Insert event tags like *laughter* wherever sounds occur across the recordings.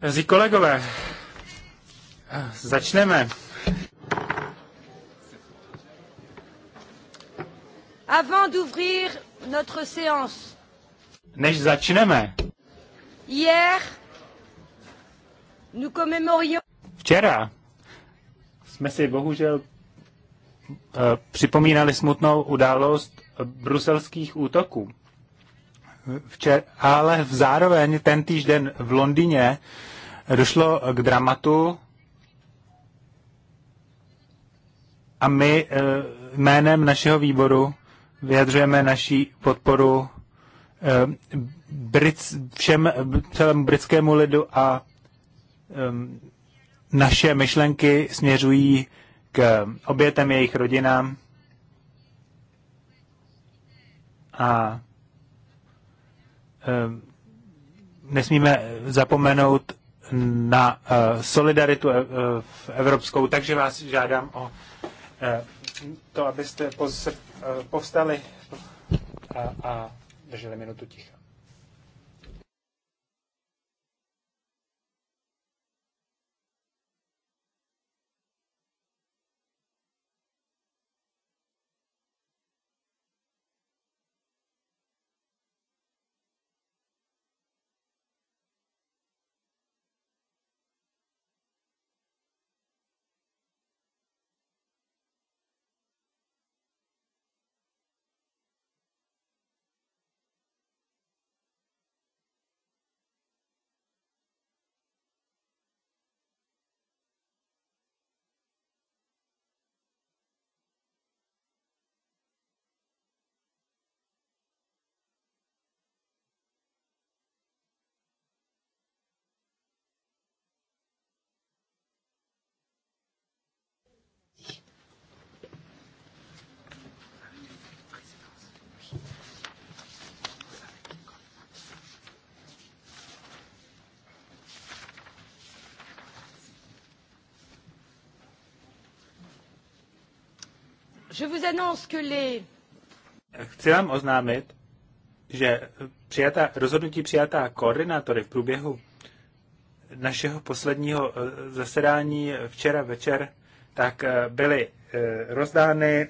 Mezi kolegové, začneme. Avant d'ouvrir notre séance. Než začneme. Hier, nous commémorions... Včera jsme si bohužel eh, připomínali smutnou událost bruselských útoků včer, ale v zároveň ten týžden v Londýně došlo k dramatu a my eh, jménem našeho výboru vyjadřujeme naší podporu eh, Brit, všem, celému britskému lidu a eh, naše myšlenky směřují k obětem jejich rodinám a Ehm, nesmíme zapomenout na eh, solidaritu eh, v evropskou, takže vás žádám o eh, to, abyste povstali a drželi minutu ticha. Je vous annonce que les... Chci vám oznámit, že přijatá, rozhodnutí přijatá koordinátory v průběhu našeho posledního eh, zasedání včera večer, tak eh, byly eh, rozdány,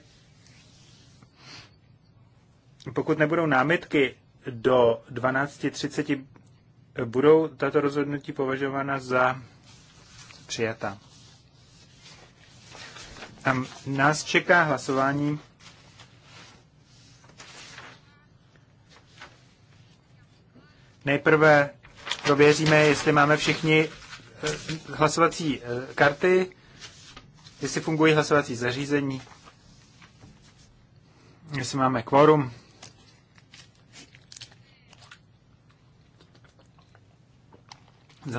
pokud nebudou námitky do 12.30, budou tato rozhodnutí považována za přijatá. Tam nás čeká hlasování Nejprve prověříme, jestli máme všichni eh, hlasovací eh, karty, jestli fungují hlasovací zařízení, jestli máme kvorum.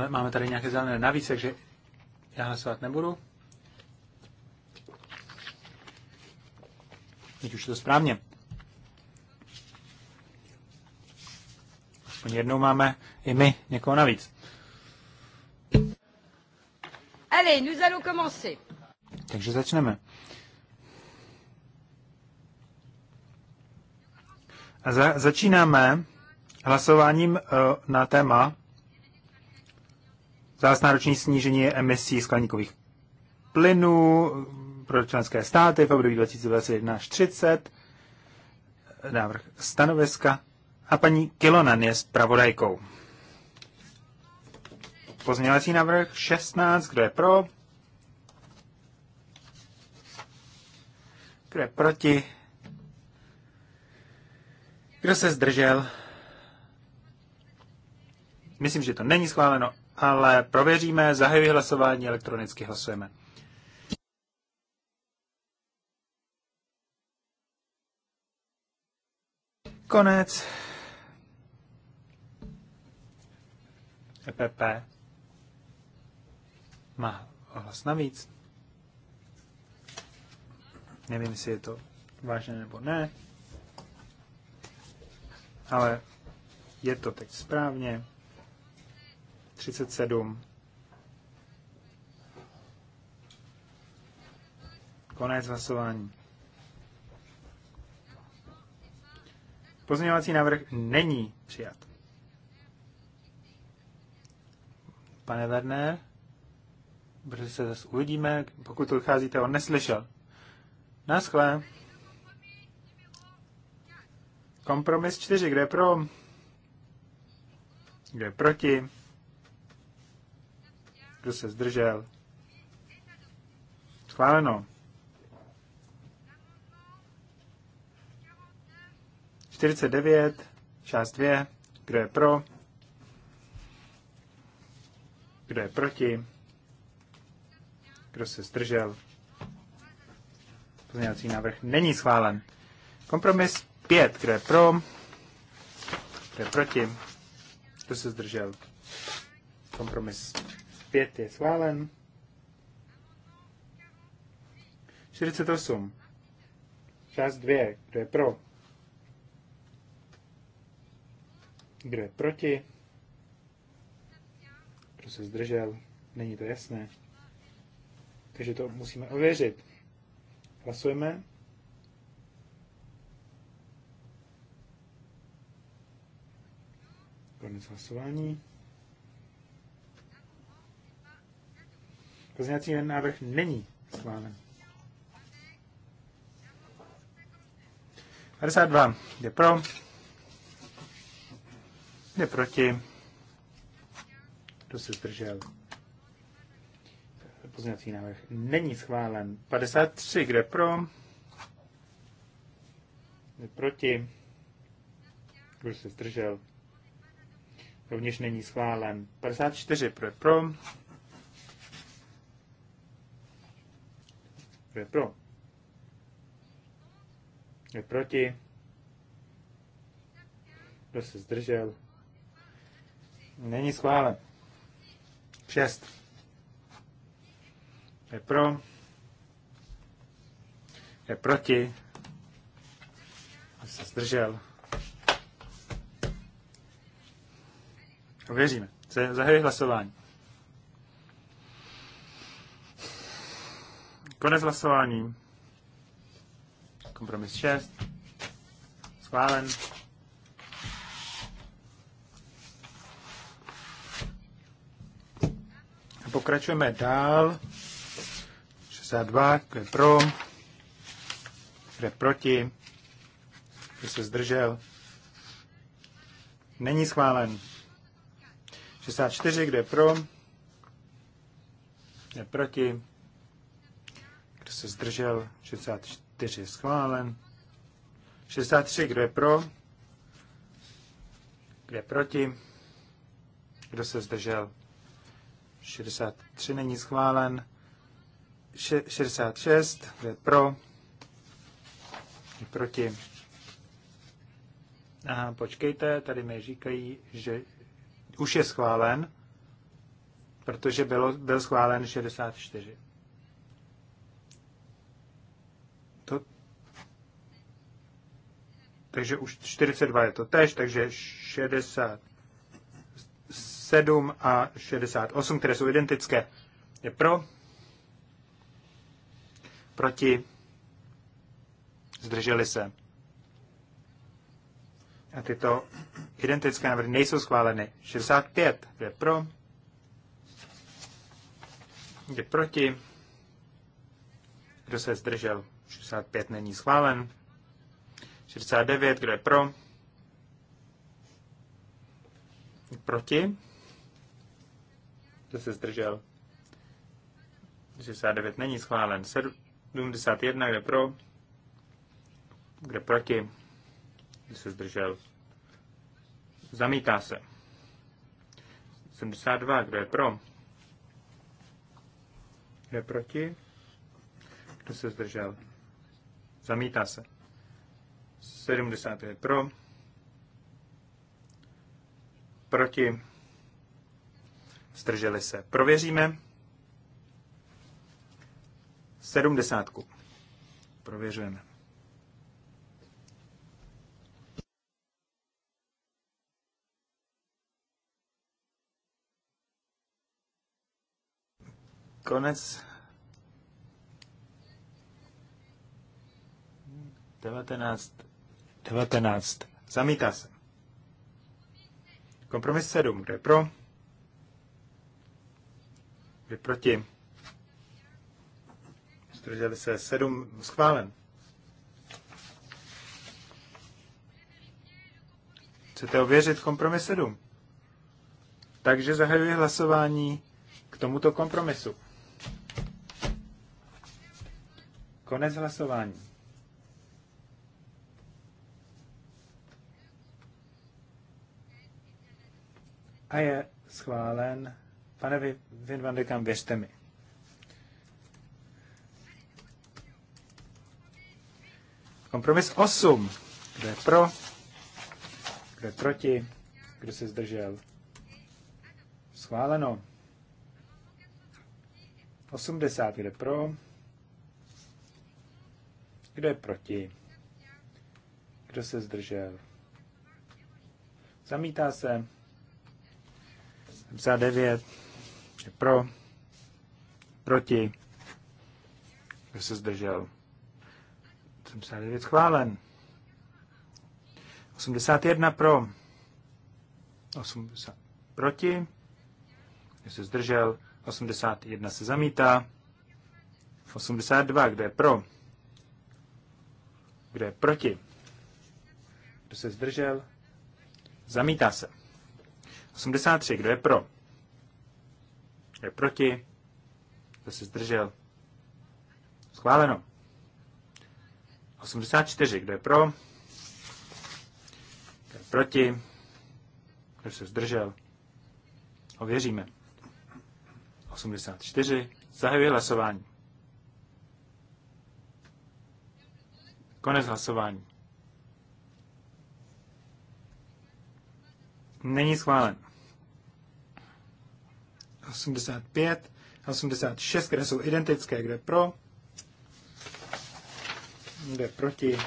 Máme tady nějaké zelené navíc, takže já hlasovat nebudu. Teď už je to správně. Aspoň jednou máme i my někoho navíc. Allez, nous allons commencer. Takže začneme. A za, začínáme hlasováním uh, na téma zásnároční snížení emisí skleníkových plynů, pro členské státy v období 2021 až 30, návrh stanoviska a paní Kilonan je zpravodajkou. Pozměňovací návrh 16, kdo je pro? Kdo je proti? Kdo se zdržel? Myslím, že to není schváleno, ale prověříme, zahajuji hlasování, elektronicky hlasujeme. Konec. EPP má hlas navíc. Nevím, jestli je to vážné nebo ne, ale je to teď správně. 37. Konec hlasování. Pozměňovací návrh není přijat. Pane Werner, brzy se zase uvidíme, pokud to odcházíte, on neslyšel. Naschle. Kompromis 4, kde je pro? Kde je proti? Kdo se zdržel? Schváleno. 49, část 2, kdo je pro, kdo je proti, kdo se zdržel. Pozměňovací návrh není schválen. Kompromis 5, kdo je pro, kdo je proti, kdo se zdržel. Kompromis 5 je schválen. 48. Část 2. Kdo je pro? Kdo je proti? Kdo se zdržel? Není to jasné. Takže to musíme ověřit. Hlasujeme. Konec hlasování. Pozměňovací návrh není schválen. 52 je pro. Ne proti. Kdo se zdržel? Pozměňovací návrh není schválen. 53, kde pro? Ne proti. Kdo se zdržel? Rovněž není schválen. 54, kdo je pro? Kdo je pro? Kdo je proti? Kdo se zdržel? Není schválen. 6. Je pro. Je proti. Se zdržel. Ověříme. Zahajuji hlasování. Konec hlasování. Kompromis 6. Schválen. pokračujeme dál. 62, kdo je pro, kdo je proti, kdo se zdržel. Není schválen. 64, kdo je pro, kdo je proti, kdo se zdržel. 64 je schválen. 63, kdo je pro, kdo je proti, kdo se zdržel. 63 není schválen. 66, kdo je pro? Je Proti. A počkejte, tady mi říkají, že už je schválen, protože bylo, byl schválen 64. To, takže už 42 je to tež, takže 60. 67 a 68, které jsou identické. Je pro, proti, zdrželi se. A tyto identické návrhy nejsou schváleny. 65 je pro, je proti, kdo se zdržel. 65 není schválen. 69, kdo je pro? Proti? že se zdržel. 69 není schválen. 71, kde pro, kde proti, Kde se zdržel. Zamítá se. 72, kdo je pro, kdo je proti, kdo se zdržel. Zamítá se. 70 je pro, proti, Zdrželi se. Prověříme. Sedmdesátku. Prověřujeme. Konec 19. 19. Zamítá se. Kompromis 7. Kde je pro? byli proti. Zdrželi se 7. Schválen. Chcete ověřit kompromis 7? Takže zahajuji hlasování k tomuto kompromisu. Konec hlasování. A je schválen Pane Vin van de Kamp, věřte mi. Kompromis 8. Kdo je pro? Kdo je proti? Kdo se zdržel? Schváleno. 80. Kdo je pro? Kdo je proti? Kdo se zdržel? Zamítá se. Za 9. 3 pro, proti, kdo se zdržel. 79 schválen. 81 pro, 80 proti, kdo se zdržel. 81 se zamítá. 82, kde je pro, kde je proti, kdo se zdržel, zamítá se. 83, kdo je pro? Kdo je proti? Kdo se zdržel? Schváleno. 84. Kdo je pro? Kdo je proti? Kdo se zdržel? Ověříme. 84. Zahajuji hlasování. Konec hlasování. Není schválen. 85 86, které jsou identické, kde pro, kde proti,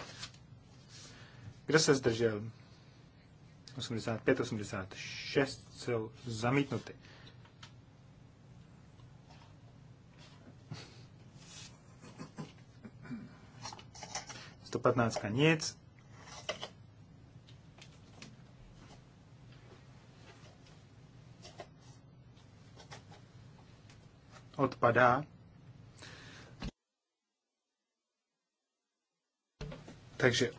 kde se zdržel. 85, 86 jsou zamítnuty. patnáctka nic, odpadá. Takže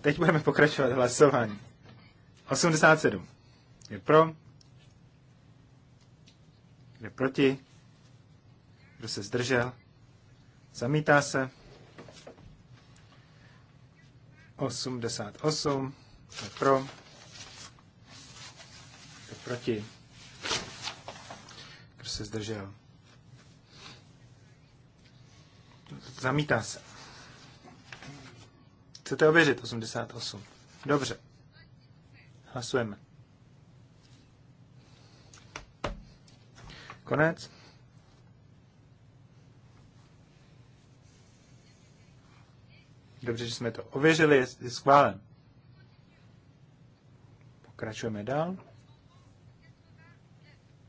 Teď budeme pokračovat hlasování. 87. Je pro? Je proti? Kdo se zdržel? Zamítá se? 88. Je pro. Je proti. Kdo se zdržel? Zamítá se. Chcete ověřit 88? Dobře. Hlasujeme. Konec. Dobře, že jsme to ověřili, je, je schválen. Pokračujeme dál.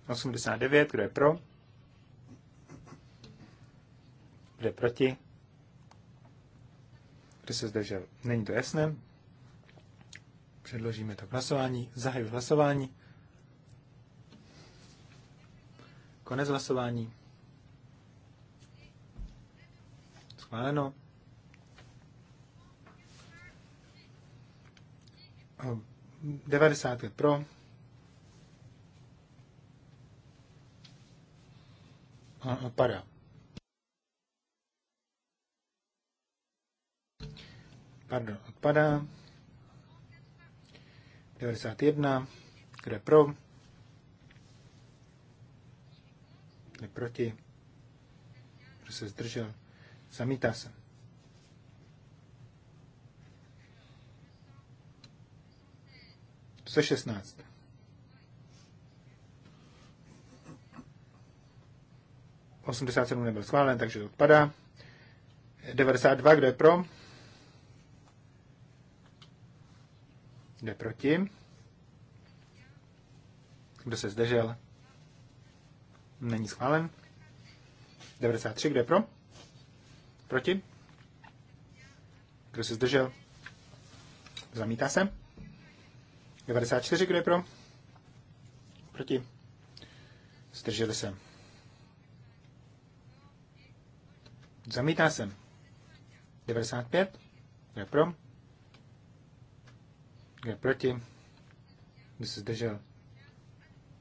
89, kdo je pro? Kdo je proti? Kdo se zdržel? Není to jasné. Předložíme to k hlasování. Zahajuji hlasování. Konec hlasování. Schváleno. 95 pro. A, a padá. Pardon, odpadá. 91, kde pro, kde proti, kdo se zdržel, zamítá se. 116. Osmdesát sedm nebyl schválen, takže to odpadá. 92, kdo je pro? Kdo je proti? Kdo se zdržel? Není schválen. 93, kdo je pro? Proti? Kdo se zdržel? Zamítá se. 94, kdo je pro? Proti? Zdrželi se. Zamítá se. 95, kdo je pro? Kdo je proti? Kdo se zdržel?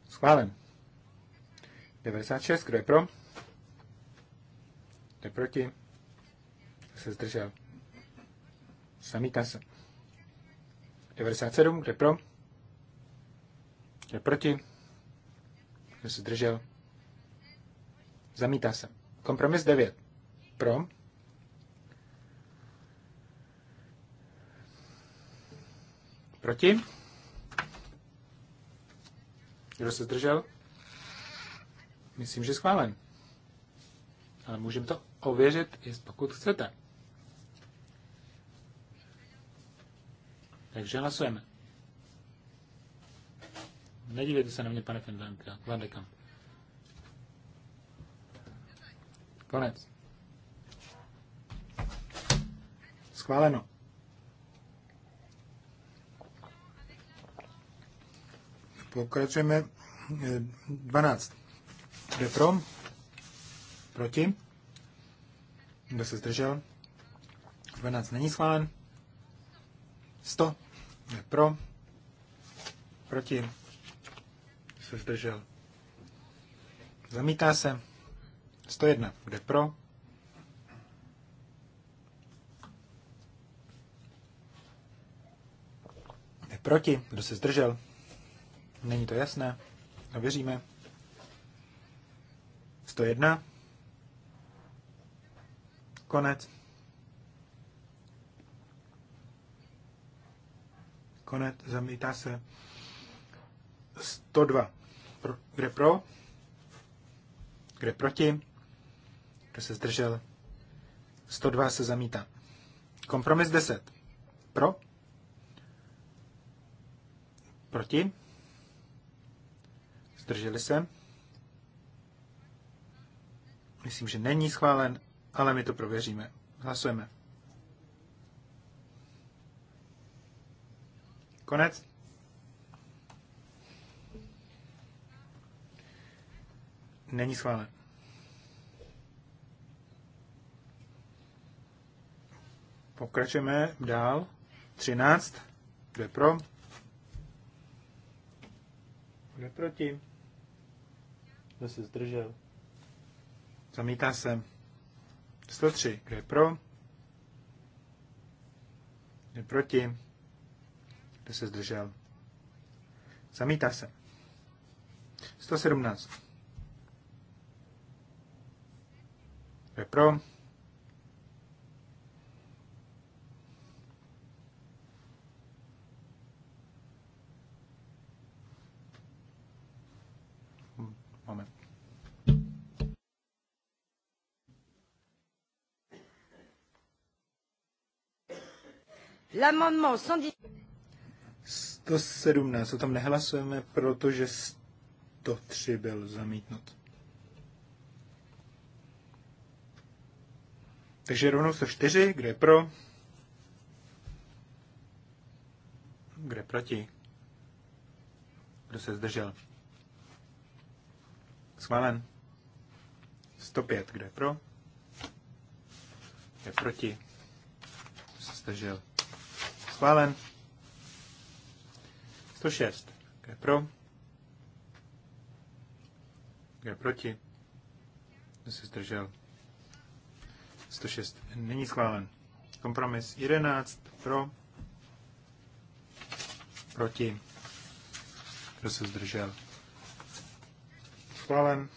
Schválen. 96, kdo je pro? Kdo je proti? Kdo se zdržel? Zamítá se. 97, kdo je pro? je proti? Kdo se držel. Zamítá se. Kompromis 9. Pro. Proti? Kdo se zdržel? Myslím, že schválen. Ale můžeme to ověřit, pokud chcete. Takže hlasujeme. Nedívejte se na mě, pane Vandekam. Konec. Schváleno. Pokračujeme 12. Eh, Kde pro? Proti? Kdo se zdržel? 12 není schválen. 100. Kde pro? Proti? se zdržel. Zamítá se. 101. Kde pro? Kde proti? Kdo se zdržel? Není to jasné. No, věříme. 101. Konec. Konec. Zamítá se. 102 pro, kde pro, kde proti, kdo se zdržel, 102 se zamítá. Kompromis 10. Pro, proti, zdrželi se. Myslím, že není schválen, ale my to prověříme. Hlasujeme. Konec. Není schválen. Pokračujeme dál. 13. Kdo je pro? Kdo je proti? Kdo se zdržel? Zamítá se. 103. Kdo je pro? Kdo je proti? Kdo se zdržel? Zamítá se. 117. je pro? Moment. L'amendement 117, o tom nehlasujeme, protože 103 byl zamítnut. Takže rovnou se čtyři, kde je pro? Kde je proti? Kdo se zdržel? Schválen. 105, kde je pro? Kde je proti? Kdo se zdržel? Schválen. 106, kde je pro? Kde je proti? Kdo se zdržel? 106 není schválen. Kompromis 11 pro, proti, kdo se zdržel. Schválen.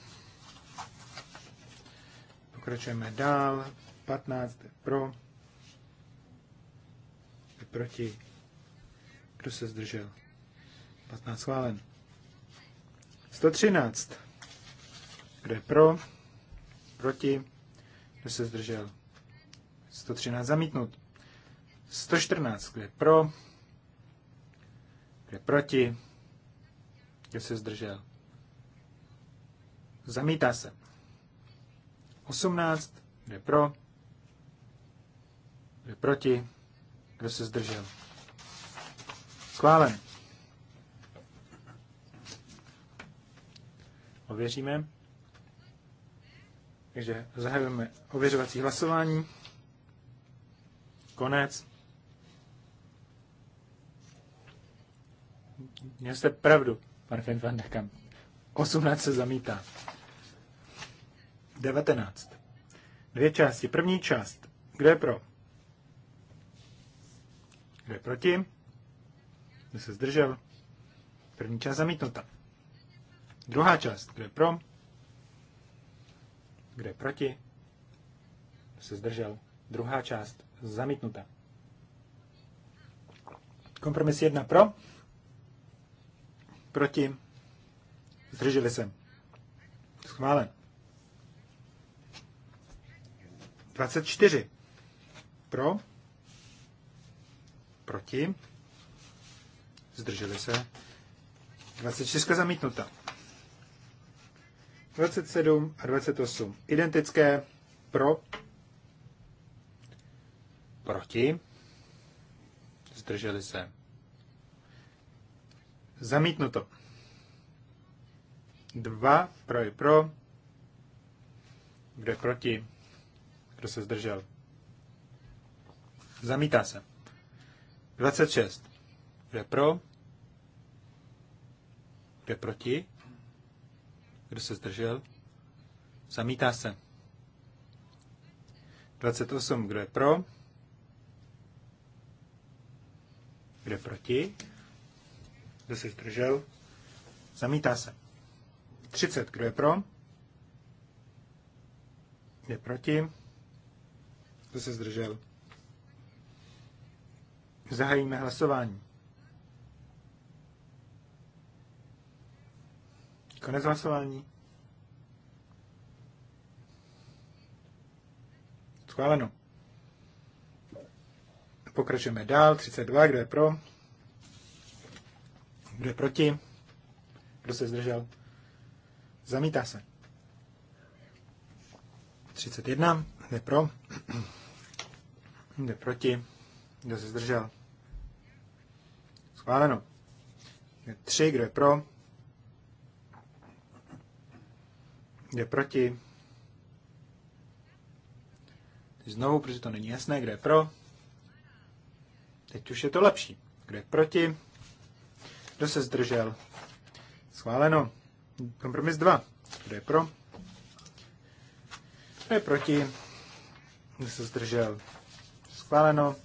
Pokračujeme dál. 15 pro, proti, kdo se zdržel. 15 schválen. 113. Kdo je pro? Proti? kdo se zdržel. 113 zamítnut. 114, kdo je pro, kdo je proti, kdo se zdržel. Zamítá se. 18, kdo je pro, kdo je proti, kdo se zdržel. Schválen. Ověříme. Takže zahajujeme ověřovací hlasování. Konec. Měl jste pravdu, pan Finn van de Kamp. 18 se zamítá. 19. Dvě části. První část. Kdo je pro? Kdo je proti? Kdo se zdržel? První část zamítnuta. Druhá část. Kdo je pro? Kdo je proti? Kdo se zdržel? Druhá část zamítnuta. Kompromis 1 pro, proti, zdrželi se. Schválen. 24 pro, proti, zdrželi se. 26 zamítnuta. 27 a 28 identické pro, proti, zdrželi se. Zamítnuto. 2 pro i pro, kdo je proti, kdo se zdržel. Zamítá se. 26. Kdo je pro? Kdo je proti? Kdo se zdržel? Zamítá se. 28. Kdo je pro? Kdo je proti? Kdo se zdržel? Zamítá se. 30. Kdo je pro? Kdo je proti? Kdo se zdržel? Zahajíme hlasování. Konec hlasování. Schváleno. Pokračujeme dál. 32, kdo je pro? Kdo je proti? Kdo se zdržel? Zamítá se. 31, kdo je pro? Kdo je proti? Kdo se zdržel? Schváleno. 3, kdo je pro? Kde je proti? Znovu, protože to není jasné, kde je pro. Teď už je to lepší. Kde je proti? Kdo se zdržel? Schváleno. Kompromis 2. Kdo je pro? Kdo je proti? Kdo se zdržel? Schváleno.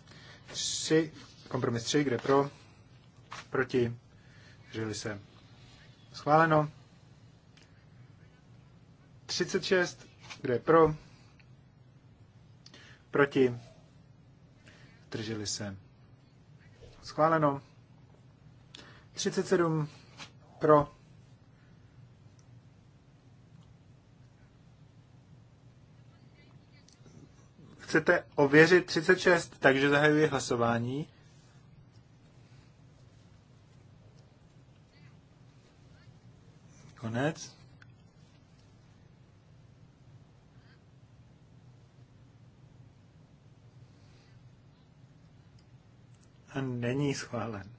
3. Kompromis 3. Kde je pro? Proti? Drželi se. Schváleno. 36, kdo je pro? Proti? Drželi se. Schváleno. 37 pro. Chcete ověřit 36, takže zahajuji hlasování. Konec. není schválen.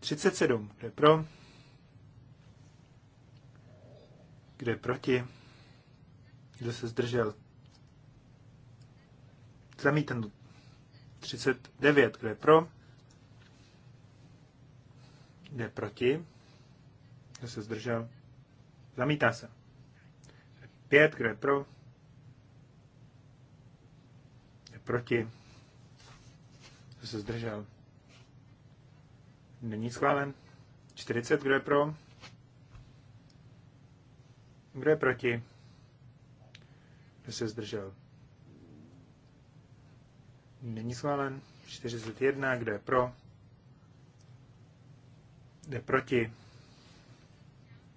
Třicet sedm. Kdo je pro? Kdo je proti? Kdo se zdržel? Zamítnu. 39. Kdo je pro? Kdo je proti? Kdo se zdržel? Zamítá se. Pět, kdo je pro? Je proti? Kdo se zdržel? Není schválen. 40, kdo je pro? Kdo je proti? Kdo se zdržel? Není schválen. 41, kdo je pro? Kdo je proti?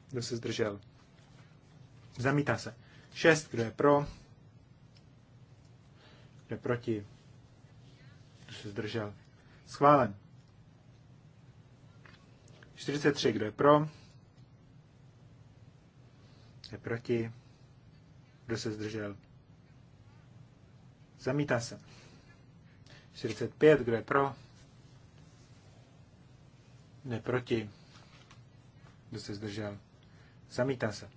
Kdo se zdržel? Zamítá se. 6, kdo je pro? Kdo je proti? Kdo se zdržel? Schválen. 43, kdo je pro? Kdo je proti? Kdo se zdržel? Zamítá se. 45, kdo je pro? Kdo je proti? Kdo se zdržel? Zamítá se.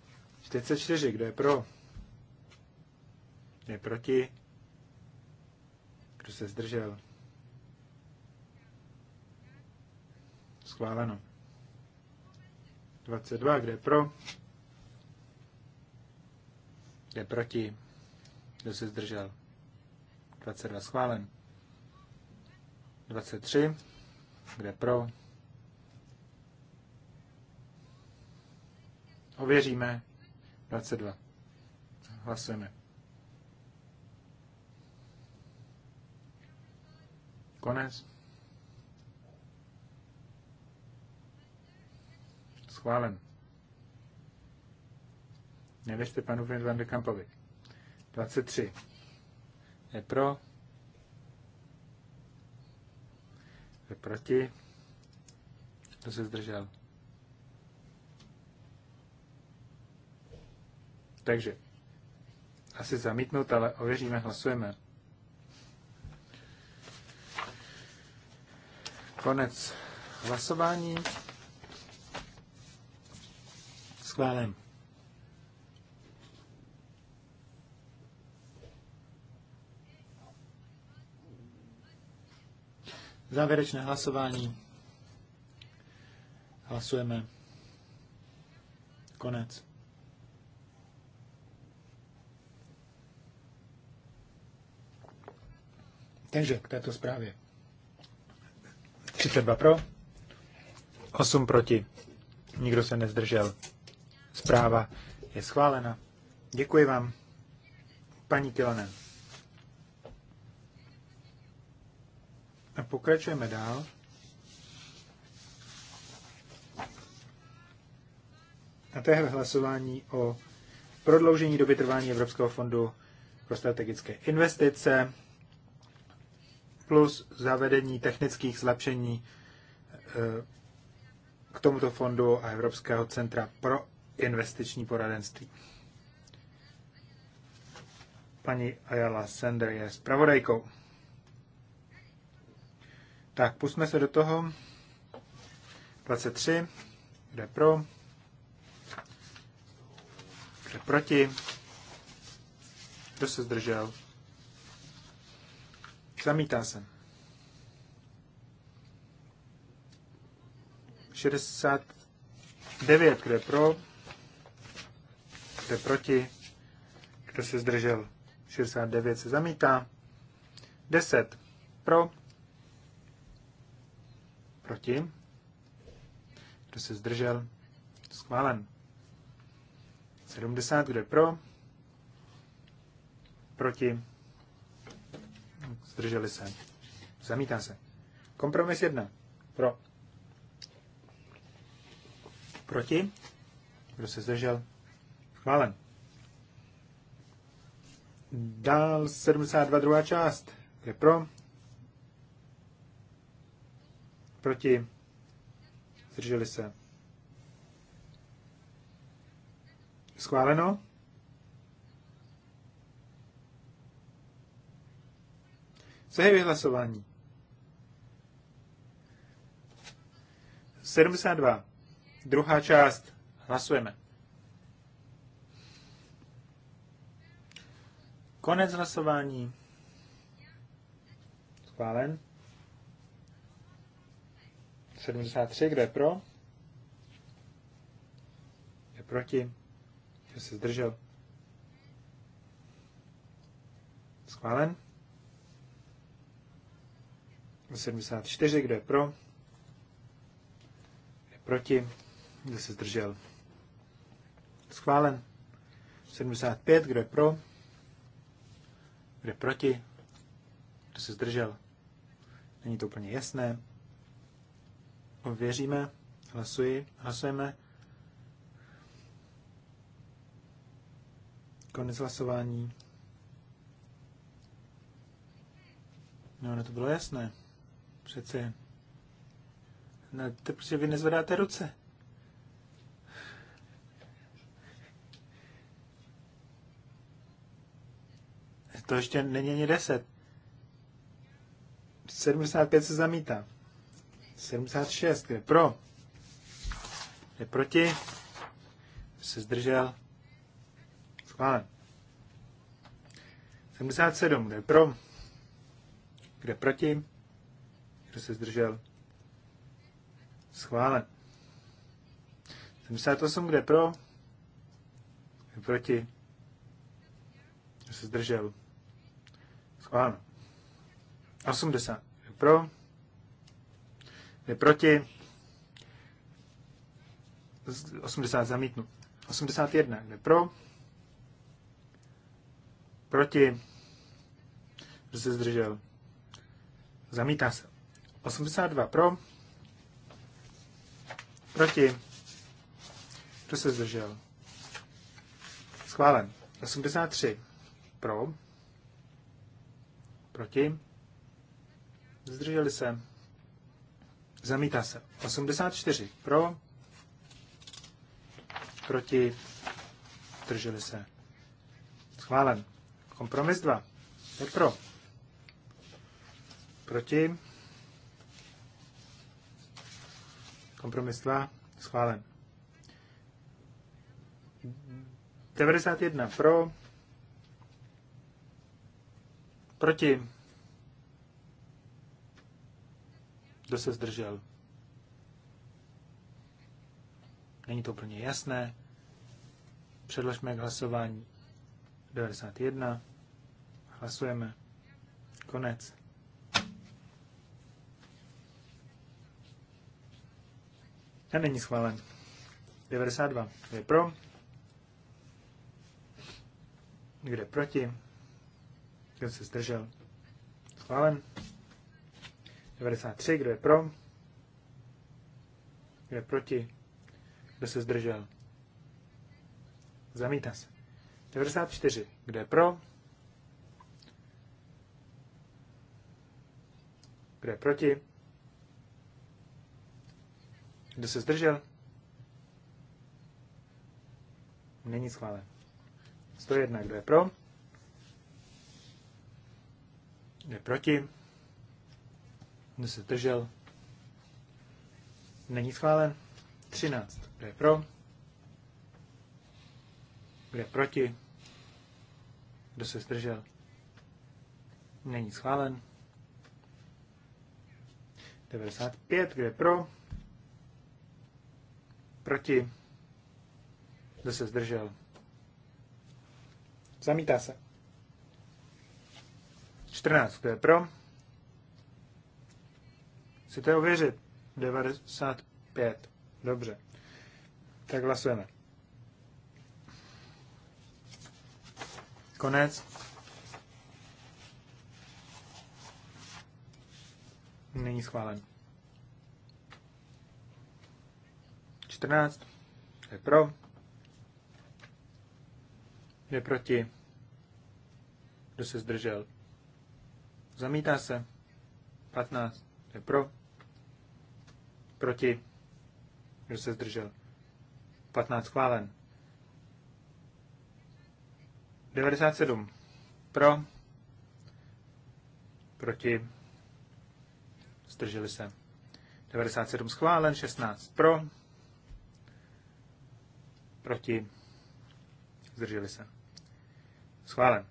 44, kdo je pro? Kdo je proti? Kdo se zdržel? Schváleno. 22, kde je pro? Kdo je proti? Kdo se zdržel? 22 schválen. 23, kde pro? Ověříme. 22. Hlasujeme. Konec. Schválen. Nevěřte panu Van de Kampovi. 23. Je pro. Je proti. Kdo se zdržel? Takže asi zamítnout, ale ověříme, hlasujeme. Konec hlasování. Schválen. Závěrečné hlasování. Hlasujeme. Konec. Takže k této zprávě. 32 pro, 8 proti. Nikdo se nezdržel. Zpráva je schválena. Děkuji vám, paní Kilanen. A pokračujeme dál. A to je hlasování o prodloužení doby trvání Evropského fondu pro strategické investice plus zavedení technických zlepšení eh, k tomuto fondu a Evropského centra pro investiční poradenství. Paní Ayala Sender je zpravodajkou. Tak, pusme se do toho. 23, kde pro, kde proti, kdo se zdržel, Zamítá se. 69, kdo je pro, kdo je proti, kdo se zdržel. 69 se zamítá. 10 pro, proti, kdo se zdržel. Schválen. 70, kdo je pro, proti, zdrželi se, zamítá se. Kompromis jedna. pro, proti, kdo se zdržel, chválen. Dál 72. druhá část, je pro, proti, zdrželi se. Schváleno. Co je vyhlasování? 72. Druhá část. Hlasujeme. Konec hlasování. Schválen. 73. Kdo je pro? Je proti? Kdo se zdržel? Schválen. 74, kdo je pro? Kdo je proti? Kdo se zdržel? Schválen. 75, kdo je pro? Kdo je proti? Kdo se zdržel? Není to úplně jasné. Ověříme. Hlasuji. Hlasujeme. Konec hlasování. No, ne, no, to bylo jasné. Přece. No, to prostě vy nezvedáte ruce. To ještě není ani 10. 75 se zamítá. 76, kde pro. Je proti. Se zdržel. Schválen. 77, kde pro. Kde proti. Kdo se zdržel? Schválen. 78, kde pro? Kde proti? Kdo se zdržel? Schválen. 80, kde pro? Kde proti? 80 zamítnu. 81, kde pro? Proti? Kdo se zdržel? Zamítá se. 82 pro, proti, kdo se zdržel? Schválen. 83 pro, proti, zdrželi se, zamítá se. 84 pro, proti, zdrželi se. Schválen. Kompromis 2. Je pro. Proti. Kompromis 2 schválen. 91 pro, proti, kdo se zdržel. Není to úplně jasné. Předložme k hlasování 91. Hlasujeme. Konec. Ten není schválen. 92. je pro? Kde proti? Kdo se zdržel? Schválen. 93. Kdo je pro? Kdo je proti? Kdo se zdržel? Zamítá se. 94. Kdo je pro? Kdo je proti? Kdo se zdržel? Není schválen. 101. Kdo je pro? Kdo je proti? Kdo se zdržel? Není schválen. 13. Kdo je pro? Kdo je proti? Kdo se zdržel? Není schválen. 95. Kdo je pro? Proti. Kdo se zdržel? Zamítá se. 14. Kdo je pro? Chcete ověřit? 95. Dobře. Tak hlasujeme. Konec. Není schválen. 14. Je pro. Je proti. Kdo se zdržel? Zamítá se. 15. Je pro. Proti. Kdo se zdržel? 15 schválen. 97. Pro. Proti. Zdrželi se. 97 schválen. 16 pro proti, zdrželi se. Schválen.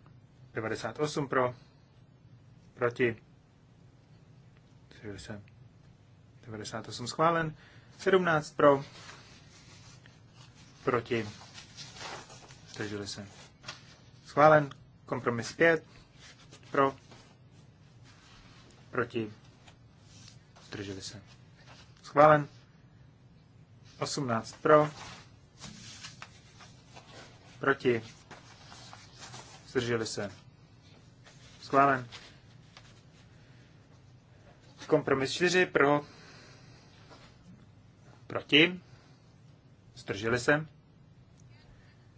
98 pro, proti, zdrželi se. 98 schválen, 17 pro, proti, zdrželi se. Schválen, kompromis 5, pro, proti, zdrželi se. Schválen, 18 pro, Proti. Zdrželi se. Schválen. Kompromis 4 pro. Proti. Zdrželi se.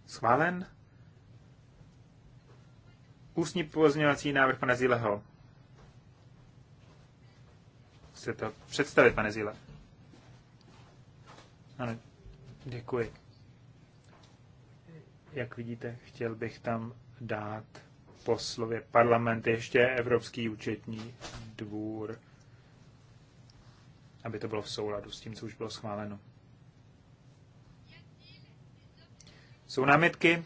Schválen. Ústní pozměňovací návrh pana Zíleho. Chce to představit, pane Zíle. Ano, děkuji jak vidíte, chtěl bych tam dát po slově parlament ještě Evropský účetní dvůr, aby to bylo v souladu s tím, co už bylo schváleno. Jsou námitky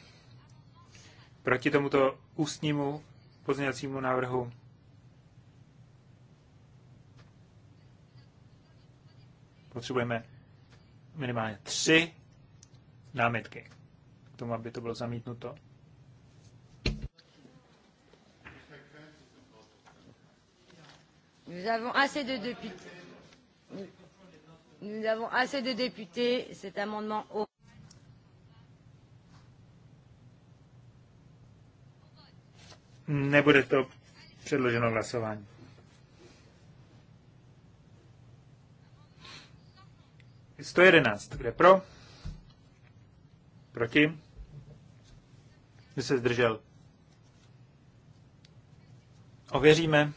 proti tomuto ústnímu pozměňovacímu návrhu? Potřebujeme minimálně tři námitky k tomu, aby to bylo zamítnuto. Nous avons assez de députés. Nous avons assez de députés. Cet amendement au Nebude to předloženo hlasování. Sto jedenáct. Kde pro? Proti? kdo se zdržel. Ověříme.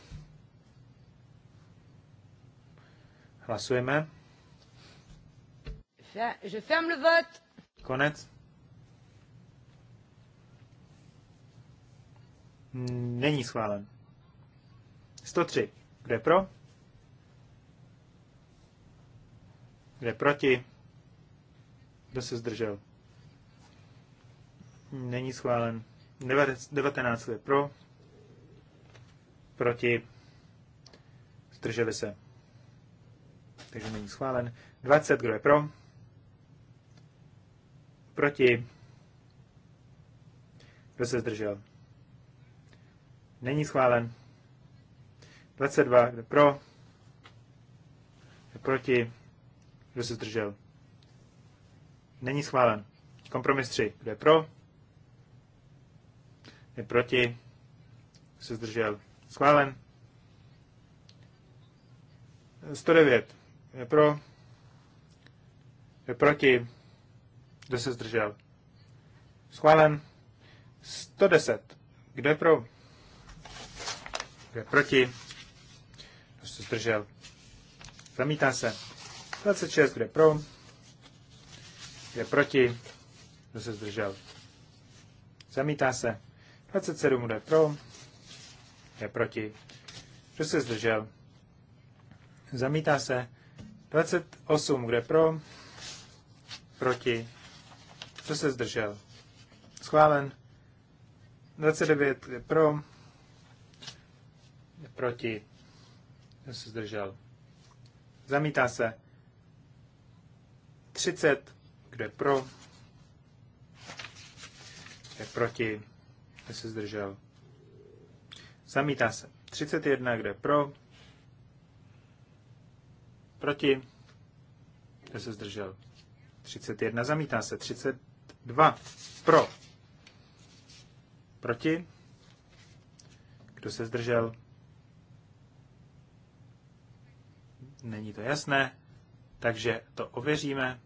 Hlasujeme. Je ferme le vote. Konec. Není schválen. 103. Kde pro? Kde proti? Kdo se zdržel? Není schválen. 19 je pro. Proti. Zdrželi se. Takže není schválen. 20, kdo je pro? Proti. Kdo se zdržel? Není schválen. 22, kdo je pro? Kdo proti? Kdo se zdržel? Není schválen. Kompromis 3, kdo je pro? je proti, se zdržel. Schválen. 109 je pro, je proti, kdo se zdržel. Schválen. 110. Kdo je pro? Kdo je proti? Kdo se zdržel? Zamítá se. 26. Kdo je pro? Kdo je proti? Kdo se zdržel? Zamítá se. 27 bude pro, je proti, kdo se zdržel, zamítá se. 28 bude pro, proti, kdo se zdržel, schválen. 29 kde pro, je proti, kdo se zdržel, zamítá se. 30 kde pro, je proti, kdo se zdržel. Zamítá se. 31, kde pro, proti, Kde se zdržel. 31, zamítá se. 32, pro, proti, kdo se zdržel. Není to jasné, takže to ověříme.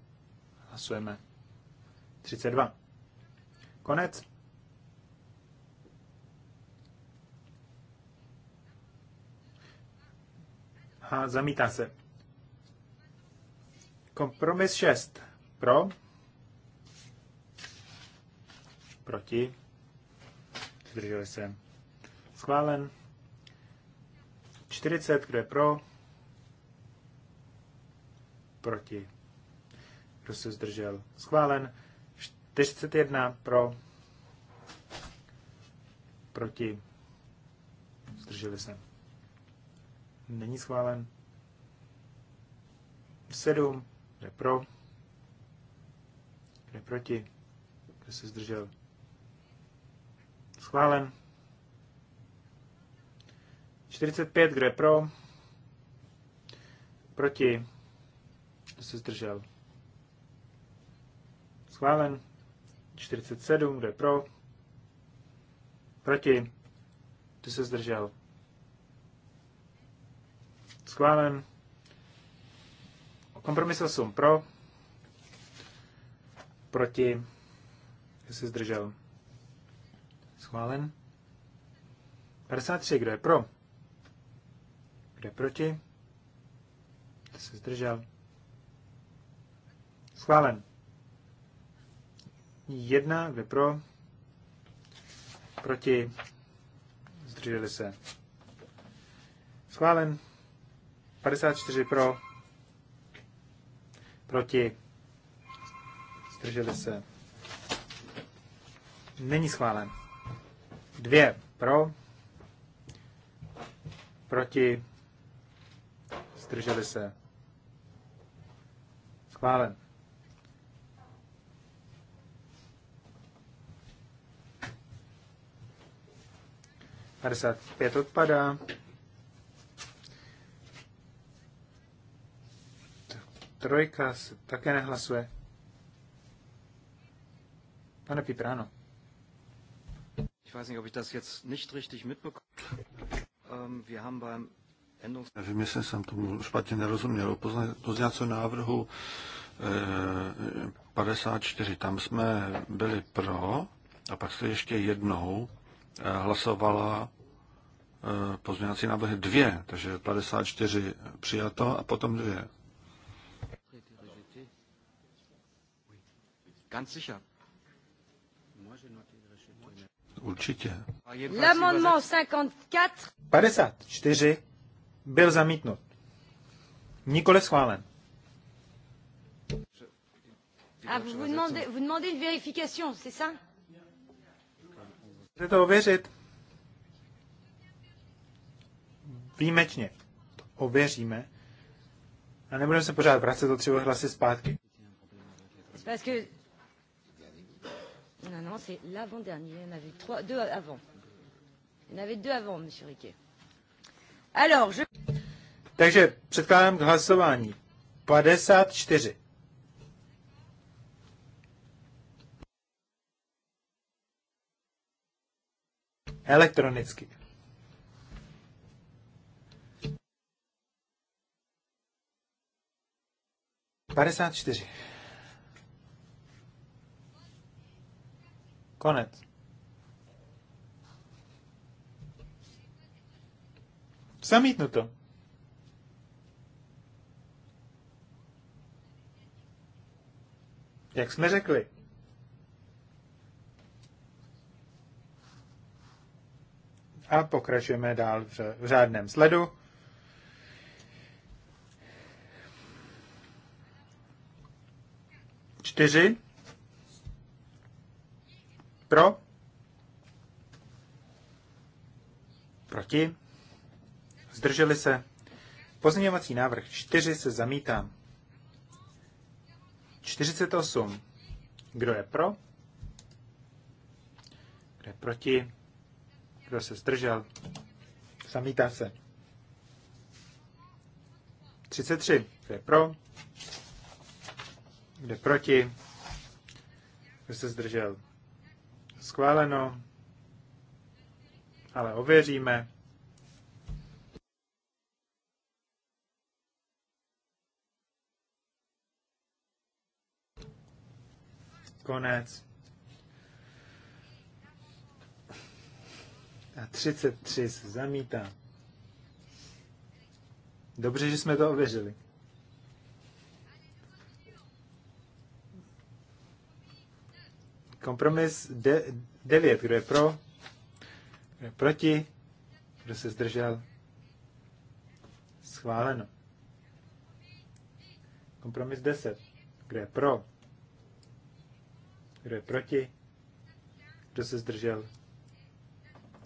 Hlasujeme. 32. Konec. a zamítá se. Kompromis 6. Pro. Proti. Zdrželi se. Schválen. 40, kdo je pro? Proti. Kdo se zdržel? Schválen. 41 pro. Proti. Zdrželi se Není schválen. 7. Kde pro? Kde proti? Kde se zdržel? Schválen. 45. Kde pro? Proti? Kde se zdržel? Schválen. 47. Kde pro? Proti? Kde se zdržel? Schválen. Kompromis 8 pro. Proti. Kdo se zdržel? Schválen. 53, kdo je pro? Kdo je proti? Kdo se zdržel? Schválen. 1, kdo je pro? Proti? Zdrželi se. Schválen. 54 pro, proti, zdrželi se. Není schválen. Dvě pro, proti, zdrželi se. Schválen. Padesát pět odpadá. Trojka se také nehlasuje. Pane Piprano. Ich weiß nicht, ob ich das jetzt nicht richtig ähm, wir haben beim Nevím, jestli jsem tomu špatně nerozuměl. Pozněcího návrhu 54, eh, tam jsme byli pro a pak se ještě jednou eh, hlasovala eh, pozměňovací návrhy dvě, takže 54 přijato a potom dvě Ganz sicher. Určitě. L'amendement 54. 54 byl zamítnut. Nikoli schválen. A ah, vous demandez, vous demandez une vérification, c'est ça? Chcete to ověřit? Výjimečně. To ověříme. A nebudeme se pořád vracet o tři hlasy zpátky. Parce que Non, non, c'est l'avant-dernier. Il y en avait trois, deux avant. Il y en avait deux avant, Monsieur Riquet. Alors, je... Takže předkládám k hlasování 54. Elektronicky. Padesát čtyři. Konec. Zamítnuto. Jak jsme řekli. A pokračujeme dál v řádném sledu. Čtyři. Pro? Proti? Zdrželi se? Pozměňovací návrh 4 se zamítá. 48. Kdo je pro? Kdo je proti? Kdo se zdržel? Zamítá se. 33. Kdo je pro? Kdo je proti? Kdo se zdržel? Schváleno. Ale ověříme. Konec. A 33 se zamítá. Dobře, že jsme to ověřili. Kompromis 9. Kdo je pro? Kdo je proti? Kdo se zdržel? Schváleno. Kompromis 10. Kdo je pro? Kdo je proti? Kdo se zdržel?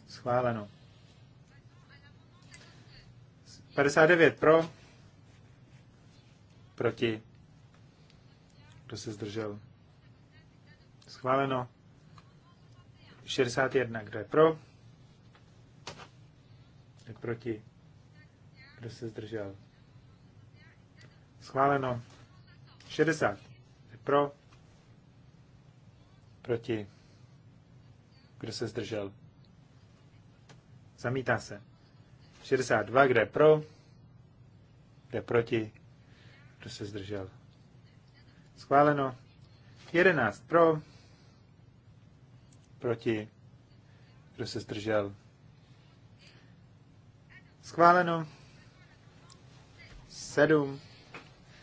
Schváleno. 59 pro. Proti. Kdo se zdržel? Schváleno. 61. Kdo je pro? Kdo je proti? Kdo se zdržel? Schváleno. 60. Kdo je pro? Proti? Kdo se zdržel? Zamítá se. 62. Kdo je pro? Kdo je proti? Kdo se zdržel? Schváleno. 11 pro, Proti? Kdo se zdržel? Schváleno. 7,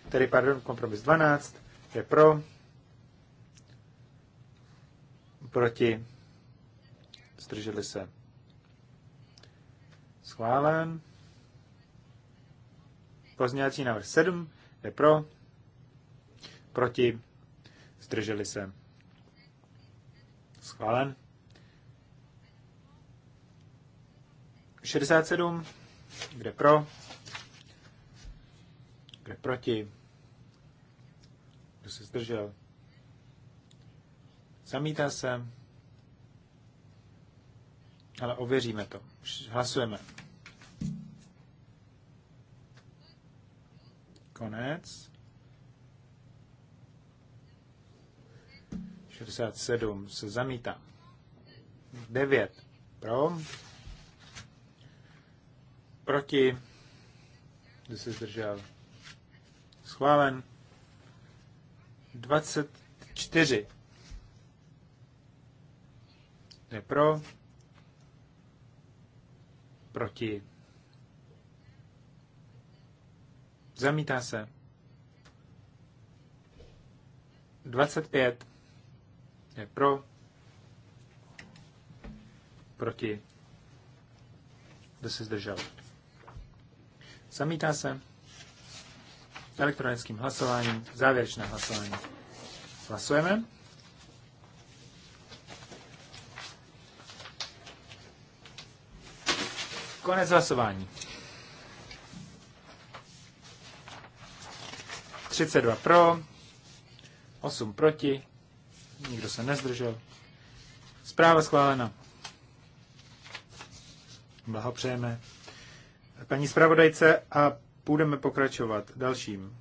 tedy pardon, kompromis 12, je pro, proti, zdrželi se. Schválen. Pozměňovací návrh 7 je pro, proti, zdrželi se. Valen. 67. Kde pro? Kde proti? Kdo se zdržel? Zamítá se. Ale ověříme to. Hlasujeme. Konec. 67 se zamítá. 9 pro. Proti. Kdo se zdržel? Schválen. 24. Ne pro. Proti. Zamítá se. 25 je pro, proti, kdo se zdržel. Zamítá se elektronickým hlasováním, závěrečné hlasování. Hlasujeme. Konec hlasování. 32 pro, 8 proti, nikdo se nezdržel. Zpráva schválena. Blahopřejeme paní zpravodajce a půjdeme pokračovat dalším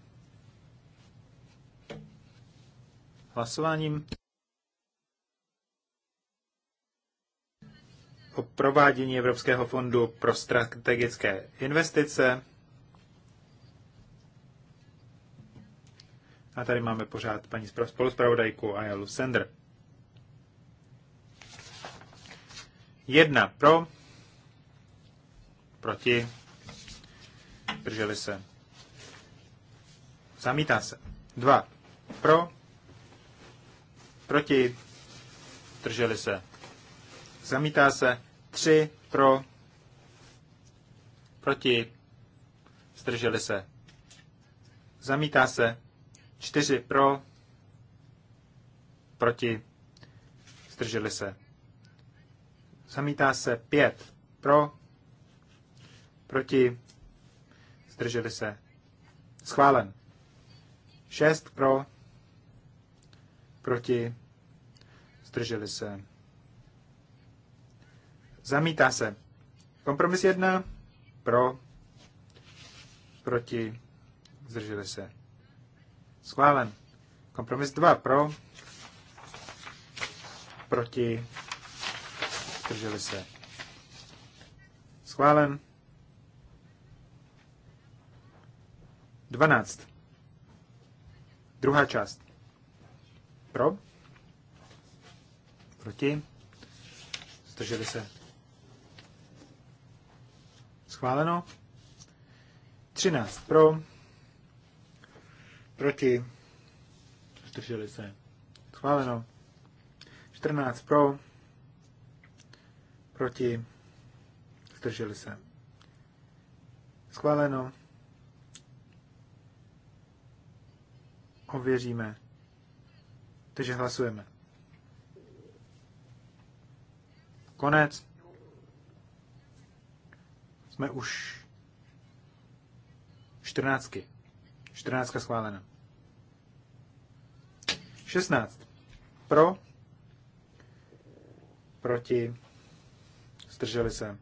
hlasováním. o provádění Evropského fondu pro strategické investice. A tady máme pořád paní spoluspravodajku Ayalu Sender. Jedna pro, proti, drželi se. Zamítá se. Dva pro, proti, drželi se. Zamítá se. Tři pro, proti, zdrželi se. Zamítá se. 4 pro, proti, zdrželi se. Zamítá se 5 pro, proti, zdrželi se. Schválen. 6 pro, proti, zdrželi se. Zamítá se. Kompromis 1 pro, proti, zdrželi se Schválen. Kompromis 2 pro. Proti. Drželi se. Schválen. 12. Druhá část. Pro. Proti. Zdrželi se. Schváleno. 13 pro proti, zdrželi se, schváleno. 14 pro, proti, zdrželi se, schváleno. Ověříme. Takže hlasujeme. Konec. Jsme už 14. 14 schválena. 16. Pro, proti, zdrželi se.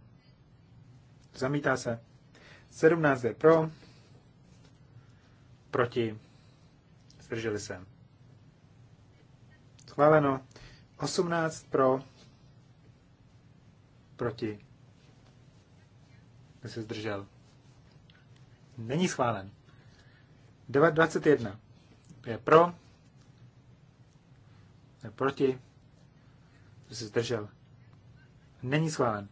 Zamítá se. 17 je pro, proti, zdrželi se. Schváleno. 18 pro, proti, kdo se zdržel. Není schválen. 21 je pro, je proti, kdo se zdržel. Není schválen.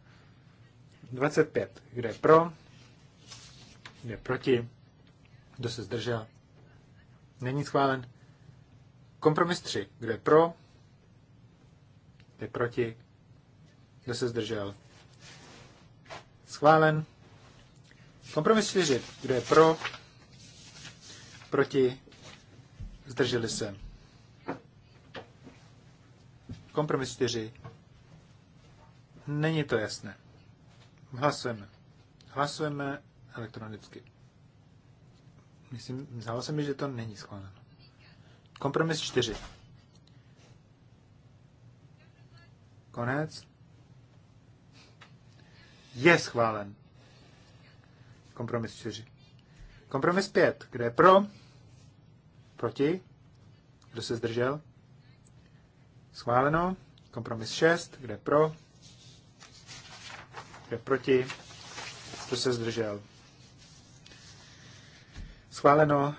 25. Kdo je pro? Kdo je proti? Kdo se zdržel? Není schválen. Kompromis 3. Kdo je pro? Kdo je proti? Kdo se zdržel? Schválen. Kompromis 4. Kdo je pro? Proti? Zdrželi se Kompromis 4. Není to jasné. Hlasujeme. Hlasujeme elektronicky. Myslím, zdálo se mi, že to není schváleno. Kompromis 4. Konec. Je schválen. Kompromis 4. Kompromis 5. Kdo je pro? Proti? Kdo se zdržel? Schváleno. Kompromis 6. Kde pro? Kde proti? Kdo se zdržel? Schváleno.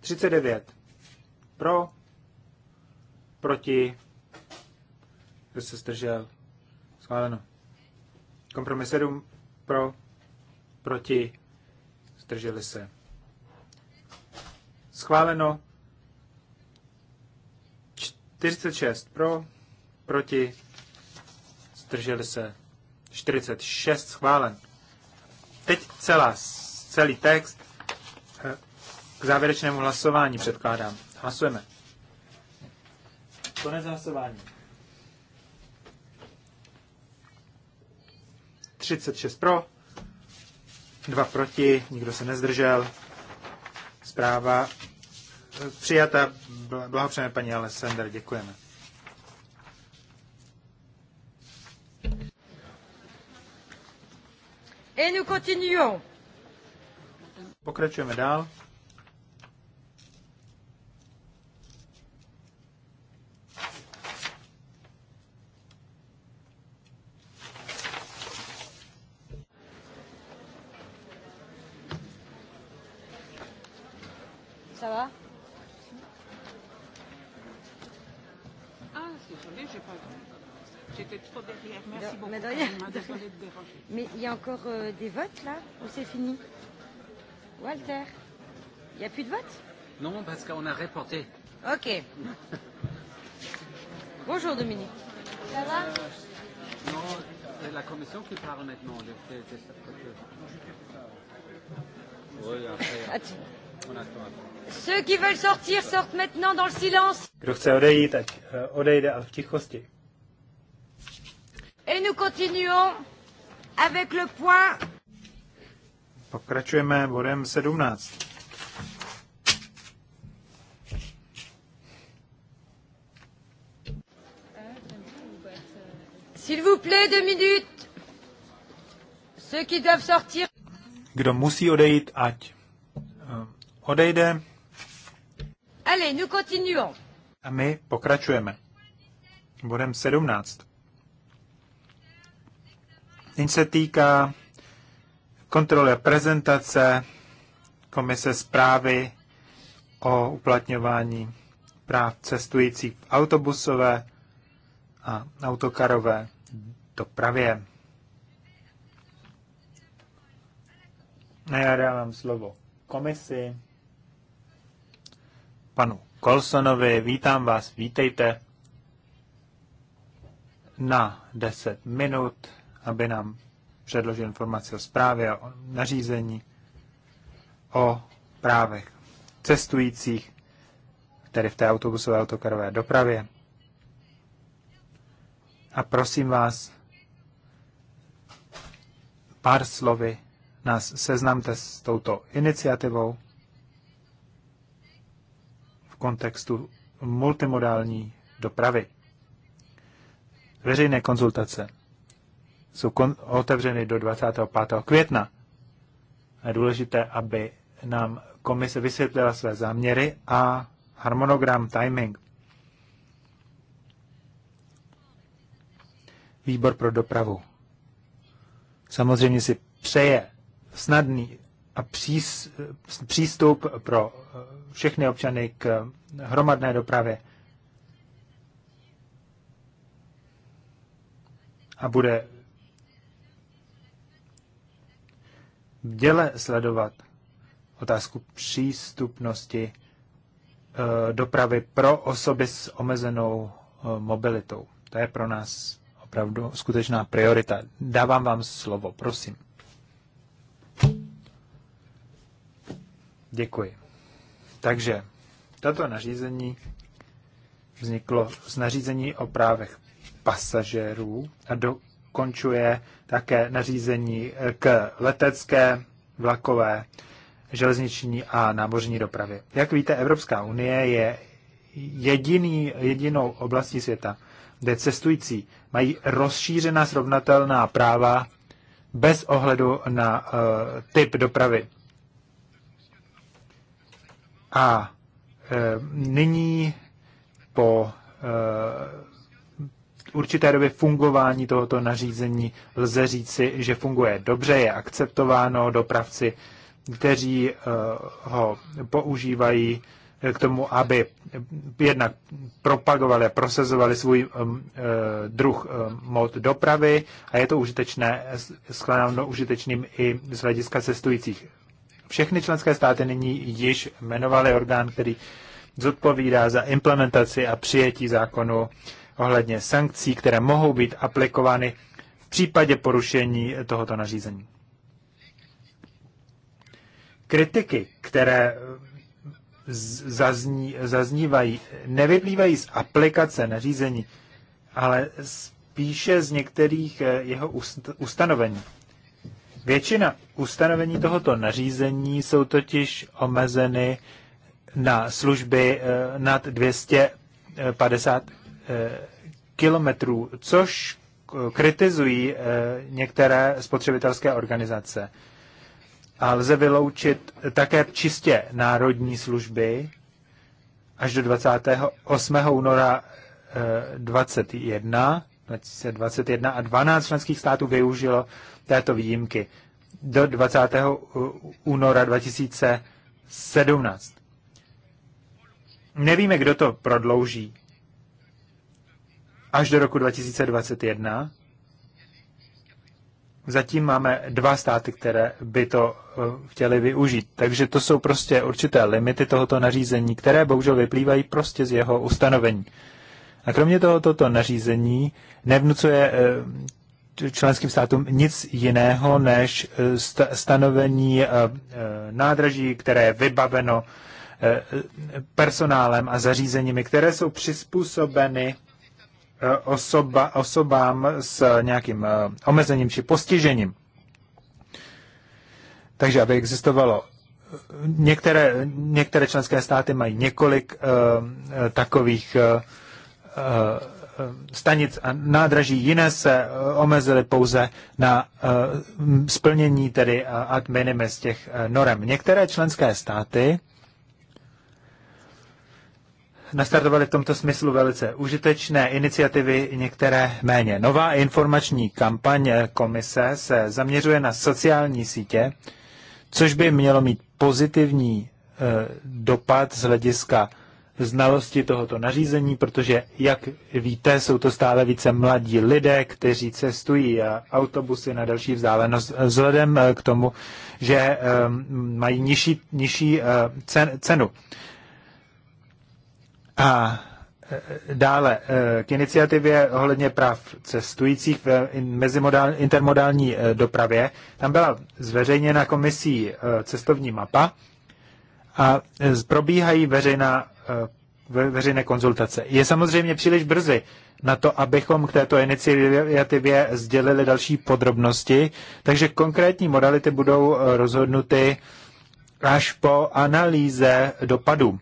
39. Pro. Proti. Kdo se zdržel? Schváleno. Kompromis 7. Pro. Proti. Zdrželi se. Schváleno. 46 pro, proti, zdrželi se 46 schválen. Teď celá, celý text eh, k závěrečnému hlasování předkládám. Hlasujeme. Konec hlasování. 36 pro, 2 proti, nikdo se nezdržel. Zpráva přijata. Blahopřejmě, paní Alessander, děkujeme. Et nous continuons. Pokračujeme dál. c'est fini. Walter, il n'y a plus de vote Non, parce qu'on a reporté. Ok. Bonjour Dominique. Ça va Non, c'est la commission qui parle maintenant. Les, les, les... Oui, après. On attend, attend. Ceux qui veulent sortir sortent maintenant dans le silence. Eh, Et nous continuons avec le point Pokračujeme bodem 17. S'il vous plaît, deux minutes. Ceux qui doivent sortir. Kdo musí odejít, ať eh, odejde. Allez, nous continuons. A my pokračujeme. Bodem 17. Ten se týká kontroluje prezentace komise zprávy o uplatňování práv cestujících v autobusové a autokarové dopravě. A já dávám slovo komisi, panu Kolsonovi, vítám vás, vítejte na 10 minut, aby nám předložit informace o zprávě, o nařízení, o právech cestujících, tedy v té autobusové autokarové dopravě. A prosím vás, pár slovy nás seznamte s touto iniciativou v kontextu multimodální dopravy. Veřejné konzultace jsou otevřeny do 25. května. Je důležité, aby nám komise vysvětlila své záměry a harmonogram, timing. Výbor pro dopravu. Samozřejmě si přeje snadný a přístup pro eh, všechny občany k hromadné dopravě. A bude děle sledovat otázku přístupnosti eh, dopravy pro osoby s omezenou eh, mobilitou. To je pro nás opravdu skutečná priorita. Dávám vám slovo, prosím. Děkuji. Takže tato nařízení vzniklo z nařízení o právech pasažérů a do, ukončuje také nařízení k letecké, vlakové, železniční a námořní dopravě. Jak víte, Evropská unie je jediný, jedinou oblastí světa, kde cestující mají rozšířená srovnatelná práva bez ohledu na uh, typ dopravy. A uh, nyní po uh, určité době fungování tohoto nařízení lze říci, že funguje dobře, je akceptováno dopravci, kteří eh, ho používají eh, k tomu, aby jednak propagovali a prosazovali svůj eh, druh mod dopravy a je to užitečné, skládáno užitečným i z hlediska cestujících. Všechny členské státy nyní již jmenovaly orgán, který zodpovídá za implementaci a přijetí zákonu ohledně sankcí, které mohou být aplikovány v případě porušení tohoto nařízení. Kritiky, které zazní, zaznívají, nevyplývají z aplikace nařízení, ale spíše z některých eh, jeho ust, ustanovení. Většina ustanovení tohoto nařízení jsou totiž omezeny na služby eh, nad 250 Eh, kilometrů, což kritizují eh, některé spotřebitelské organizace. A lze vyloučit také čistě národní služby až do 28. února 2021, eh, 2021 a 12 členských států využilo této výjimky do 20. února 2017. Nevíme, kdo to prodlouží, až do roku 2021. Zatím máme dva státy, které by to eh, chtěly využít. Takže to jsou prostě určité limity tohoto nařízení, které bohužel vyplývají prostě z jeho ustanovení. A kromě toho toto nařízení nevnucuje eh, členským státům nic jiného než eh, st stanovení nádraží, které je vybaveno personálem a zařízeními, které jsou přizpůsobeny Eh, osoba, osobám s eh, nějakým eh, omezením či postižením. Takže aby existovalo některé, některé členské státy mají několik uh, takových uh, stanic a nádraží, jiné se omezily pouze na uh, splnění tedy ad minimis těch norem. Některé členské státy nastartovali v tomto smyslu velice užitečné iniciativy, některé méně. Nová informační kampaň komise se zaměřuje na sociální sítě, což by mělo mít pozitivní eh, dopad z hlediska znalosti tohoto nařízení, protože, jak víte, jsou to stále více mladí lidé, kteří cestují autobusy na další vzdálenost vzhledem eh, k tomu, že eh, mají nižší, nižší cen, cenu. A e, dále e, k iniciativě ohledně práv cestujících v mezimodál, intermodální e, dopravě. Tam byla zveřejněna komisí cestovní mapa a probíhají veřejná, veřejné konzultace. Je samozřejmě příliš brzy na to, abychom k této iniciativě sdělili další podrobnosti, takže konkrétní modality budou rozhodnuty až po analýze dopadů.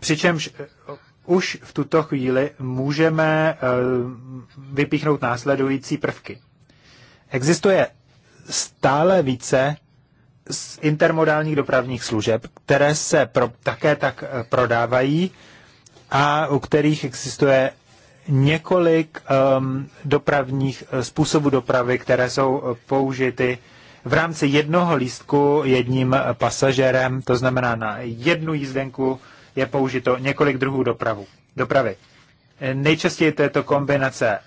Přičemž eh, už v tuto chvíli můžeme eh, vypíchnout následující prvky. Existuje stále více z intermodálních dopravních služeb, které se pro, také tak eh, prodávají a u kterých existuje několik um, dopravních způsobů dopravy, které jsou použity v rámci jednoho lístku jedním pasažérem, to znamená na jednu jízdenku je použito několik druhů dopravu, dopravy. Nejčastěji to je to kombinace eh,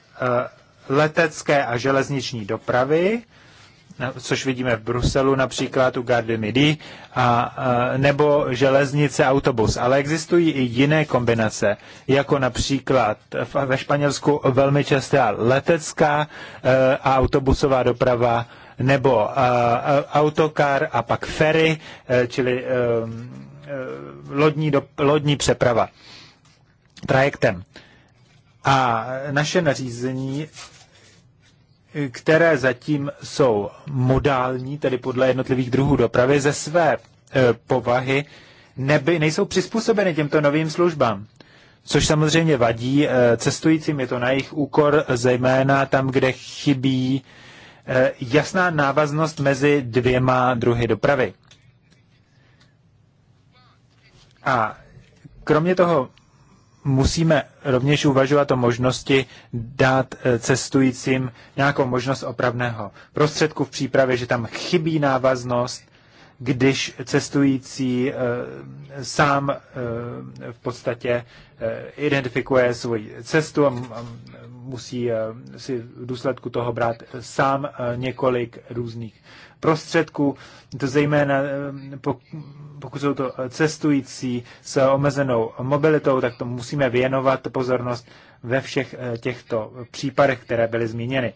letecké a železniční dopravy, eh, což vidíme v Bruselu například u Gardy Midi, a, a, eh, nebo železnice, autobus. Ale existují i jiné kombinace, jako například v, ve Španělsku velmi častá letecká a, a autobusová doprava, nebo a, a, autokar a pak ferry, a, čili a, Eh, lodní, do, lodní přeprava trajektem. A naše nařízení, které zatím jsou modální, tedy podle jednotlivých druhů dopravy, ze své eh, povahy neby, nejsou přizpůsobeny těmto novým službám. Což samozřejmě vadí, eh, cestujícím je to na jejich úkor, zejména tam, kde chybí jasná návaznost mezi dvěma druhy dopravy. A kromě toho musíme rovněž uvažovat o možnosti dát eh, cestujícím nějakou možnost opravného prostředku v přípravě, že tam chybí návaznost, když cestující e, sám e, v podstatě e, identifikuje svoji cestu a, a musí e, si v důsledku toho brát sám e, několik různých prostředků, to zejména eh, pokud jsou to cestující s omezenou mobilitou, tak to musíme věnovat pozornost ve všech eh, těchto případech, které byly zmíněny.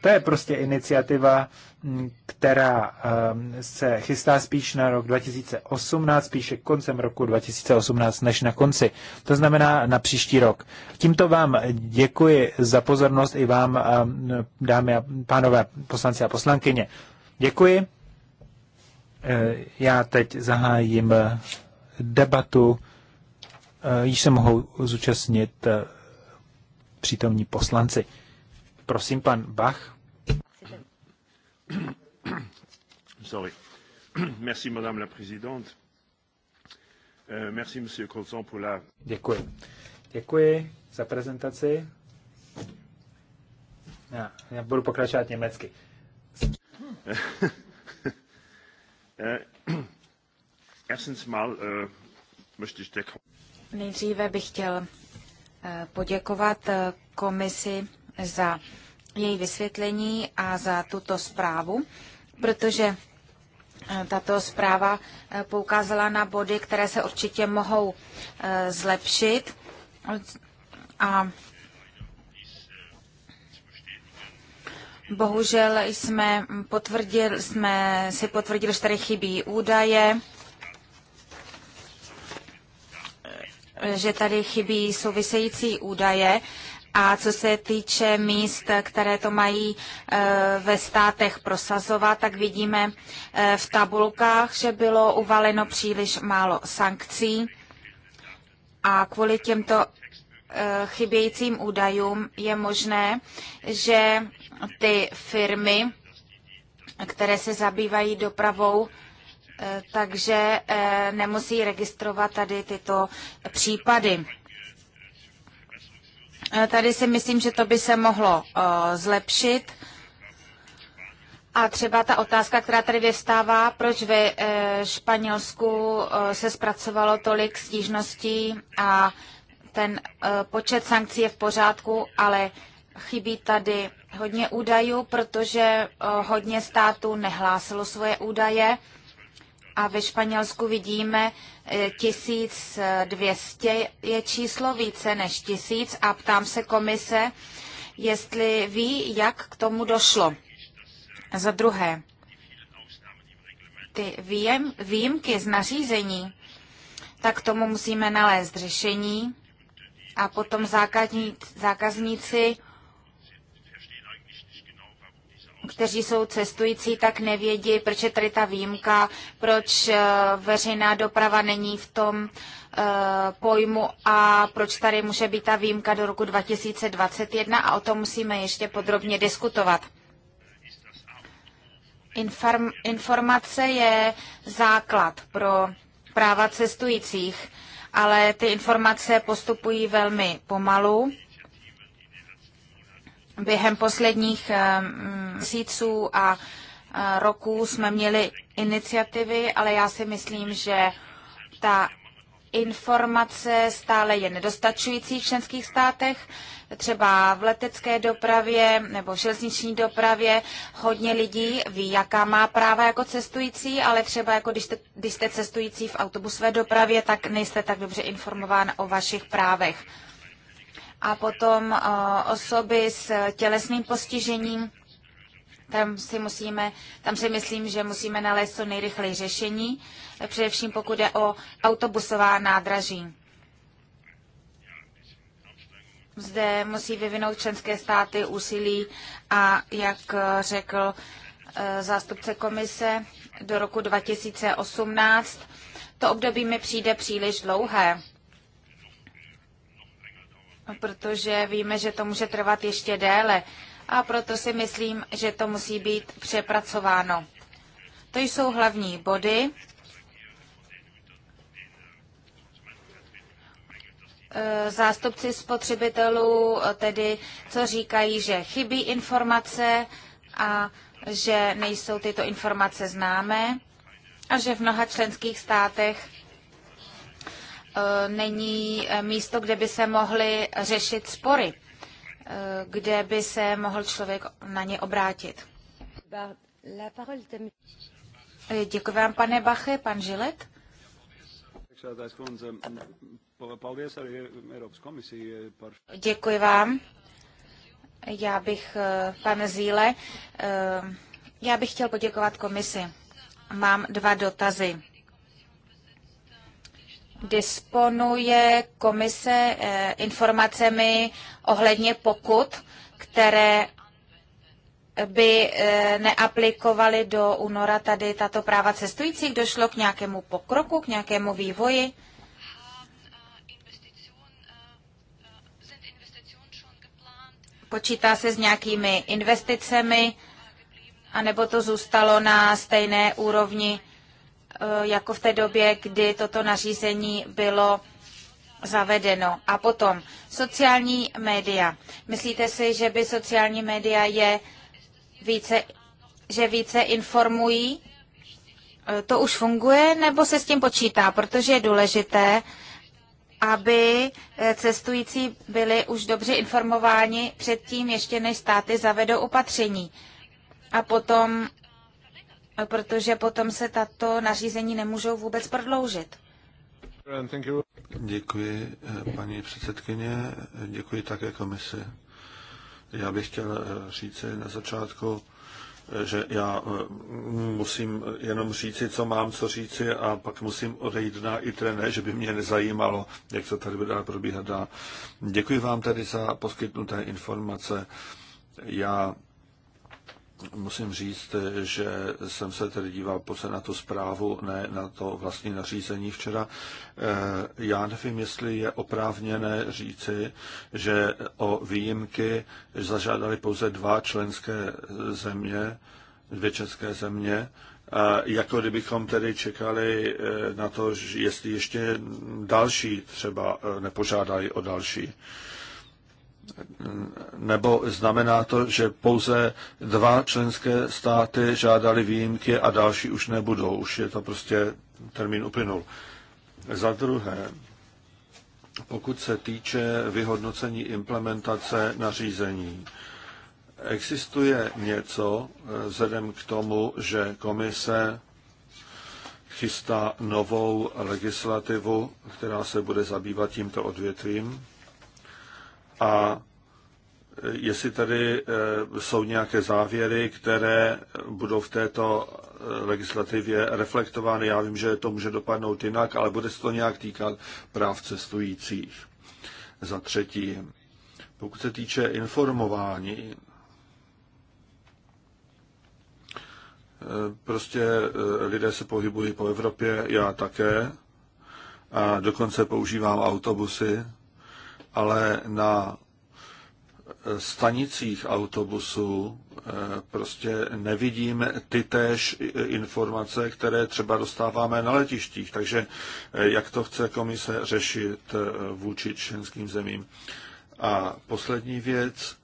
To je prostě iniciativa, mm, která eh, se chystá spíš na rok 2018, spíše koncem roku 2018 než na konci. To znamená na příští rok. Tímto vám děkuji za pozornost i vám, dámy a pánové poslanci a poslankyně. Děkuji. Eh, já teď zahájím debatu, eh, již se mohou zúčastnit eh, přítomní poslanci. Prosím, pan Bach. Sorry. *clears throat* Merci, madame la présidente. Merci, monsieur Colson, pour la... Děkuji. Děkuji za prezentaci. Já, já budu pokračovat německy. Eh, *clears throat* eh, Nejdříve bych chtěl eh, poděkovat komisi za její vysvětlení a za tuto zprávu, protože tato zpráva poukázala na body, které se určitě mohou zlepšit a Bohužel jsme, potvrdil, jsme si potvrdili, že tady chybí údaje, že tady chybí související údaje. A co se týče míst, které to mají eh, ve státech prosazovat, tak vidíme eh, v tabulkách, že bylo uvaleno příliš málo sankcí. A kvůli těmto eh, chybějícím údajům je možné, že ty firmy, které se zabývají dopravou, eh, takže eh, nemusí registrovat tady tyto případy. Eh, tady si myslím, že to by se mohlo zlepšit. A třeba ta otázka, která tady vyvstává, proč ve Španělsku se zpracovalo tolik stížností a ten počet sankcí je v pořádku, ale chybí tady hodně údajů, protože eh, hodně států nehlásilo svoje údaje a ve Španělsku vidíme 1200 eh, je číslo více než 1000 a ptám se komise, jestli ví, jak k tomu došlo. Za druhé, ty výjem, výjimky z nařízení, tak tomu musíme nalézt řešení a potom zákazníci kteří jsou cestující, tak nevědí, proč je tady ta výjimka, proč eh, veřejná doprava není v tom eh, pojmu a proč tady může být ta výjimka do roku 2021 a o tom musíme ještě podrobně diskutovat. Inform, informace je základ pro práva cestujících, ale ty informace postupují velmi pomalu Během posledních eh, měsíců a eh, roků jsme měli iniciativy, ale já si myslím, že ta informace stále je nedostačující v členských státech. Třeba v letecké dopravě nebo v železniční dopravě hodně lidí ví, jaká má práva jako cestující, ale třeba jako když jste, když jste cestující v autobusové dopravě, tak nejste tak dobře informován o vašich právech a potom eh, osoby s tělesným postižením. Tam si, musíme, tam si myslím, že musíme nalézt co nejrychleji řešení, především pokud je o autobusová nádraží. Zde musí vyvinout členské státy úsilí a, jak eh, řekl eh, zástupce komise, do roku 2018 to období mi přijde příliš dlouhé protože víme, že to může trvat ještě déle a proto si myslím, že to musí být přepracováno. To jsou hlavní body. E, zástupci spotřebitelů tedy, co říkají, že chybí informace a že nejsou tyto informace známé a že v mnoha členských státech Eh, není eh, místo, kde by se mohly řešit spory, eh, kde by se mohl člověk na ně obrátit. Děkuji vám, pane Bache, pan Žilet. Děkuji vám. Já bych, pane Zíle, já bych chtěl poděkovat komisi. Mám dva dotazy disponuje komise eh, informacemi ohledně pokut, které by eh, neaplikovali do února tady tato práva cestujících? Došlo k nějakému pokroku, k nějakému vývoji? Počítá se s nějakými investicemi, anebo to zůstalo na stejné úrovni Eh, jako v té době, kdy toto nařízení bylo zavedeno. A potom sociální média. Myslíte si, že by sociální média je více, že více informují? Eh, to už funguje, nebo se s tím počítá? Protože je důležité, aby eh, cestující byli už dobře informováni předtím, ještě než státy zavedou opatření. A potom protože potom se tato nařízení nemůžou vůbec prodloužit. Děkuji, eh, paní předsedkyně, děkuji také komisi. Já bych chtěl eh, říct na začátku, eh, že já musím jenom říci, co mám co říci a pak musím odejít na ITRE, ne, že by mě nezajímalo, jak se tady bude probíhat dál. Děkuji vám tady za poskytnuté informace. Já musím říct, že jsem se tedy díval pouze na tu zprávu, ne na to vlastní nařízení včera. Eh, já nevím, jestli je oprávněné říci, že o výjimky zažádali pouze dva členské země, dvě české země, jako kdybychom tedy čekali eh, na to, jestli ještě další třeba eh, nepožádají o další nebo znamená to, že pouze dva členské státy žádali výjimky a další už nebudou, už je to prostě termín uplynul. Za druhé, pokud se týče vyhodnocení implementace nařízení, existuje něco eh, vzhledem k tomu, že komise chystá novou legislativu, která se bude zabývat tímto odvětvím? a jestli tady eh, jsou nějaké závěry, které budou v této eh, legislativě reflektovány. Já vím, že to může dopadnout jinak, ale bude se to nějak týkat práv cestujících. Za třetí, pokud se týče informování, eh, prostě lidé se pohybují po Evropě, já také, a dokonce používám autobusy, ale na eh, stanicích autobusů eh, prostě nevidíme ty též eh, informace, které třeba dostáváme na letištích. Takže jak to chce komise řešit vůči členským zemím? A poslední věc,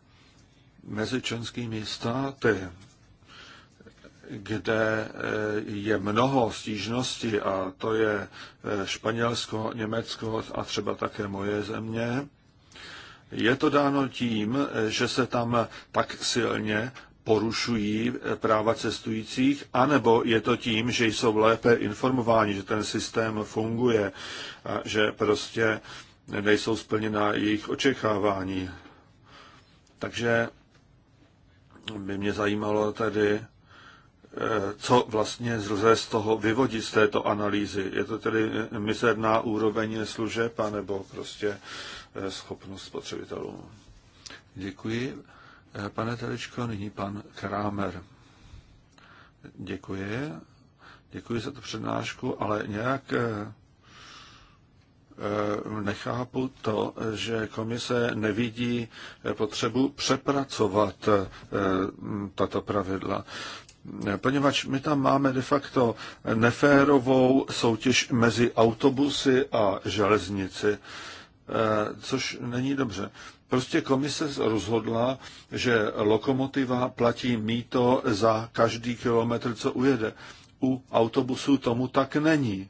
mezi členskými státy, kde je mnoho stížností, a to je Španělsko, Německo a třeba také moje země, je to dáno tím, že se tam tak silně porušují práva cestujících, anebo je to tím, že jsou lépe informováni, že ten systém funguje, a že prostě nejsou splněna jejich očekávání. Takže by mě zajímalo tedy, eh, co vlastně lze z toho vyvodit z této analýzy. Je to tedy mizerná úroveň služeb, anebo prostě Eh, schopnost spotřebitelů. Děkuji. Eh, pane Teličko, nyní pan Kramer. Děkuji. Děkuji za tu přednášku, ale nějak eh, nechápu to, že komise nevidí potřebu přepracovat tato pravidla. Poněvadž my tam máme de facto neférovou soutěž mezi autobusy a železnici. Eh, což není dobře. Prostě komise rozhodla, že lokomotiva platí mýto za každý kilometr, co ujede. U autobusů tomu tak není.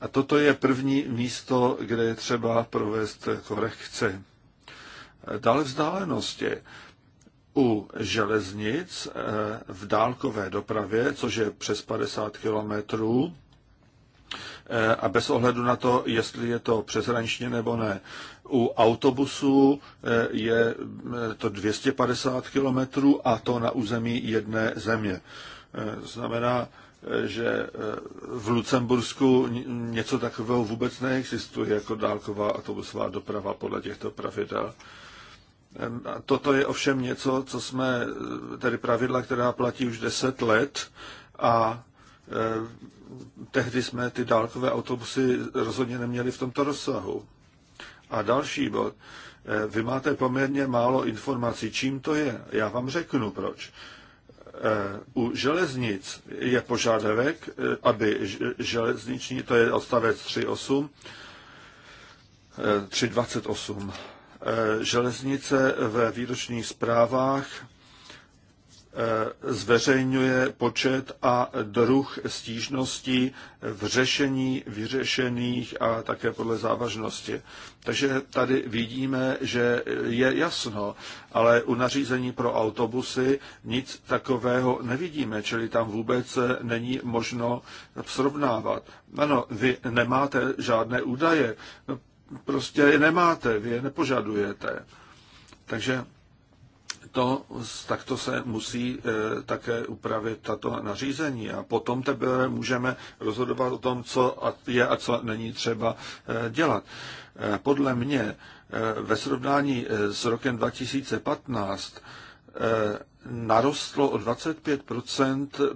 A toto je první místo, kde je třeba provést korekce. Eh, dále vzdálenosti. U železnic eh, v dálkové dopravě, což je přes 50 kilometrů, Eh, a bez ohledu na to, jestli je to přeshraničně nebo ne. U autobusů eh, je eh, to 250 kilometrů a to na území jedné země. Znamená, že v Lucembursku něco takového vůbec neexistuje jako dálková autobusová doprava podle těchto pravidel. Toto je ovšem něco, co jsme, tedy pravidla, která platí už 10 let a tehdy jsme ty dálkové autobusy rozhodně neměli v tomto rozsahu. A další bod. Eh, vy máte poměrně málo informací. Čím to je? Já vám řeknu proč. Eh, u železnic je požadavek, eh, aby železniční, to je odstavec 3.8, 3.28, železnice ve výročních zprávách Eh, zveřejňuje počet a druh stížností v řešení vyřešených a také podle závažnosti. Takže tady vidíme, že je jasno, ale u nařízení pro autobusy nic takového nevidíme, čili tam vůbec není možno srovnávat. Ano, vy nemáte žádné údaje, prostě je nemáte, vy je nepožadujete. Takže to, takto se musí eh, také upravit tato nařízení a potom teprve můžeme rozhodovat o tom, co je a co není třeba eh, dělat. Eh, podle mě ve srovnání s rokem 2015 narostlo o 25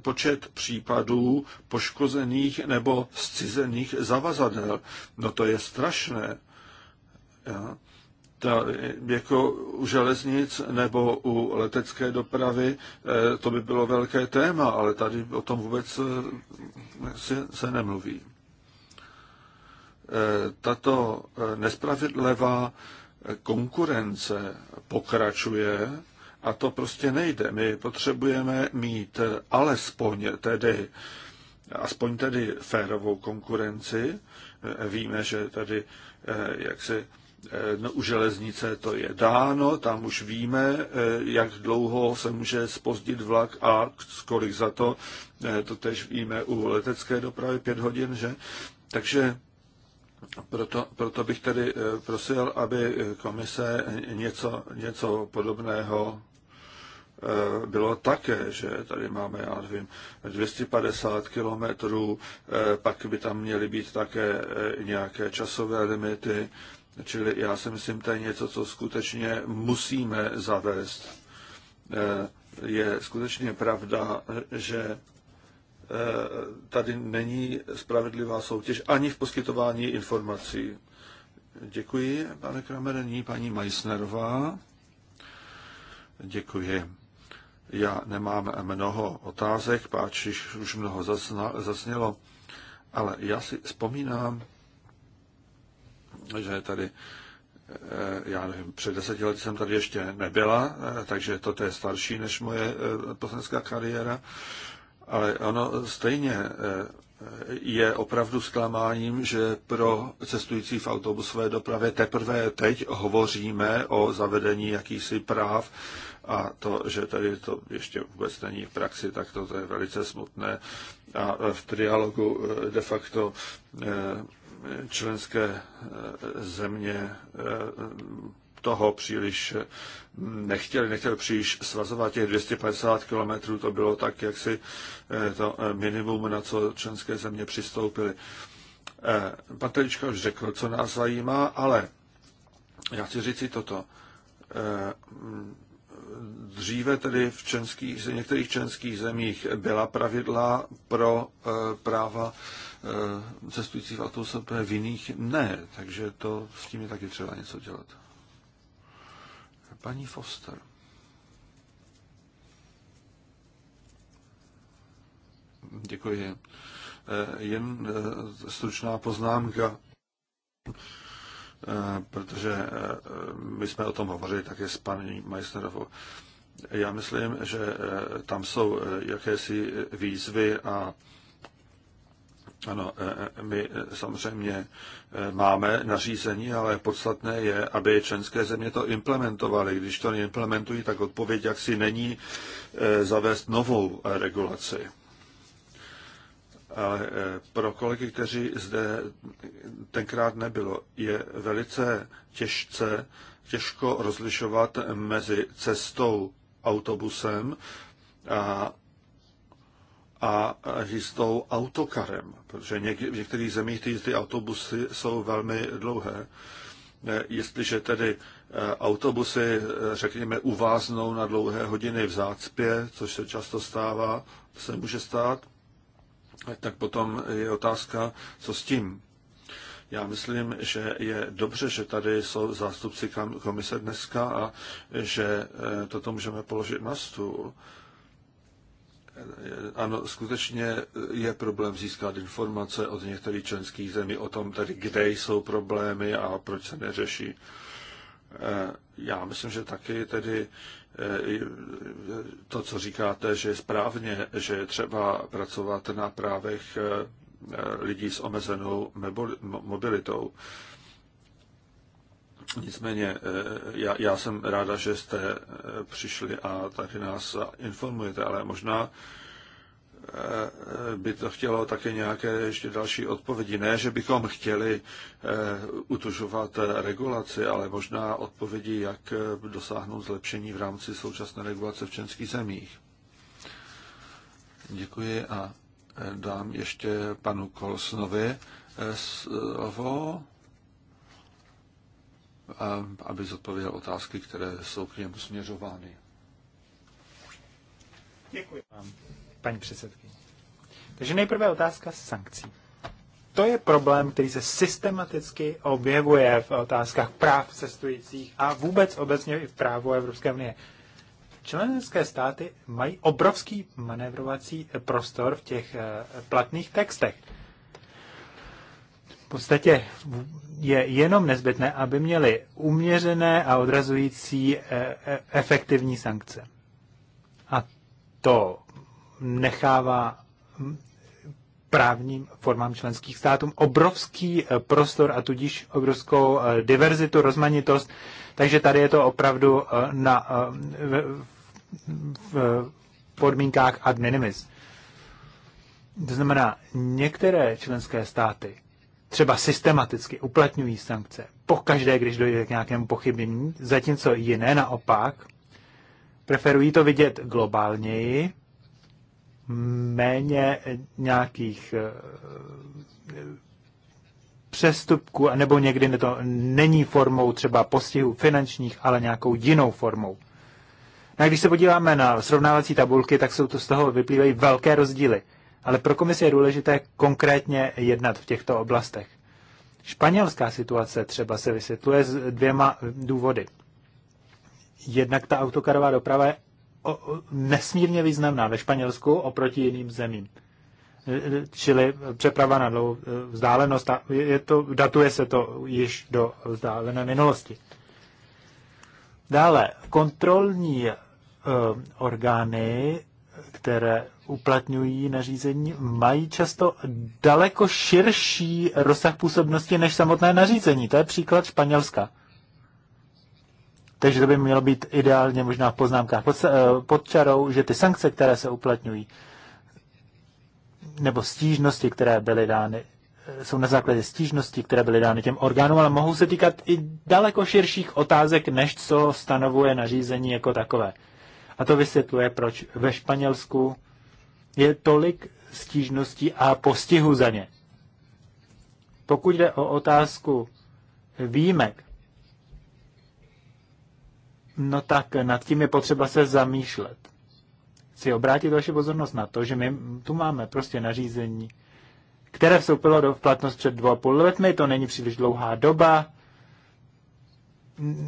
počet případů poškozených nebo zcizených zavazadel. No to je strašné. Ja? ta, jako u železnic nebo u letecké dopravy, eh, to by bylo velké téma, ale tady o tom vůbec eh, se, se nemluví. Eh, tato nespravedlivá konkurence pokračuje a to prostě nejde. My potřebujeme mít alespoň tedy, aspoň tedy férovou konkurenci. Víme, že tady jak si No, u železnice to je dáno, tam už víme, eh, jak dlouho se může spozdit vlak a kolik za to. Eh, to tež víme u letecké dopravy, pět hodin, že? Takže proto, proto bych tedy eh, prosil, aby komise něco, něco podobného bylo také, že tady máme, já nevím, 250 kilometrů, pak by tam měly být také nějaké časové limity, Čili já si myslím, to je něco, co skutečně musíme zavést. Eh, je skutečně pravda, že eh, tady není spravedlivá soutěž ani v poskytování informací. Děkuji, pane Kramerení, paní Majsnerová. Děkuji. Já nemám mnoho otázek, páč už mnoho zasnělo, ale já si vzpomínám že tady eh, já nevím, před deseti lety jsem tady ještě nebyla, eh, takže toto je starší než moje eh, poslanecká kariéra, ale ono stejně je opravdu zklamáním, že pro cestující v autobusové dopravě teprve teď hovoříme o zavedení jakýchsi práv a to, že tady to ještě vůbec není v praxi, tak to, to je velice smutné. A v trialogu de facto členské eh, země eh, toho příliš eh, nechtěli, nechtěli příliš svazovat těch 250 kilometrů, to bylo tak, jak si to minimum, na co členské země přistoupily. Patelička už řekl, co nás zajímá, ale já chci říct si toto. Dříve tedy v, českých v některých členských zemích byla pravidla pro práva Eh, Cestující v autobusech, protože v jiných ne. Takže to s tím je taky třeba něco dělat. Paní Foster. Děkuji. Eh, jen eh, stručná poznámka, protože my jsme o tom hovořili také s paní Majsterovou. Já myslím, že tam jsou jakési výzvy a ano, e, e, my e, samozřejmě máme nařízení, ale podstatné je, aby členské země to implementovaly. Když to neimplementují, tak odpověď jaksi není zavést novou regulaci. Ale pro kolegy, kteří zde tenkrát nebylo, je velice těžce, těžko rozlišovat mezi cestou autobusem a a jistou autokarem, protože v některých zemích ty, ty autobusy jsou velmi dlouhé. E, jestliže tedy e, autobusy, e, řekněme, uváznou na dlouhé hodiny v zácpě, což se často stává, se může stát, tak potom je otázka, co s tím. Já myslím, že je dobře, že tady jsou zástupci komise dneska a že toto můžeme položit na stůl ano, skutečně je problém získat informace od některých členských zemí o tom, tedy kde jsou problémy a proč se neřeší. Eh, já myslím, že taky tedy eh, to, co říkáte, že je správně, že je třeba pracovat na právech eh, lidí s omezenou mobilitou. Nicméně eh, já, já jsem ráda, že jste eh, přišli a tady nás informujete, ale možná eh, by to chtělo také nějaké ještě další odpovědi. Ne, že bychom chtěli utužovat regulaci, ale možná odpovědi, jak dosáhnout zlepšení v rámci současné regulace v českých zemích. Děkuji a dám ještě panu Kolsnovi slovo aby zodpověděl otázky, které jsou k němu směřovány. Děkuji vám, paní předsedkyně. Takže nejprve otázka sankcí. To je problém, který se systematicky objevuje v otázkách práv cestujících a vůbec obecně i v právu Evropské unie. Členské státy mají obrovský manevrovací prostor v těch eh, platných textech podstatě je jenom nezbytné, aby měli uměřené a odrazující e, e, efektivní sankce. A to nechává právním formám členských států obrovský e, prostor a tudíž obrovskou diverzitu, rozmanitost. Takže tady je to opravdu na, v, v podmínkách ad minimis. To znamená, některé členské státy třeba systematicky uplatňují sankce po každé, když dojde k nějakému pochybení, zatímco jiné naopak preferují to vidět globálněji, méně nějakých eh, přestupků, nebo někdy to není formou třeba postihu finančních, ale nějakou jinou formou. No a když se podíváme na srovnávací tabulky, tak jsou to z toho vyplývají velké rozdíly ale pro komisi je důležité konkrétně jednat v těchto oblastech. Španělská situace třeba se vysvětluje s dvěma důvody. Jednak ta autokarová doprava je nesmírně významná ve Španělsku oproti jiným zemím. Čili přeprava na dlouhou vzdálenost, a je to, datuje se to již do vzdálené minulosti. Dále, kontrolní eh, orgány které uplatňují nařízení, mají často daleko širší rozsah působnosti než samotné nařízení. To je příklad Španělska. Takže to by mělo být ideálně možná v poznámkách pod, eh, pod čarou, že ty sankce, které se uplatňují, nebo stížnosti, které byly dány, eh, jsou na základě stížností, které byly dány těm orgánům, ale mohou se týkat i daleko širších otázek, než co stanovuje nařízení jako takové. A to vysvětluje, proč ve Španělsku je tolik stížností a postihu za ně. Pokud jde o otázku výjimek, no tak nad tím je potřeba se zamýšlet. Chci obrátit vaši pozornost na to, že my tu máme prostě nařízení, které vstoupilo do platnost před dvou a půl letmi, to není příliš dlouhá doba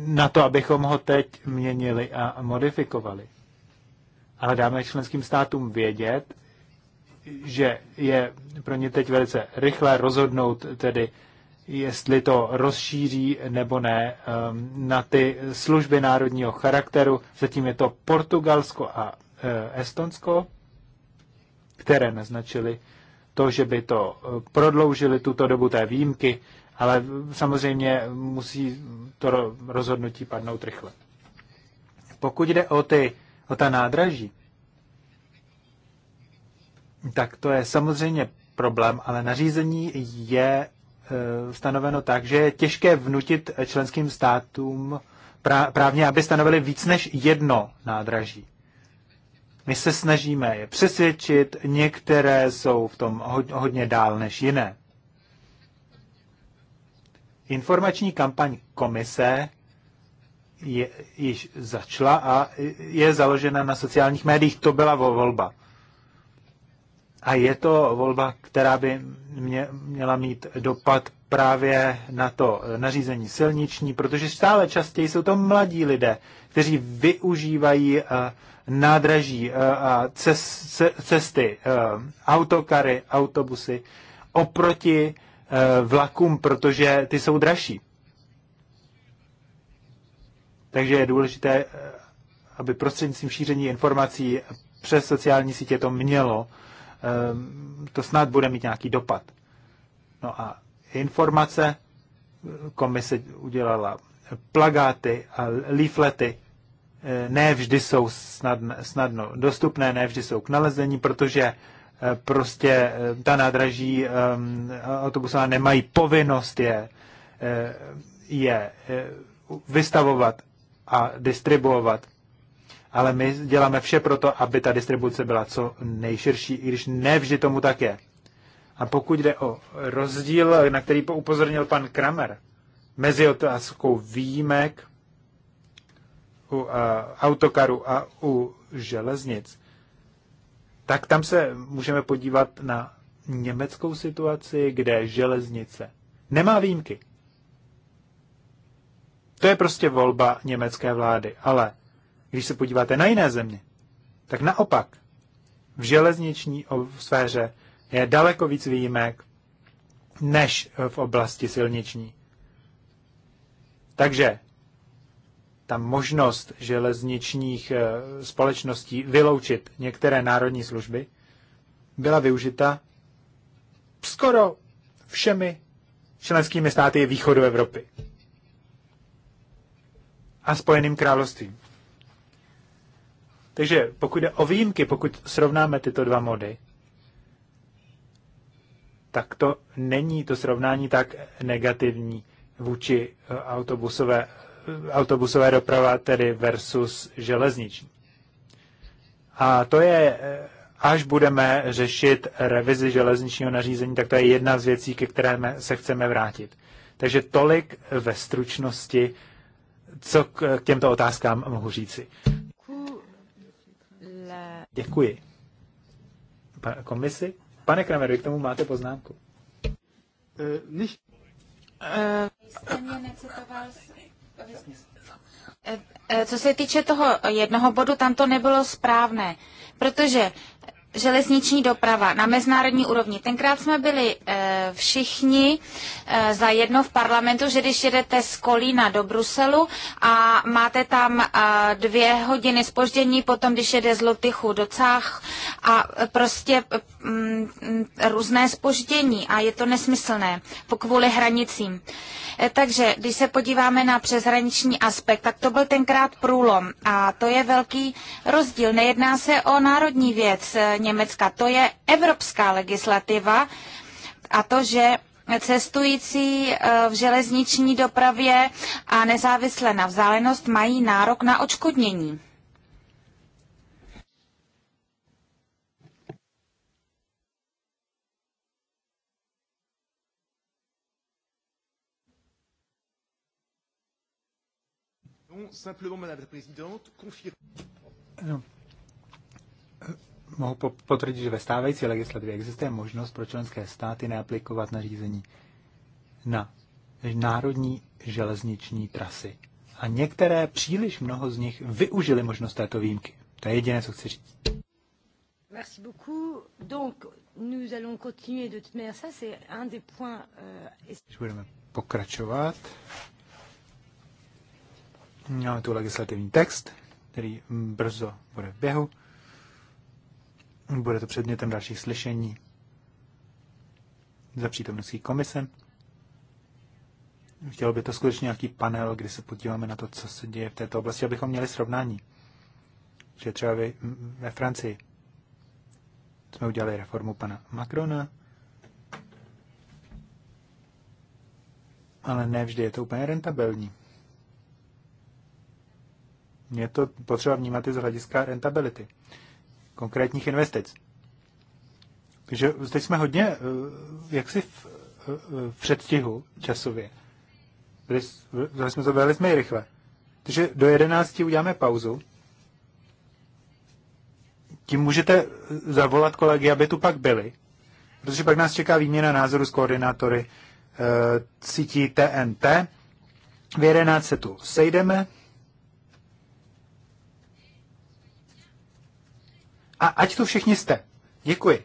na to, abychom ho teď měnili a modifikovali ale dáme členským státům vědět, že je pro ně teď velice rychle rozhodnout tedy, jestli to rozšíří nebo ne ehm, na ty služby národního charakteru. Zatím je to Portugalsko a eh, Estonsko, které naznačili to, že by to eh, prodloužili tuto dobu té výjimky, ale samozřejmě musí to rozhodnutí padnout rychle. Pokud jde o ty o ta nádraží, tak to je samozřejmě problém, ale nařízení je e, stanoveno tak, že je těžké vnutit členským státům právně, aby stanovili víc než jedno nádraží. My se snažíme je přesvědčit, některé jsou v tom hodně dál než jiné. Informační kampaň komise je, již začala a je založena na sociálních médiích. To byla volba. A je to volba, která by mě, měla mít dopad právě na to nařízení silniční, protože stále častěji jsou to mladí lidé, kteří využívají eh, nádraží eh, a cesty, eh, autokary, autobusy oproti vlakům, protože ty jsou dražší. Takže je důležité, eh, aby prostřednictvím šíření informací přes sociální sítě to mělo, ehm, to snad bude mít nějaký dopad. No a informace, eh, komise udělala plagáty a leaflety, eh, ne vždy jsou snadno, snadno dostupné, ne vždy jsou k nalezení, protože prostě ta nádraží ehm, autobusová nemají povinnost je, je vystavovat a distribuovat. Ale my děláme vše pro to, aby ta distribuce byla co nejširší, i když nevždy tomu tak je. A pokud jde o rozdíl, na který upozornil pan Kramer, mezi otázkou výjimek u uh, autokaru a u železnic, tak tam se můžeme podívat na německou situaci, kde železnice nemá výjimky. To je prostě volba německé vlády. Ale když se podíváte na jiné země, tak naopak v železniční sféře je daleko víc výjimek než v oblasti silniční. Takže ta možnost železničních eh, společností vyloučit některé národní služby byla využita skoro všemi členskými státy východu Evropy a Spojeným královstvím. Takže pokud jde o výjimky, pokud srovnáme tyto dva mody, tak to není to srovnání tak negativní vůči eh, autobusové, eh, autobusové doprava, tedy versus železniční. A to je, eh, až budeme řešit revizi železničního nařízení, tak to je jedna z věcí, ke které se chceme vrátit. Takže tolik ve stručnosti co k těmto otázkám mohu říci. Děkuji. komisi? Pane Krameru, k tomu máte poznámku. Uh, co se týče toho jednoho bodu, tam to nebylo správné, protože železniční doprava na mezinárodní úrovni. Tenkrát jsme byli e, všichni e, za jedno v parlamentu, že když jedete z Kolína do Bruselu a máte tam e, dvě hodiny spoždění, potom když jede z Lotychu do Cách a prostě m, mm, m, různé spoždění a je to nesmyslné kvůli hranicím. E, takže když se podíváme na přeshraniční aspekt, tak to byl tenkrát průlom a to je velký rozdíl. Nejedná se o národní věc Německa. To je evropská legislativa a to, že cestující eh, v železniční dopravě a nezávisle na vzdálenost mají nárok na očkodnění. Simplement, Madame la Présidente, confirme mohu potvrdit, že ve stávající legislativě existuje možnost pro členské státy neaplikovat nařízení na národní železniční trasy. A některé, příliš mnoho z nich, využili možnost této výjimky. To je jediné, co chci říct. Merci beaucoup. Donc, nous allons continuer de toute manière. Ça, c'est un des points... Euh... Budeme pokračovat. Máme tu legislativní text, který brzo bude v běhu. Bude to předmětem dalších slyšení za přítomností komise. Chtělo by to skutečně nějaký panel, kdy se podíváme na to, co se děje v této oblasti, abychom měli srovnání. Že třeba vy, ve Francii jsme udělali reformu pana Macrona, ale ne vždy je to úplně rentabilní. Je to potřeba vnímat i z hlediska rentability konkrétních investic. Takže zde jsme hodně eh, jaksi v, eh, v předstihu časově. Zde jsme to byli jsme i rychle. Takže do 11 uděláme pauzu. Tím můžete zavolat kolegy, aby tu pak byli. Protože pak nás čeká výměna názoru s koordinátory e, sítí TNT. V 11 se tu sejdeme. a ať tu všichni jste. Děkuji.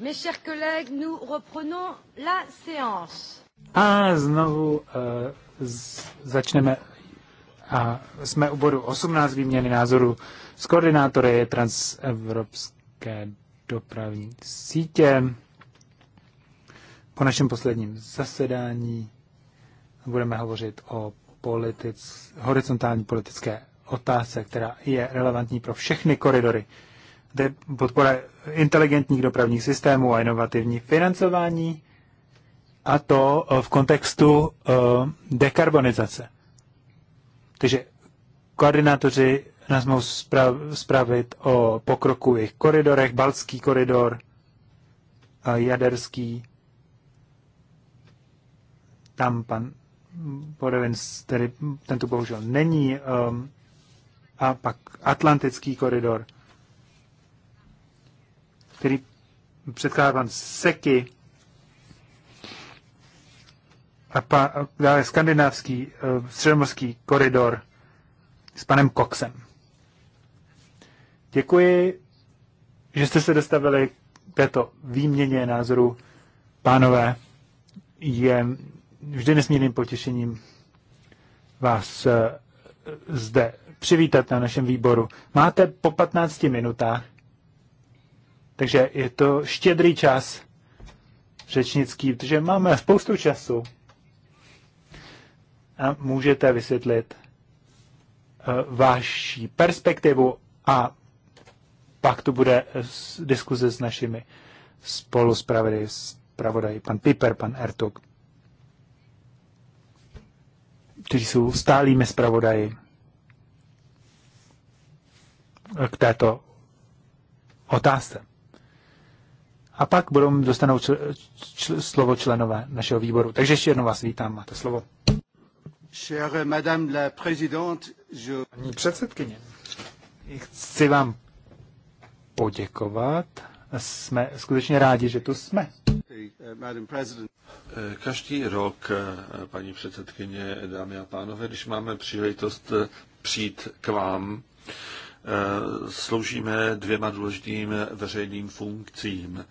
Mes chers collègues, nous reprenons la séance. A znovu uh, začneme a jsme u bodu 18 výměny názoru s koordinátory transevropské dopravní sítě. Po našem posledním zasedání budeme hovořit o politic, horizontální politické otázce, která je relevantní pro všechny koridory podpora inteligentních dopravních systémů a inovativní financování, a to e, v kontextu e, dekarbonizace. Takže koordinátoři nás mohou zpravit o pokroku jejich koridorech, Balský koridor, e, Jaderský, tam pan Podevins, tedy ten tu bohužel není, a pak Atlantický koridor – který předkládá pan Seky, a pa, dále skandinávský eh, středomorský koridor s panem Coxem. Děkuji, že jste se dostavili k této výměně názoru. Pánové, je vždy nesmírným potěšením vás eh, zde přivítat na našem výboru. Máte po 15 minutách takže je to štědrý čas řečnický, protože máme spoustu času a můžete vysvětlit uh, eh, vaši perspektivu a pak to bude diskuze s našimi spolu zpravodaji, pan Piper, pan Ertug, kteří jsou stálými zpravodají, eh, k této otázce a pak budou dostanou čl, čl, slovo členové našeho výboru. Takže ještě jednou vás vítám, máte slovo. Chère madame la présidente, je... Paní předsedkyně, chci vám poděkovat. Jsme skutečně rádi, že tu jsme. Uh, eh, každý rok, eh, paní předsedkyně, dámy a pánové, když máme příležitost eh, přijít k vám, Eh, sloužíme dvěma důležitým veřejným funkcím.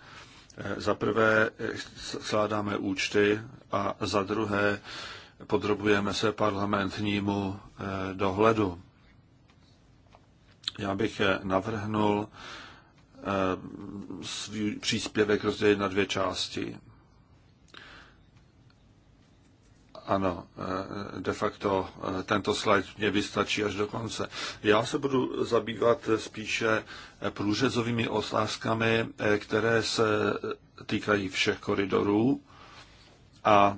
Eh, za prvé eh, skládáme účty a za druhé podrobujeme se parlamentnímu dohledu. Já bych navrhnul svůj příspěvek rozdělit na dvě části. Ano, eh, de facto eh, tento slide mě vystačí až do konce. Já se budu zabývat spíše eh, průřezovými otázkami, které se týkají všech koridorů a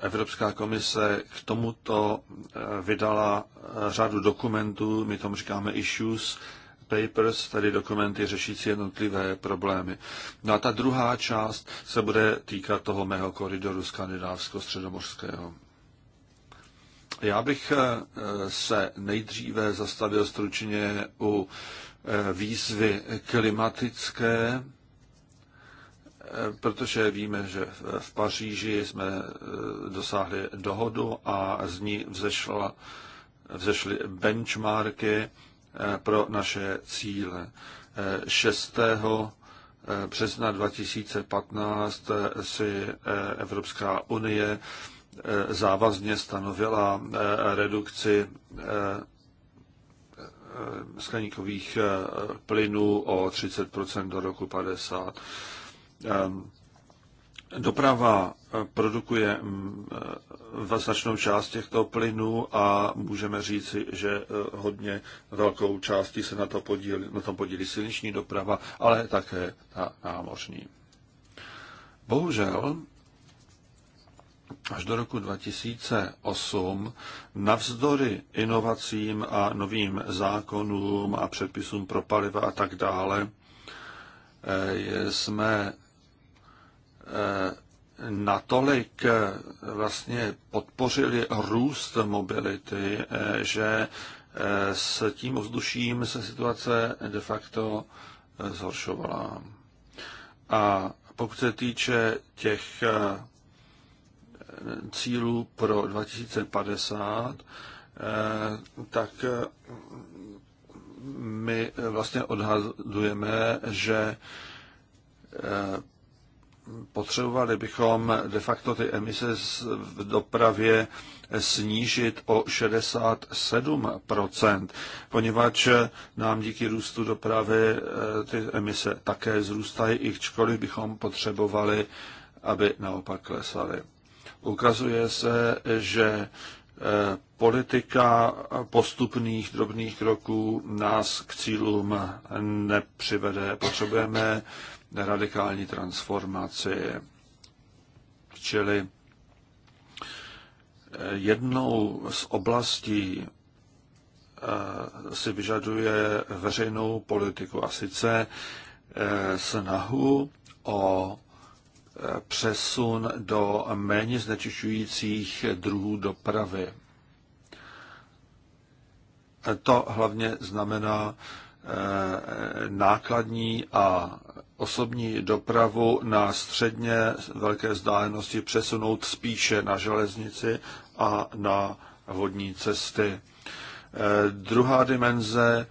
Evropská komise k tomuto vydala řadu dokumentů, my tomu říkáme issues, papers, tedy dokumenty řešící jednotlivé problémy. No a ta druhá část se bude týkat toho mého koridoru skandinávsko-středomořského. Já bych eh, se nejdříve zastavil stručně u eh, výzvy klimatické, eh, protože víme, že v Paříži jsme dosáhli dohodu a z ní vzešla, vzešly benchmarky Eh, pro naše cíle. 6. Eh, eh, března 2015 si Evropská unie závazně stanovila redukci skleníkových plynů o 30 do roku 50. Doprava eh, produkuje mm, eh, značnou část těchto plynů a můžeme říci, že eh, hodně velkou částí se na, to podílí, na tom podílí silniční doprava, ale také ta námořní. Bohužel až do roku 2008 navzdory inovacím a novým zákonům a předpisům pro paliva a tak dále jsme Eh, natolik eh, vlastně podpořili růst mobility, eh, že s tím ovzduším se situace de facto zhoršovala. A pokud se týče těch cílů pro 2050, tak my vlastně odhadujeme, že potřebovali bychom de facto ty emise v dopravě snížit o 67%, poněvadž nám díky růstu dopravy eh, ty emise také zrůstají, i čkoliv bychom potřebovali, aby naopak klesaly. Ukazuje se, že eh, politika postupných drobných kroků nás k cílům nepřivede. Potřebujeme radikální transformaci. Čili eh, jednou z oblastí eh, si vyžaduje veřejnou politiku a sice eh, snahu o přesun do méně znečišťujících druhů dopravy. To hlavně znamená nákladní a osobní dopravu na středně velké vzdálenosti přesunout spíše na železnici a na vodní cesty. Eh, druhá dimenze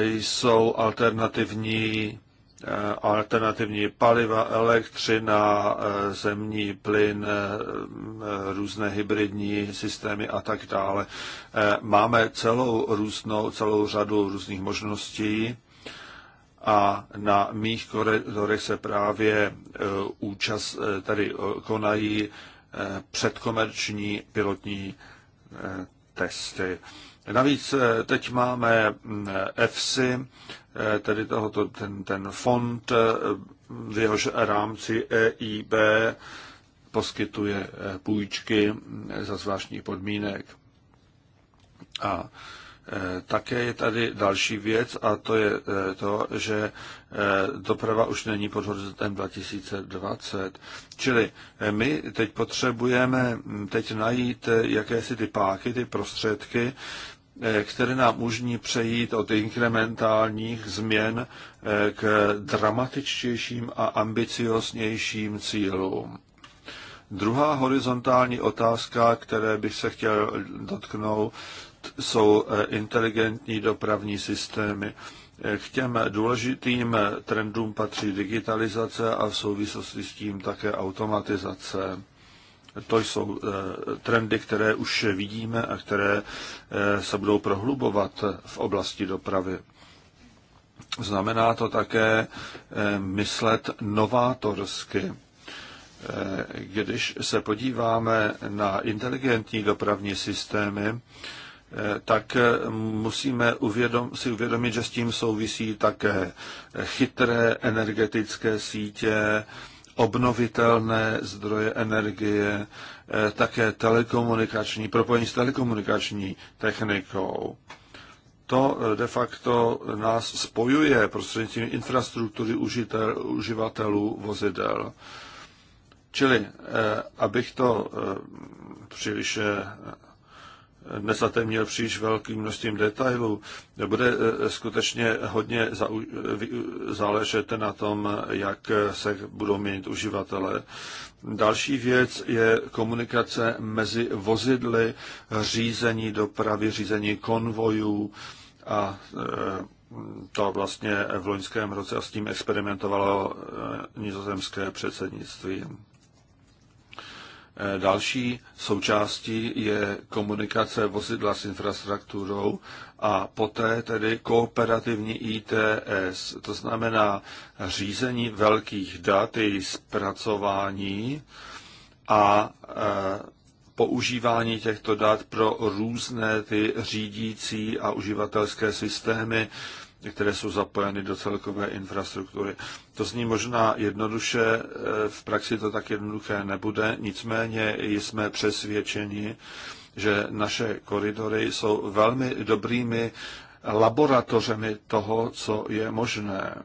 jsou alternativní, eh, alternativní paliva, elektřina, eh, zemní plyn, různé hybridní systémy a tak dále. Máme celou různou, celou řadu různých možností a na mých koridorech se právě e, účast, e, tady e, konají předkomerční pilotní testy. Navíc teď máme EFSI, tedy tohoto, ten, ten fond, v jehož rámci EIB poskytuje půjčky za zvláštních podmínek. A Eh, také je tady další věc a to je eh, to, že eh, doprava už není pod horizontem 2020. Čili my teď potřebujeme hm, teď najít jakési ty páky, ty prostředky, které nám umožní přejít od inkrementálních změn k dramatičtějším a ambicioznějším cílům. Druhá horizontální otázka, které bych se chtěl dotknout, jsou eh, inteligentní dopravní systémy. Eh, k těm důležitým eh, trendům patří digitalizace a v souvislosti s tím také automatizace. To jsou trendy, které už vidíme a které se budou prohlubovat v oblasti dopravy. Znamená to také myslet novátorsky. Když se podíváme na inteligentní dopravní systémy, tak eh, musíme uvědom, si uvědomit, že s tím souvisí také chytré energetické sítě, obnovitelné zdroje energie, eh, také telekomunikační, propojení s telekomunikační technikou. To eh, de facto nás spojuje prostřednictvím infrastruktury užitel, uživatelů vozidel. Čili, abych to příliš měl příliš velkým množstvím detailů. Bude eh, skutečně hodně záležet na tom, jak se budou měnit uživatelé. Další věc je komunikace mezi vozidly, řízení dopravy, řízení konvojů a eh, to vlastně v loňském roce a s tím experimentovalo eh, nizozemské předsednictví. Eh, další součástí je komunikace vozidla s infrastrukturou a poté tedy kooperativní ITS, to znamená řízení velkých dat, její zpracování a eh, používání těchto dat pro různé ty řídící a uživatelské systémy, které jsou zapojeny do celkové infrastruktury. To zní možná jednoduše, e, v praxi to tak jednoduché nebude, nicméně jsme přesvědčeni, že naše koridory jsou velmi dobrými laboratořemi toho, co je možné. E,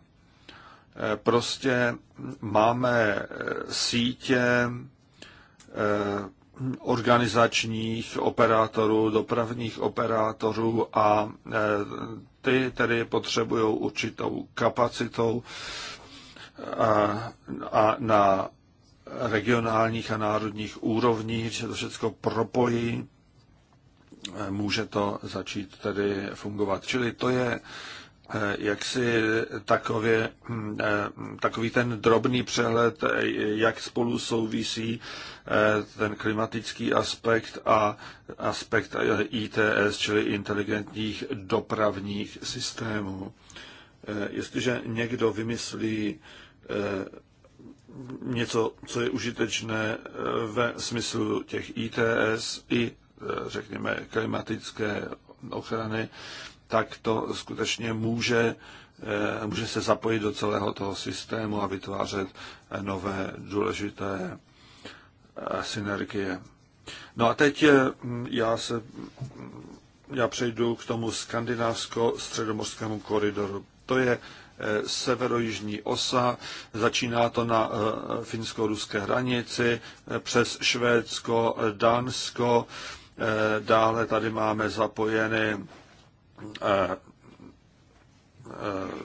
prostě máme e, sítě organizačních operátorů, dopravních operátorů a ty tedy potřebují určitou kapacitou a, a na regionálních a národních úrovních, že to všechno propojí, může to začít tedy fungovat. Čili to je Eh, jak si takově, hm, eh, takový ten drobný přehled, eh, jak spolu souvisí ten klimatický aspekt a aspekt ITS, čili inteligentních dopravních systémů. Jestliže někdo vymyslí něco, co je užitečné ve smyslu těch ITS i, řekněme, klimatické ochrany, tak to skutečně může, eh, může se zapojit do celého toho systému a vytvářet eh, nové důležité eh, synergie. No a teď já se já přejdu k tomu skandinávsko-středomorskému koridoru. To je severojižní osa, začíná to na finsko-ruské hranici, přes Švédsko, Dánsko, dále tady máme zapojeny Eh, eh,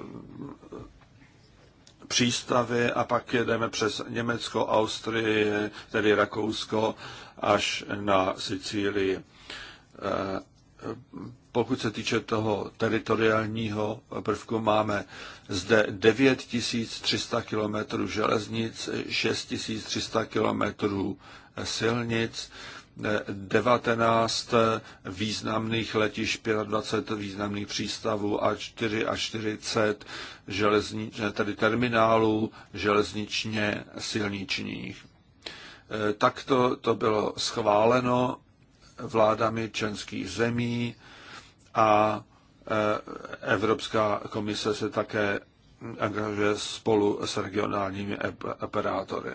přístavy a pak jedeme přes Německo, Austrii, tedy Rakousko až na Sicílii. Eh, pokud se týče toho teritoriálního prvku, máme zde 9300 km železnic, 6300 km silnic, 19 významných letišť, 25 významných přístavů a 4 a 40 železnič, tedy terminálů železničně silničních. E, takto to bylo schváleno vládami členských zemí a e, Evropská komise se také angažuje spolu s regionálními operátory.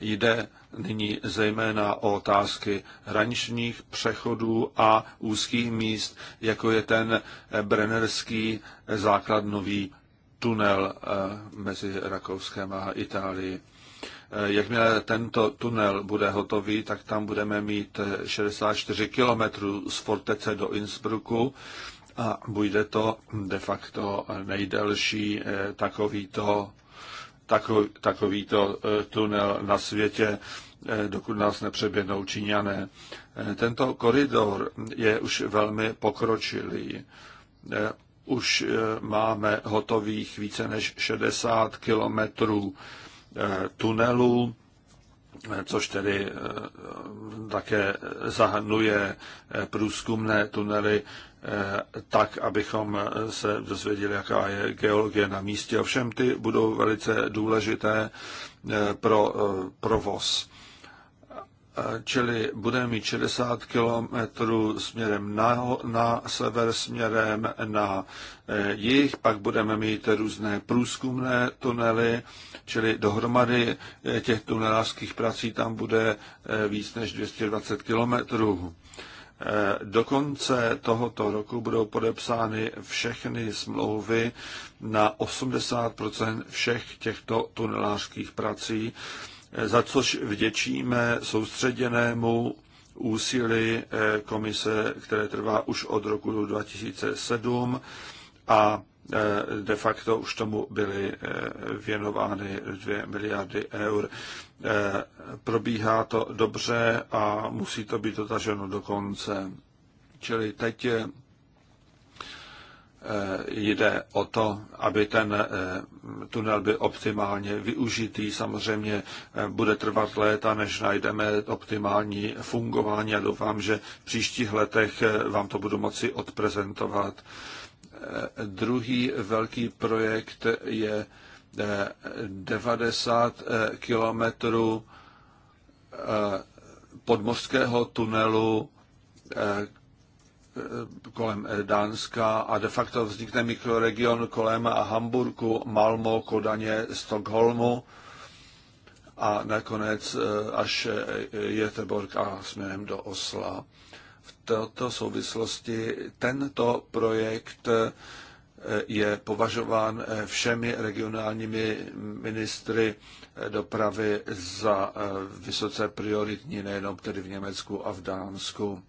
Jde nyní zejména o otázky hraničních přechodů a úzkých míst, jako je ten brenerský základnový tunel eh, mezi Rakouskem a Itálií. Eh, jakmile tento tunel bude hotový, tak tam budeme mít 64 eh, kilometrů z Fortece do Innsbrucku a bude to de facto nejdelší takovýto takovýto e, tunel na světě, e, dokud nás nepřeběhnou Číňané. E, tento koridor je už velmi pokročilý. Už máme hotových více než 60 kilometrů tunelů, což tedy také zahrnuje průzkumné tunely Eh, tak, abychom se dozvěděli, jaká je geologie na místě. Ovšem ty budou velice důležité eh, pro eh, provoz. Čili budeme mít 60 kilometrů směrem na, na sever, směrem na jih, pak budeme mít různé průzkumné tunely, čili dohromady těch tunelářských prací tam bude víc než 220 kilometrů. Eh, do konce tohoto roku budou podepsány všechny smlouvy na 80 všech těchto tunelářských prací, eh, za což vděčíme soustředěnému úsilí eh, komise, které trvá už od roku 2007 a de facto už tomu byly věnovány 2 miliardy eur. Eh, probíhá to dobře a musí to být dotaženo do konce. Čili teď je, eh, jde o to, aby ten eh, tunel byl optimálně využitý. Samozřejmě bude trvat léta, než najdeme optimální fungování a doufám, že v příštích letech vám to budu moci odprezentovat. Druhý velký projekt je 90 eh, eh, kilometrů eh, podmořského tunelu kolem Dánska a de facto vznikne mikroregion kolem Hamburgu, Malmo, Kodaně, Stockholmu a nakonec až Jeteborg a směrem do Osla. V této souvislosti tento projekt je považován eh, všemi regionálními ministry eh, dopravy za eh, vysoce prioritní nejenom tedy v Německu a v Dánsku.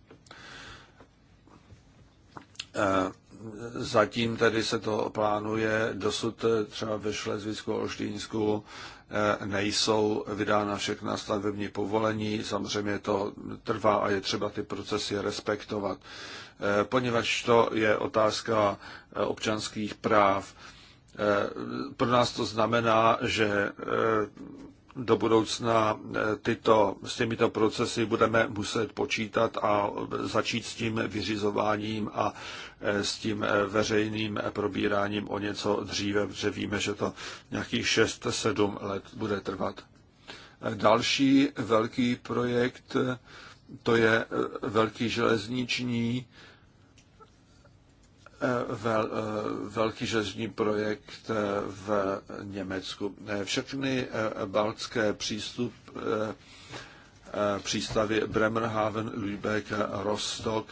Zatím tedy se to plánuje, dosud třeba ve Šlezvisku a nejsou vydána všechna stavební povolení, samozřejmě to trvá a je třeba ty procesy respektovat. Eh, poněvadž to je otázka eh, občanských práv. Eh, pro nás to znamená, že do budoucna tyto, s těmito procesy budeme muset počítat a začít s tím vyřizováním a s tím veřejným probíráním o něco dříve, protože víme, že to nějakých 6-7 let bude trvat. Další velký projekt to je eh, velký železniční eh, vel, eh, velký železniční projekt v Německu. Všechny baltské přístup přístavy Bremerhaven, Lübeck, Rostock,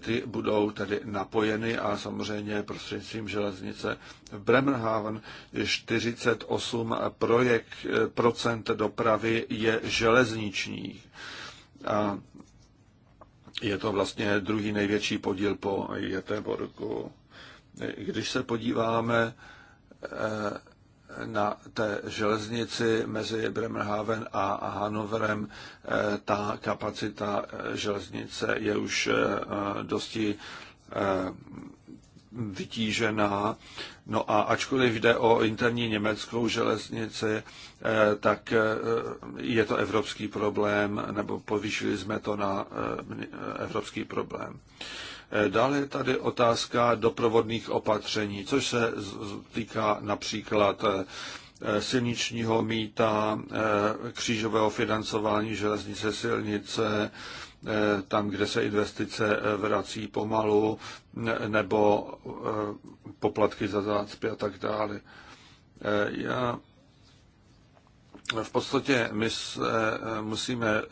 ty budou tedy napojeny a samozřejmě prostřednictvím železnice v Bremerhaven 48 projekt, procent dopravy je železničních. A je to vlastně druhý největší podíl po Jeteborgu. Když se podíváme eh, na té železnici mezi Bremerhaven a Hanoverem, eh, ta kapacita eh, železnice je už dosti vytížená No a ačkoliv jde o interní německou železnici, eh, tak eh, je to evropský problém, nebo povýšili jsme to na eh, evropský problém. Dále je tady otázka doprovodných opatření, což se týká například silničního mýta, křížového financování železnice silnice, Eh, tam, kde se investice eh, vrací pomalu, nebo eh, poplatky za zácpy a tak dále. Já v podstatě my se musíme,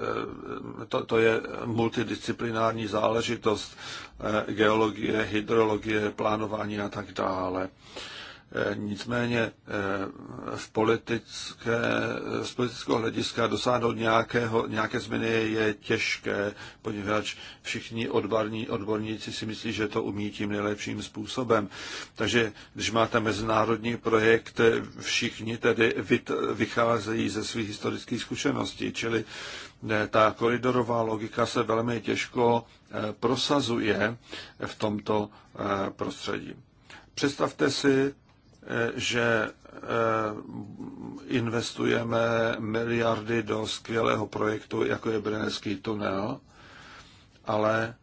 to, to je multidisciplinární záležitost, geologie, hydrologie, plánování a tak dále. Eh, nicméně eh, v politické, z politického hlediska dosáhnout nějakého, nějaké změny je těžké, poněvadž všichni odborní, odborníci si myslí, že to umí tím nejlepším způsobem. Takže když máte mezinárodní projekt, všichni tedy vycházejí ze svých historických zkušeností, čili eh, ta koridorová logika se velmi těžko prosazuje v tomto prostředí. Představte si že eh, investujeme miliardy do skvělého projektu, jako je Brněnský tunel, ale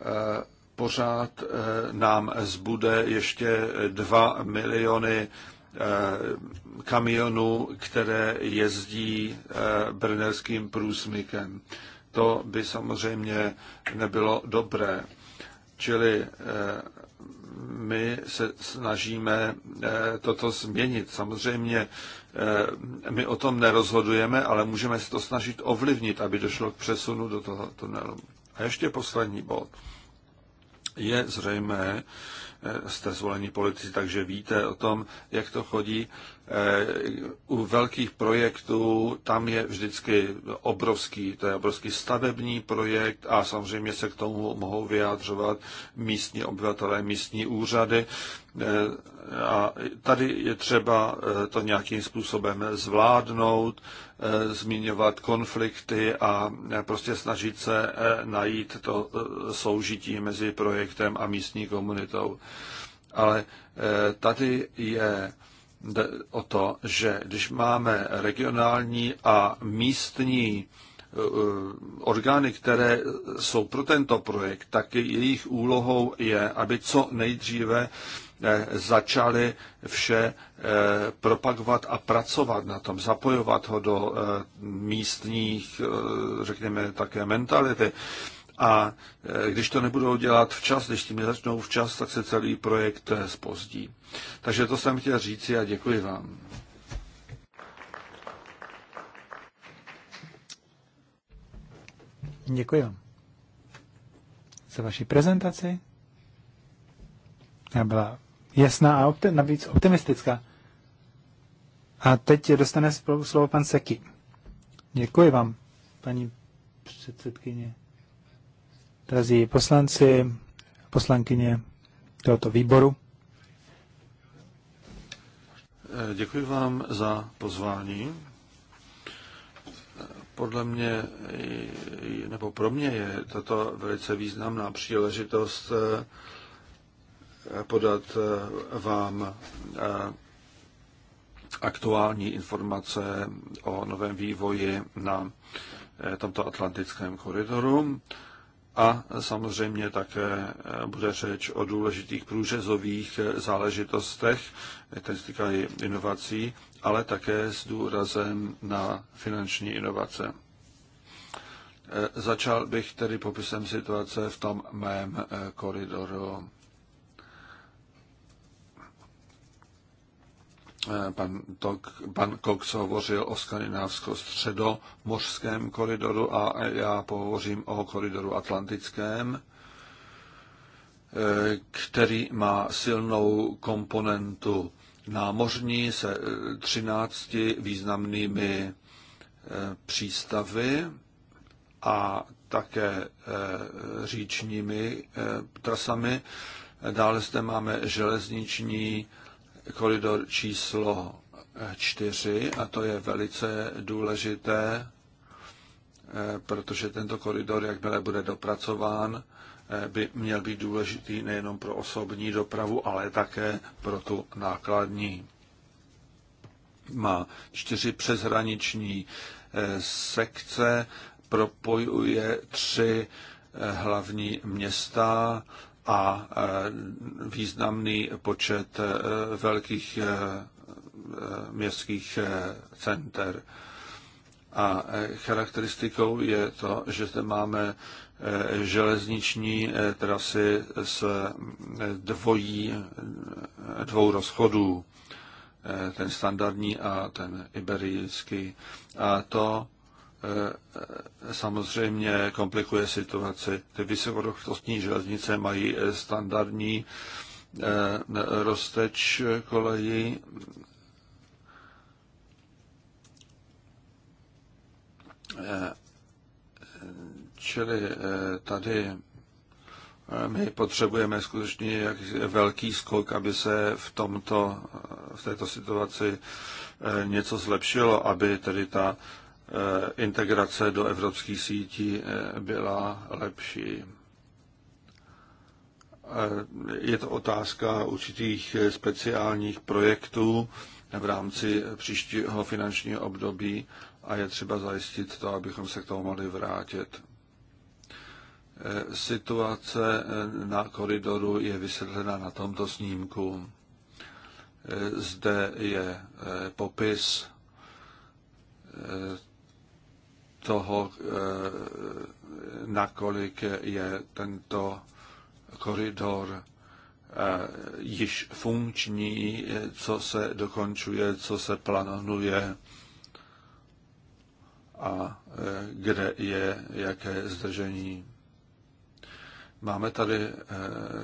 eh, pořád eh, nám zbude ještě 2 miliony kamionů, které jezdí brněnským průsmykem. To by samozřejmě nebylo dobré. Čili my se snažíme eh, toto změnit. Samozřejmě eh, my o tom nerozhodujeme, ale můžeme se to snažit ovlivnit, aby došlo k přesunu do toho tunelu. A ještě poslední bod. Je zřejmé, eh, jste zvolení politici, takže víte o tom, jak to chodí, Eh, u velkých projektů tam je vždycky obrovský, to je obrovský stavební projekt a samozřejmě se k tomu mohou vyjádřovat místní obyvatelé, místní úřady. Eh, a tady je třeba eh, to nějakým způsobem zvládnout, zmiňovat konflikty a prostě snažit se najít to soužití mezi projektem a místní komunitou. Ale tady je jde o to, že když máme regionální a místní eh, orgány, které jsou pro tento projekt, tak jejich úlohou je, aby co nejdříve eh, začali vše eh, propagovat a pracovat na tom, zapojovat ho do místních, řekněme, také mentality. A e, když to nebudou dělat včas, když tím začnou včas, tak se celý projekt e, spozdí. Takže to jsem chtěl říci a děkuji vám. Děkuji vám za vaši prezentaci. Já byla jasná a opti- navíc optimistická. A teď dostane slovo pan Seky. Děkuji vám, paní předsedkyně drazí poslanci, poslankyně tohoto výboru. Děkuji vám za pozvání. Podle mě, nebo pro mě je tato velice významná příležitost eh, podat eh, vám eh, aktuální informace o novém vývoji na tomto atlantickém koridoru a samozřejmě také eh, bude řeč o důležitých průřezových eh, záležitostech, eh, které se týkají inovací, ale také s důrazem na finanční inovace. Začal bych tedy popisem situace v tom mém koridoru. Eh, pan, Tok, pan Cox hovořil o skandinávsko-středomořském koridoru a já pohovořím o koridoru atlantickém, eh, který má silnou komponentu námořní se 13 eh, významnými přístavy a také říčními trasami. Dále zde máme železniční koridor číslo 4 a to je velice důležité, eh, protože tento koridor, jakmile bude dopracován, eh, by měl být důležitý nejenom pro osobní dopravu, ale také pro tu nákladní. Má čtyři přeshraniční eh, sekce, propojuje tři hlavní města, a e, významný počet e, velkých e, městských center. A charakteristikou je to, že zde máme železniční trasy s dvojí, dvou rozchodů, ten standardní a ten iberijský. A to Eh, samozřejmě komplikuje situaci. Ty vysokorychlostní železnice mají eh, standardní eh, rozteč koleji. Čili tady my potřebujeme skutečně jak velký skok, aby se v, tomto, v této situaci něco zlepšilo, aby tedy ta Eh, integrace do evropských sítí eh, byla lepší. Eh, je to otázka určitých speciálních projektů v rámci příštího finančního období a je třeba zajistit to, abychom se k tomu mohli vrátit. Situace na koridoru je vysvětlena na tomto snímku. Zde je popis toho, eh, nakolik je tento koridor eh, již funkční, co se dokončuje, co se plánuje a eh, kde je jaké zdržení. Máme tady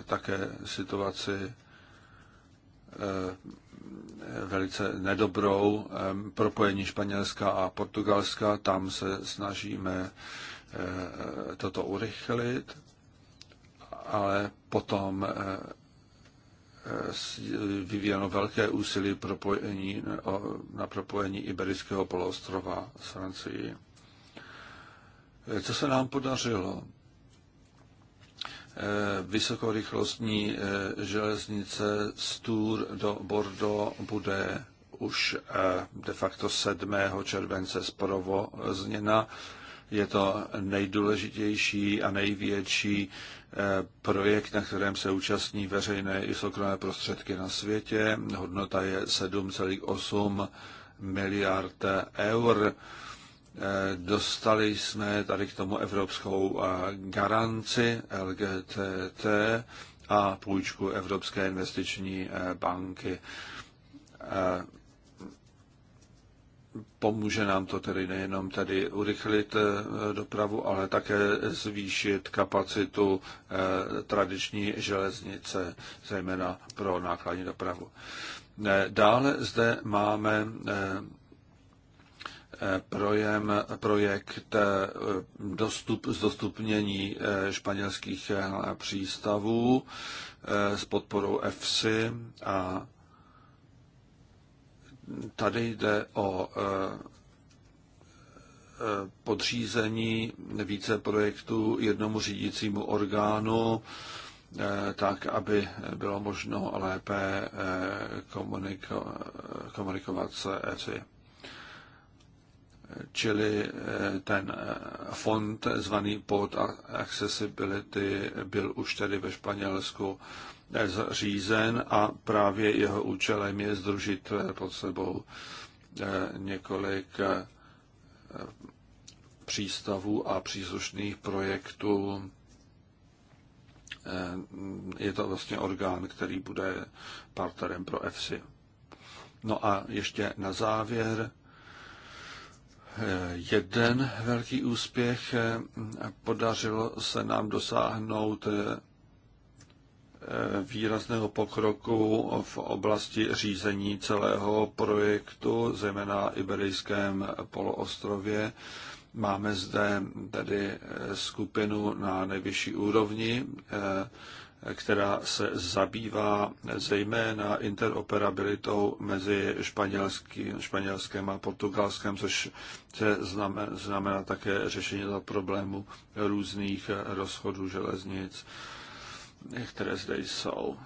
také situaci velice nedobrou propojení Španělska a Portugalska. Tam se snažíme e, toto urychlit, ale potom e, e, vyvíjeno velké úsilí propojení, na propojení Iberického poloostrova s Francií. Co se nám podařilo? Eh, vysokorychlostní eh, železnice z Tour do Bordeaux bude už eh, de facto 7. července zprovozněna. Je to nejdůležitější a největší projekt, na kterém se účastní veřejné i soukromé prostředky na světě. Hodnota je 7,8 miliard eur. Eh, dostali jsme tady k tomu evropskou eh, garanci LGTT a půjčku Evropské investiční eh, banky. Pomůže nám to tedy nejenom tedy urychlit dopravu, ale také zvýšit kapacitu tradiční železnice, zejména pro nákladní dopravu. Dále zde máme projem, projekt eh, dostup, zdostupnění eh, španělských eh, přístavů s podporou EFSI a tady jde o podřízení více projektů jednomu řídícímu orgánu, tak, aby bylo možno lépe komuniko- komunikovat se EFSI čili eh, ten eh, fond zvaný Pod Accessibility byl už tedy ve Španělsku eh, zřízen a právě jeho účelem je združit pod sebou několik přístavů a příslušných projektů. Je to vlastně orgán, který bude partnerem pro EFSI. No a ještě na závěr jeden velký úspěch. Eh, podařilo se nám dosáhnout eh, výrazného pokroku v oblasti řízení celého projektu, zejména Iberijském poloostrově. Máme zde tedy eh, skupinu na nejvyšší úrovni která se zabývá zejména interoperabilitou mezi španělským španělském a portugalském, což se znamená, znamená také řešení za problému různých rozchodů železnic, které zde jsou.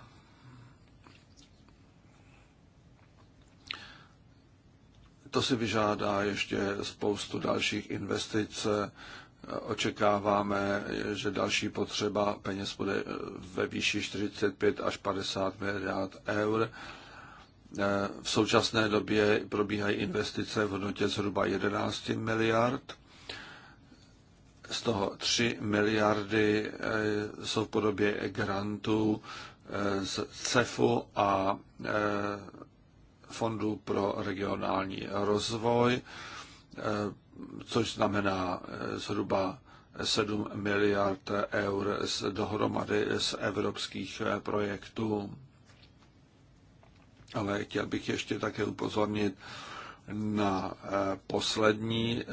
To si vyžádá ještě spoustu dalších investic, očekáváme, že další potřeba peněz bude ve výši 45 až 50 miliard eur. V současné době probíhají investice v hodnotě zhruba 11 miliard. Z toho 3 miliardy eh, jsou v podobě grantů eh, z CEFu a eh, Fondu pro regionální rozvoj což znamená eh, zhruba 7 miliard eur z dohromady z evropských eh, projektů. Ale chtěl bych ještě také upozornit na eh, poslední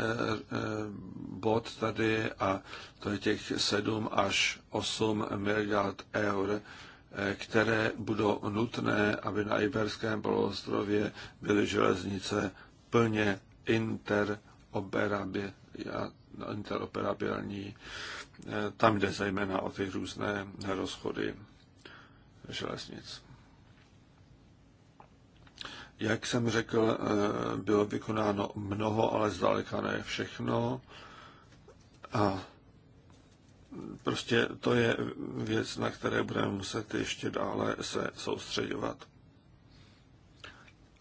bod tady a to je těch 7 až 8 miliard eur, které budou nutné, aby na Iberském poloostrově byly železnice plně inter No, interoperabilní. Eh, tam jde zejména o ty různé rozchody železnic. Jak jsem řekl, eh, bylo vykonáno mnoho, ale zdaleka ne všechno. A prostě to je věc, na které budeme muset ještě dále se soustředovat.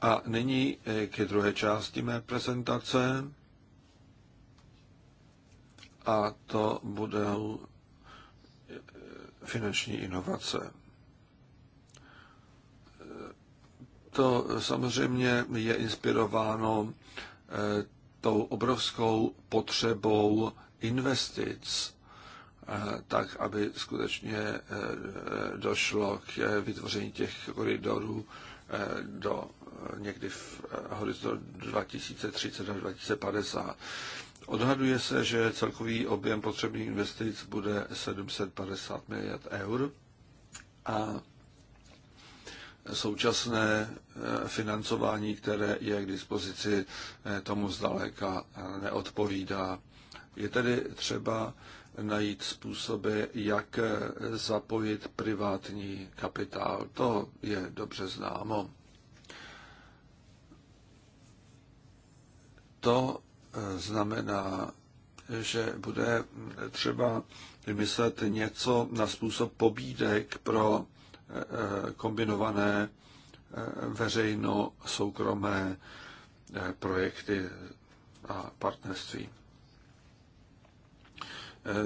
A nyní eh, ke druhé části mé prezentace a to budou eh, finanční inovace. Eh, to samozřejmě je inspirováno eh, tou obrovskou potřebou investic, tak aby skutečně došlo k vytvoření těch koridorů do někdy v horizontu 2030 až 2050. Odhaduje se, že celkový objem potřebných investic bude 750 miliard eur a současné eh, financování, které je k dispozici, eh, tomu zdaleka eh, neodpovídá. Je tedy třeba najít způsoby, jak zapojit privátní kapitál. To je dobře známo. To znamená, že bude třeba vymyslet něco na způsob pobídek pro eh, kombinované eh, veřejno-soukromé eh, projekty a partnerství.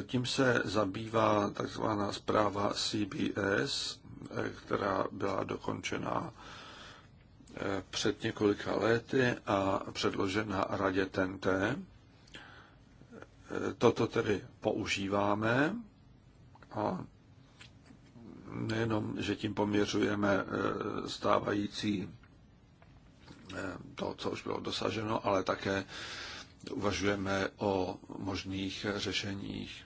Tím se zabývá takzvaná zpráva CBS, která byla dokončena před několika lety a předložena radě TNT. Toto tedy používáme a nejenom, že tím poměřujeme eh, stávající eh, to, co už bylo dosaženo, ale také uvažujeme o možných řešeních.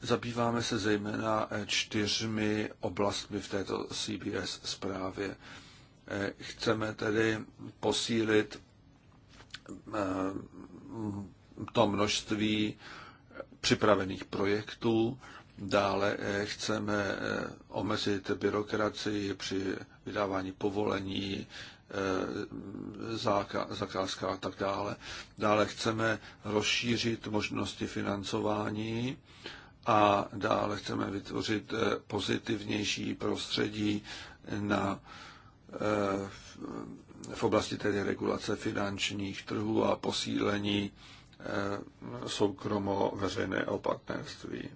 Zabýváme se zejména eh, čtyřmi oblastmi v této CBS zprávě. Eh, chceme tedy posílit eh, to množství eh, připravených projektů. Dále chceme omezit byrokracii při vydávání povolení, zakázka a tak dále. Dále chceme rozšířit možnosti financování a dále chceme vytvořit pozitivnější prostředí na Eh, v oblasti tedy regulace finančních trhů a posílení eh, soukromo veřejného partnerství.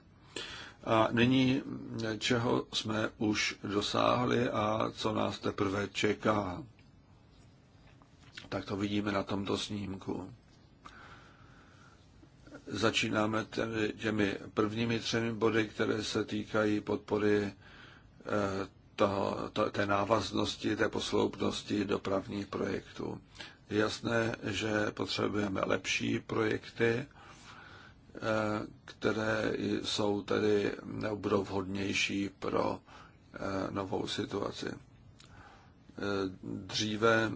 A nyní, eh, čeho jsme už dosáhli a co nás teprve čeká. Tak to vidíme na tomto snímku. Začínáme těmi prvními třemi body, které se týkají podpory toho, to, té návaznosti, té posloupnosti dopravních projektů. Je jasné, že potřebujeme lepší projekty, eh, které jsou tedy nebo budou vhodnější pro eh, novou situaci. Eh, dříve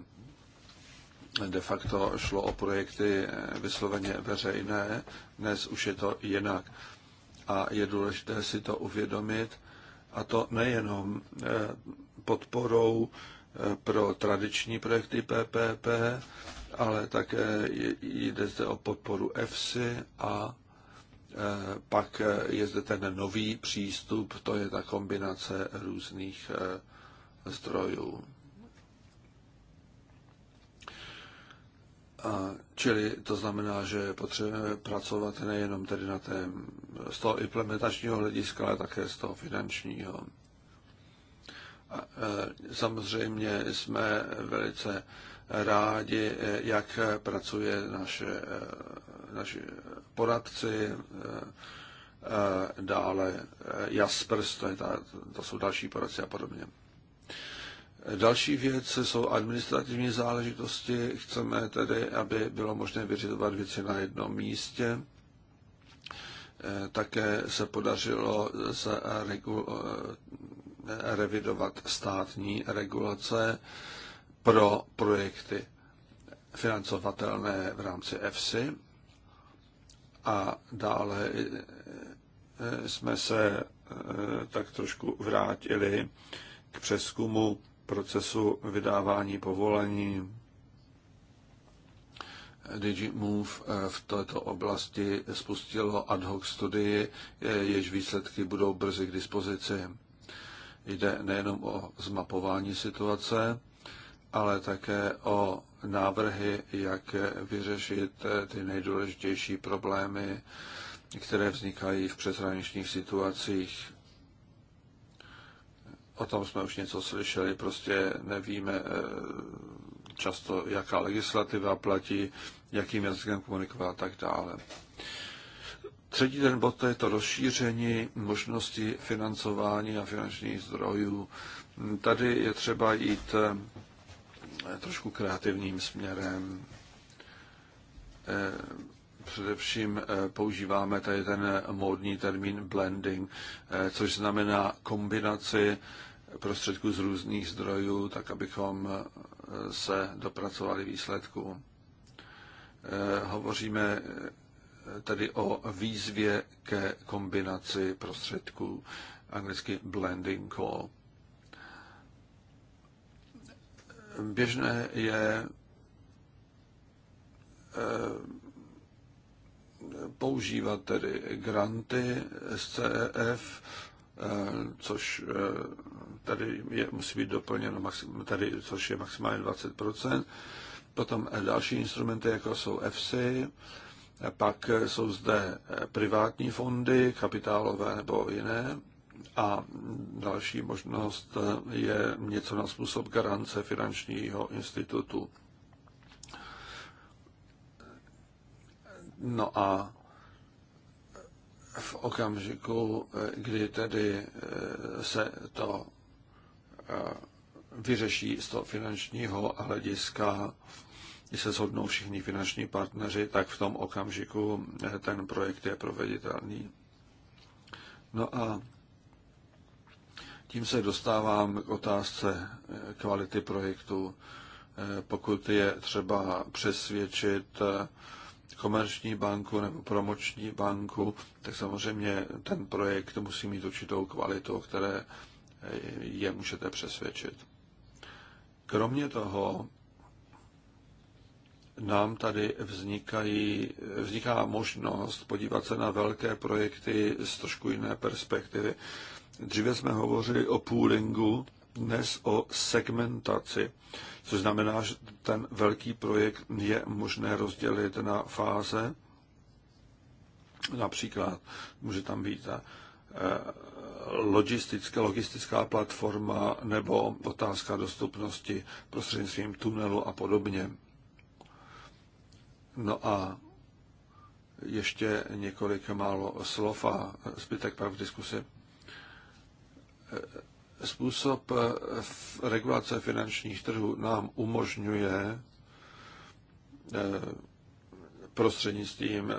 de facto šlo o projekty vysloveně veřejné, dnes už je to jinak. A je důležité si to uvědomit a to nejenom eh, podporou eh, pro tradiční projekty PPP, ale také jde zde o podporu EFSI a eh, pak je zde ten nový přístup, to je ta kombinace různých zdrojů. A čili to znamená, že potřebujeme pracovat nejenom tedy na té, z toho implementačního hlediska, ale také z toho finančního. A, e, samozřejmě jsme velice rádi, e, jak pracuje naše, e, naši poradci, dále Jaspers, to, je ta, to jsou další poradci a podobně. Další věc jsou administrativní záležitosti. Chceme tedy, aby bylo možné vyřizovat věci na jednom místě. Eh, také se podařilo eh, revidovat státní regulace pro projekty financovatelné v rámci EFSI. A dále eh, jsme se tak trošku vrátili k přeskumu procesu vydávání povolení. DigiMove eh, v této oblasti spustilo ad hoc studii, eh, jež výsledky budou brzy k dispozici. Jde nejenom o zmapování situace, ale také o návrhy, jak vyřešit eh, ty nejdůležitější problémy, které vznikají v přeshraničních situacích. O tom jsme už něco slyšeli, prostě nevíme eh, často, jaká legislativa platí, jakým jazykem komunikovat a tak dále. Třetí ten bod to je to rozšíření možnosti financování a finančních zdrojů. Tady je třeba jít eh, trošku kreativním směrem. Eh, především používáme tady ten módní termín blending, což znamená kombinaci prostředků z různých zdrojů, tak abychom eh, se dopracovali výsledku. Eh, hovoříme eh, tedy o výzvě ke kombinaci prostředků, anglicky blending call. Běžné je používat tedy granty z CEF, což tady je, musí být doplněno, tady, což je maximálně 20%. Potom další instrumenty, jako jsou EFSI, pak jsou zde privátní fondy, kapitálové nebo jiné. A další možnost je něco na způsob garance finančního institutu. No a v okamžiku, kdy tedy eh, se to vyřeší z toho finančního hlediska, když se shodnou všichni finanční partneři, tak v tom okamžiku eh, ten projekt je proveditelný. No a tím se dostávám k otázce eh, kvality projektu. Eh, pokud je třeba přesvědčit komerční banku nebo promoční banku, tak samozřejmě ten projekt musí mít určitou kvalitu, o které je můžete přesvědčit. Kromě toho nám tady vznikají, vzniká možnost podívat se na velké projekty z trošku jiné perspektivy. Dříve jsme hovořili o poolingu, dnes o segmentaci, což znamená, že ten velký projekt je možné rozdělit na fáze. Například může tam být eh, logistická, logistická platforma nebo otázka dostupnosti prostřednictvím tunelu a podobně. No a ještě několik málo slov a zbytek pak v diskusi. Způsob eh, regulace finančních trhů nám umožňuje eh, prostřednictvím eh,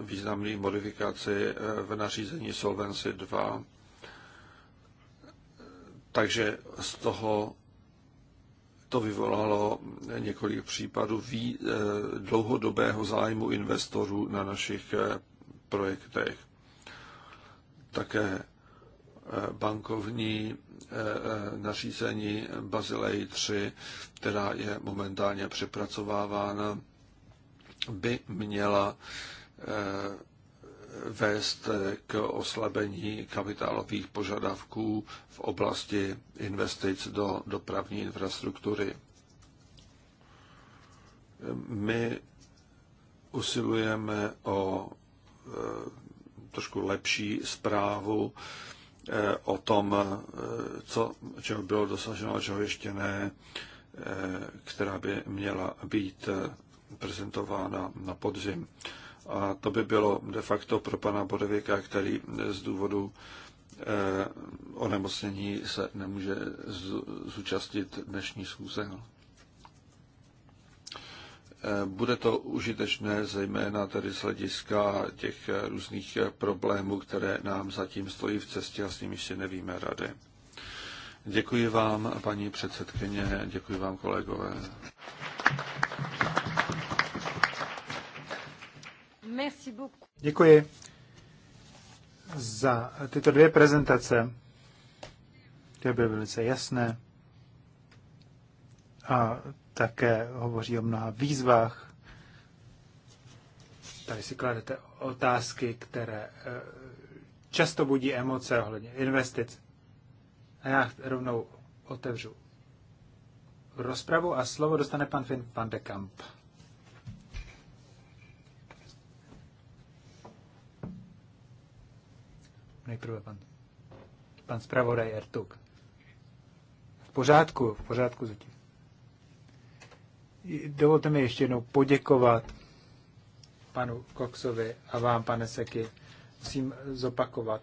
významných modifikací v nařízení Solvency 2 takže z toho to vyvolalo několik případů vý, eh, dlouhodobého zájmu investorů na našich eh, projektech. Také eh, bankovní nařízení Bazilej 3, která je momentálně přepracovávána, by měla vést k oslabení kapitálových požadavků v oblasti investic do dopravní infrastruktury. My usilujeme o eh, trošku lepší zprávu eh, o tom, eh, co, čeho bylo dosaženo a čeho ještě ne, která by měla být prezentována na podzim. A to by bylo de facto pro pana Bodevěka, který z důvodu eh, onemocnění se nemůže zúčastnit dnešní schůze. Eh, bude to užitečné zejména tedy z hlediska těch různých problémů, které nám zatím stojí v cestě a s nimi si nevíme rady. Děkuji vám, paní předsedkyně, děkuji vám, kolegové. Děkuji za tyto dvě prezentace, které byly velice jasné a také hovoří o mnoha výzvách. Tady si kladete otázky, které eh, často budí emoce ohledně investic. A já rovnou otevřu rozpravu a slovo dostane pan Finn van de Kamp. Nejprve pan, pan zpravodaj Ertuk. V pořádku, v pořádku zatím. Dovolte mi ještě jednou poděkovat panu Koksovi a vám, pane Seky. Musím zopakovat,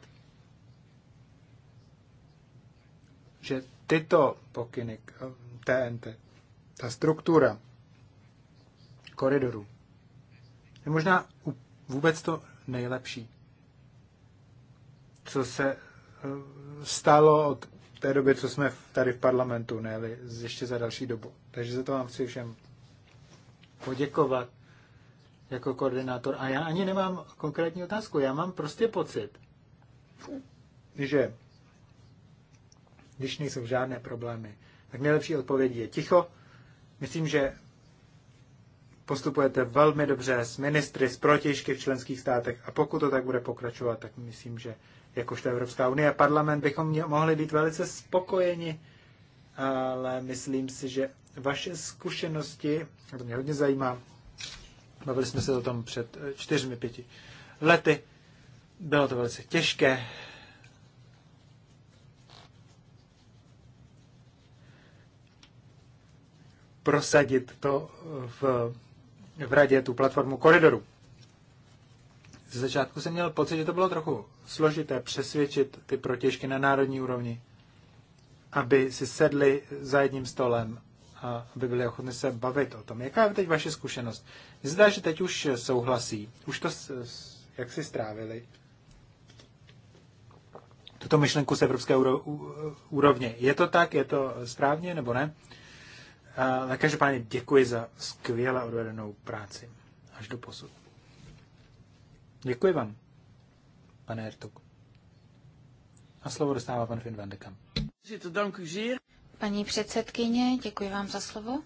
že tyto pokyny TNT, ta struktura koridorů, je možná vůbec to nejlepší co se eh, stalo od té doby, co jsme tady v parlamentu, ne ještě za další dobu. Takže za to vám chci všem poděkovat jako koordinátor. A já ani nemám konkrétní otázku, já mám prostě pocit, že když nejsou žádné problémy, tak nejlepší odpověď je ticho. Myslím, že postupujete velmi dobře s ministry, s protěžky v členských státech a pokud to tak bude pokračovat, tak myslím, že jakožto Evropská unie a parlament bychom mě, mohli být velice spokojeni, ale myslím si, že vaše zkušenosti, a to mě hodně zajímá, bavili jsme se o tom před eh, čtyřmi, pěti lety, bylo to velice těžké, prosadit to eh, v v radě tu platformu koridoru. z začátku jsem měl pocit, že to bylo trochu složité přesvědčit ty protěžky na národní úrovni, aby si sedli za jedním stolem a aby byli ochotni se bavit o tom. Jaká je teď vaše zkušenost? Mně zdá, že teď už souhlasí. Už to, jak si strávili, tuto myšlenku z evropské úrovně. Je to tak? Je to správně nebo ne? Na eh, každopádně děkuji za skvěle odvedenou práci až do posud. Děkuji vám, pane Ertuk. A slovo dostává pan Finn van de Kamp. Paní předsedkyně, děkuji vám za slovo.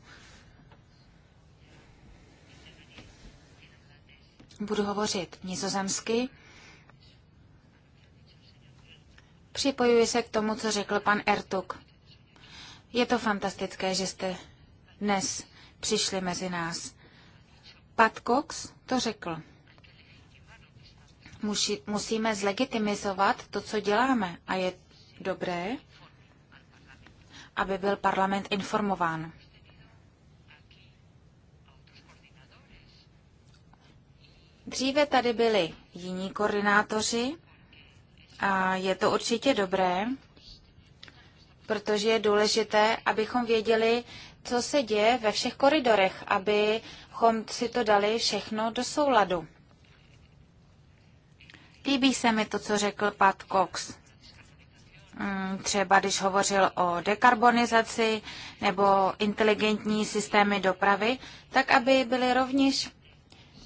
Budu hovořit nizozemsky. Připojuji se k tomu, co řekl pan Ertuk. Je to fantastické, že jste dnes přišli mezi nás. Pat Cox to řekl. Muši, musíme zlegitimizovat to, co děláme a je dobré, aby byl parlament informován. Dříve tady byli jiní koordinátoři a je to určitě dobré, protože je důležité, abychom věděli, co se děje ve všech koridorech, abychom si to dali všechno do souladu. Líbí se mi to, co řekl Pat Cox. Mm, třeba když hovořil o dekarbonizaci nebo inteligentní systémy dopravy, tak aby byly rovněž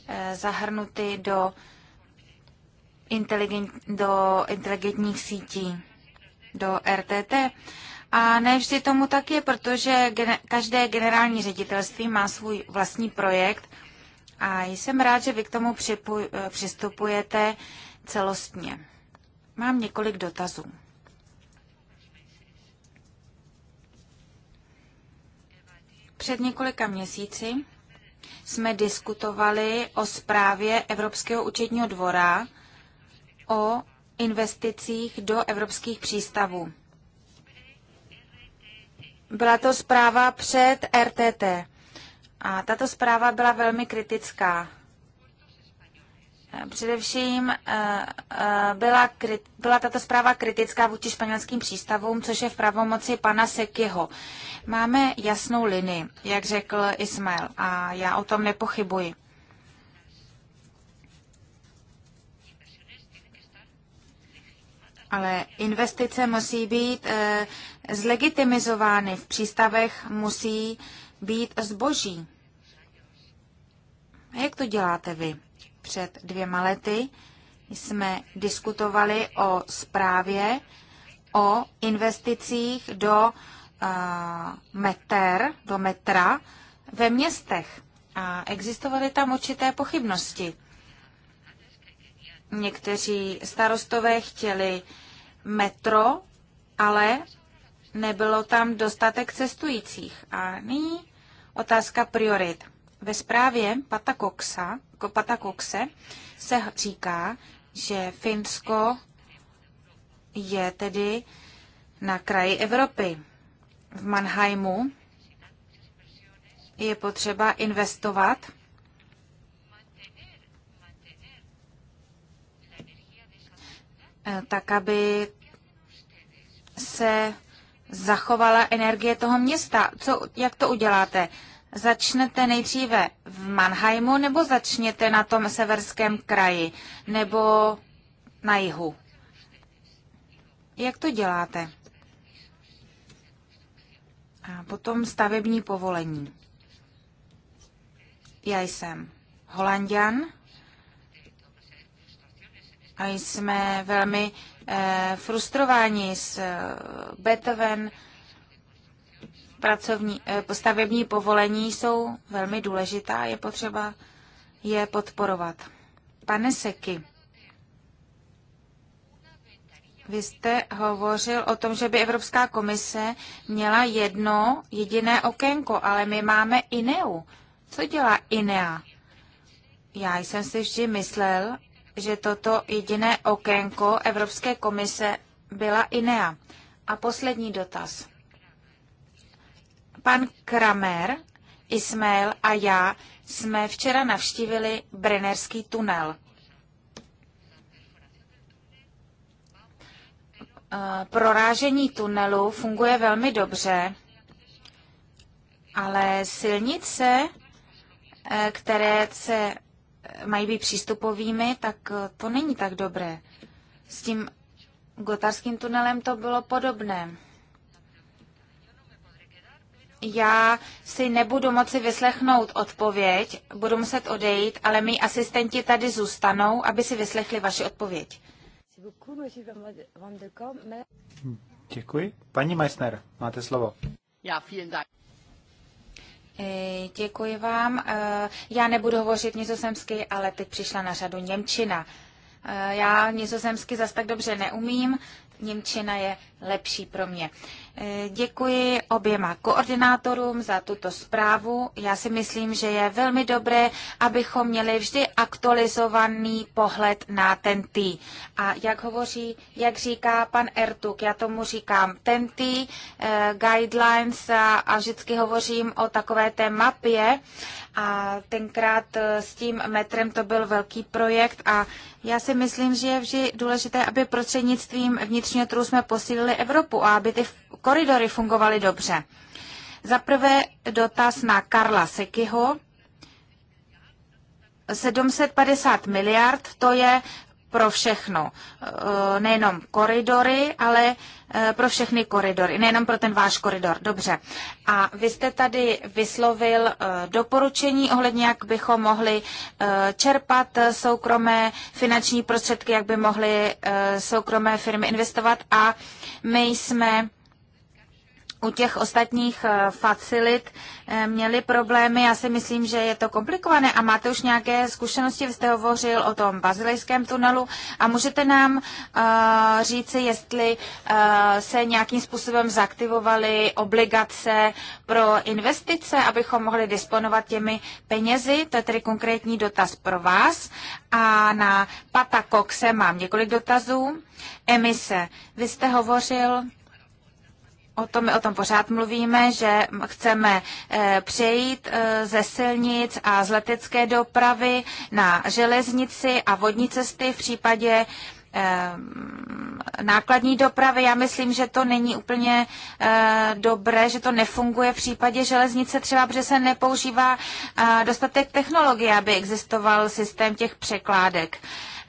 eh, zahrnuty do, inteligent, do inteligentních sítí, do RTT. A ne vždy tomu tak je, protože každé generální ředitelství má svůj vlastní projekt a jsem rád, že vy k tomu eh, přistupujete celostně. Mám několik dotazů. Před několika měsíci jsme diskutovali o zprávě Evropského účetního dvora o investicích do evropských přístavů. Byla to zpráva před RTT a tato zpráva byla velmi kritická. Eh, především eh, eh, byla, byla tato zpráva kritická vůči španělským přístavům, což je v pravomoci pana Sekyho. Máme jasnou linii, jak řekl Ismail, a já o tom nepochybuji. ale investice musí být eh, zlegitimizovány. V přístavech musí být zboží. Jak to děláte vy? Před dvěma lety jsme diskutovali o zprávě o investicích do e, meter, do metra ve městech. A existovaly tam určité pochybnosti. Někteří starostové chtěli metro, ale nebylo tam dostatek cestujících. A nyní otázka priorit. Ve zprávě Patakoksa, patakoxe se říká, že Finsko je tedy na kraji Evropy. V Mannheimu je potřeba investovat Eh, tak aby se zachovala energie toho města. Co, jak to uděláte? Začnete nejdříve v Mannheimu nebo začněte na tom severském kraji nebo na jihu? Jak to děláte? A potom stavební povolení. Já jsem Holandian a jsme velmi eh, frustrováni eh, Beethoven. Pracovní, eh, stavební povolení jsou velmi důležitá, je potřeba je podporovat. Pane Seky, vy jste hovořil o tom, že by Evropská komise měla jedno jediné okénko, ale my máme INEU. Co dělá INEA? Já jsem si vždy myslel, že toto jediné okénko Evropské komise byla INEA. A poslední dotaz. Pan Kramer, Ismail a já jsme včera navštívili Brennerský tunel. Eh, prorážení tunelu funguje velmi dobře, ale silnice, eh, které se mají být přístupovými, tak eh, to není tak dobré. S tím gotarským tunelem to bylo podobné. Já si nebudu moci vyslechnout odpověď, budu muset odejít, ale mý asistenti tady zůstanou, aby si vyslechli vaši odpověď. Děkuji. Paní Meissner, máte slovo. Já, vielen Dank. Děkuji vám. Eh, já nebudu hovořit nizozemsky, ale teď přišla na řadu Němčina. Eh, já nizozemsky zas tak dobře neumím, Němčina je lepší pro mě. Děkuji oběma koordinátorům za tuto zprávu. Já si myslím, že je velmi dobré, abychom měli vždy aktualizovaný pohled na ten tý. A jak hovoří, jak říká pan Ertuk, já tomu říkám ten tý, eh, guidelines a, a vždycky hovořím o takové té mapě a tenkrát eh, s tím metrem to byl velký projekt a já si myslím, že je vždy důležité, aby prostřednictvím vnitřního trhu jsme posílili Evropu a aby ty koridory fungovaly dobře. Za prvé dotaz na Karla Sekyho. 750 miliard, to je pro všechno. E, nejenom koridory, ale e, pro všechny koridory. Nejenom pro ten váš koridor. Dobře. A vy jste tady vyslovil e, doporučení ohledně, jak bychom mohli čerpat soukromé finanční prostředky, jak by mohly soukromé firmy investovat. A my jsme u těch ostatních eh, facilit eh, měli problémy. Já si myslím, že je to komplikované a máte už nějaké zkušenosti. Vy jste hovořil o tom bazilejském tunelu a můžete nám uh, říci, jestli uh, se nějakým způsobem zaktivovaly obligace pro investice, abychom mohli disponovat těmi penězi. To je tedy konkrétní dotaz pro vás. A na Pata Coxe mám několik dotazů. Emise. Vy jste hovořil o tom, my o tom pořád mluvíme, že chceme eh, přejít eh, ze silnic a z letecké dopravy na železnici a vodní cesty v případě eh, nákladní dopravy. Já myslím, že to není úplně dobré, že to nefunguje v případě železnice třeba, protože se nepoužívá dostatek technologie, aby existoval systém těch překládek.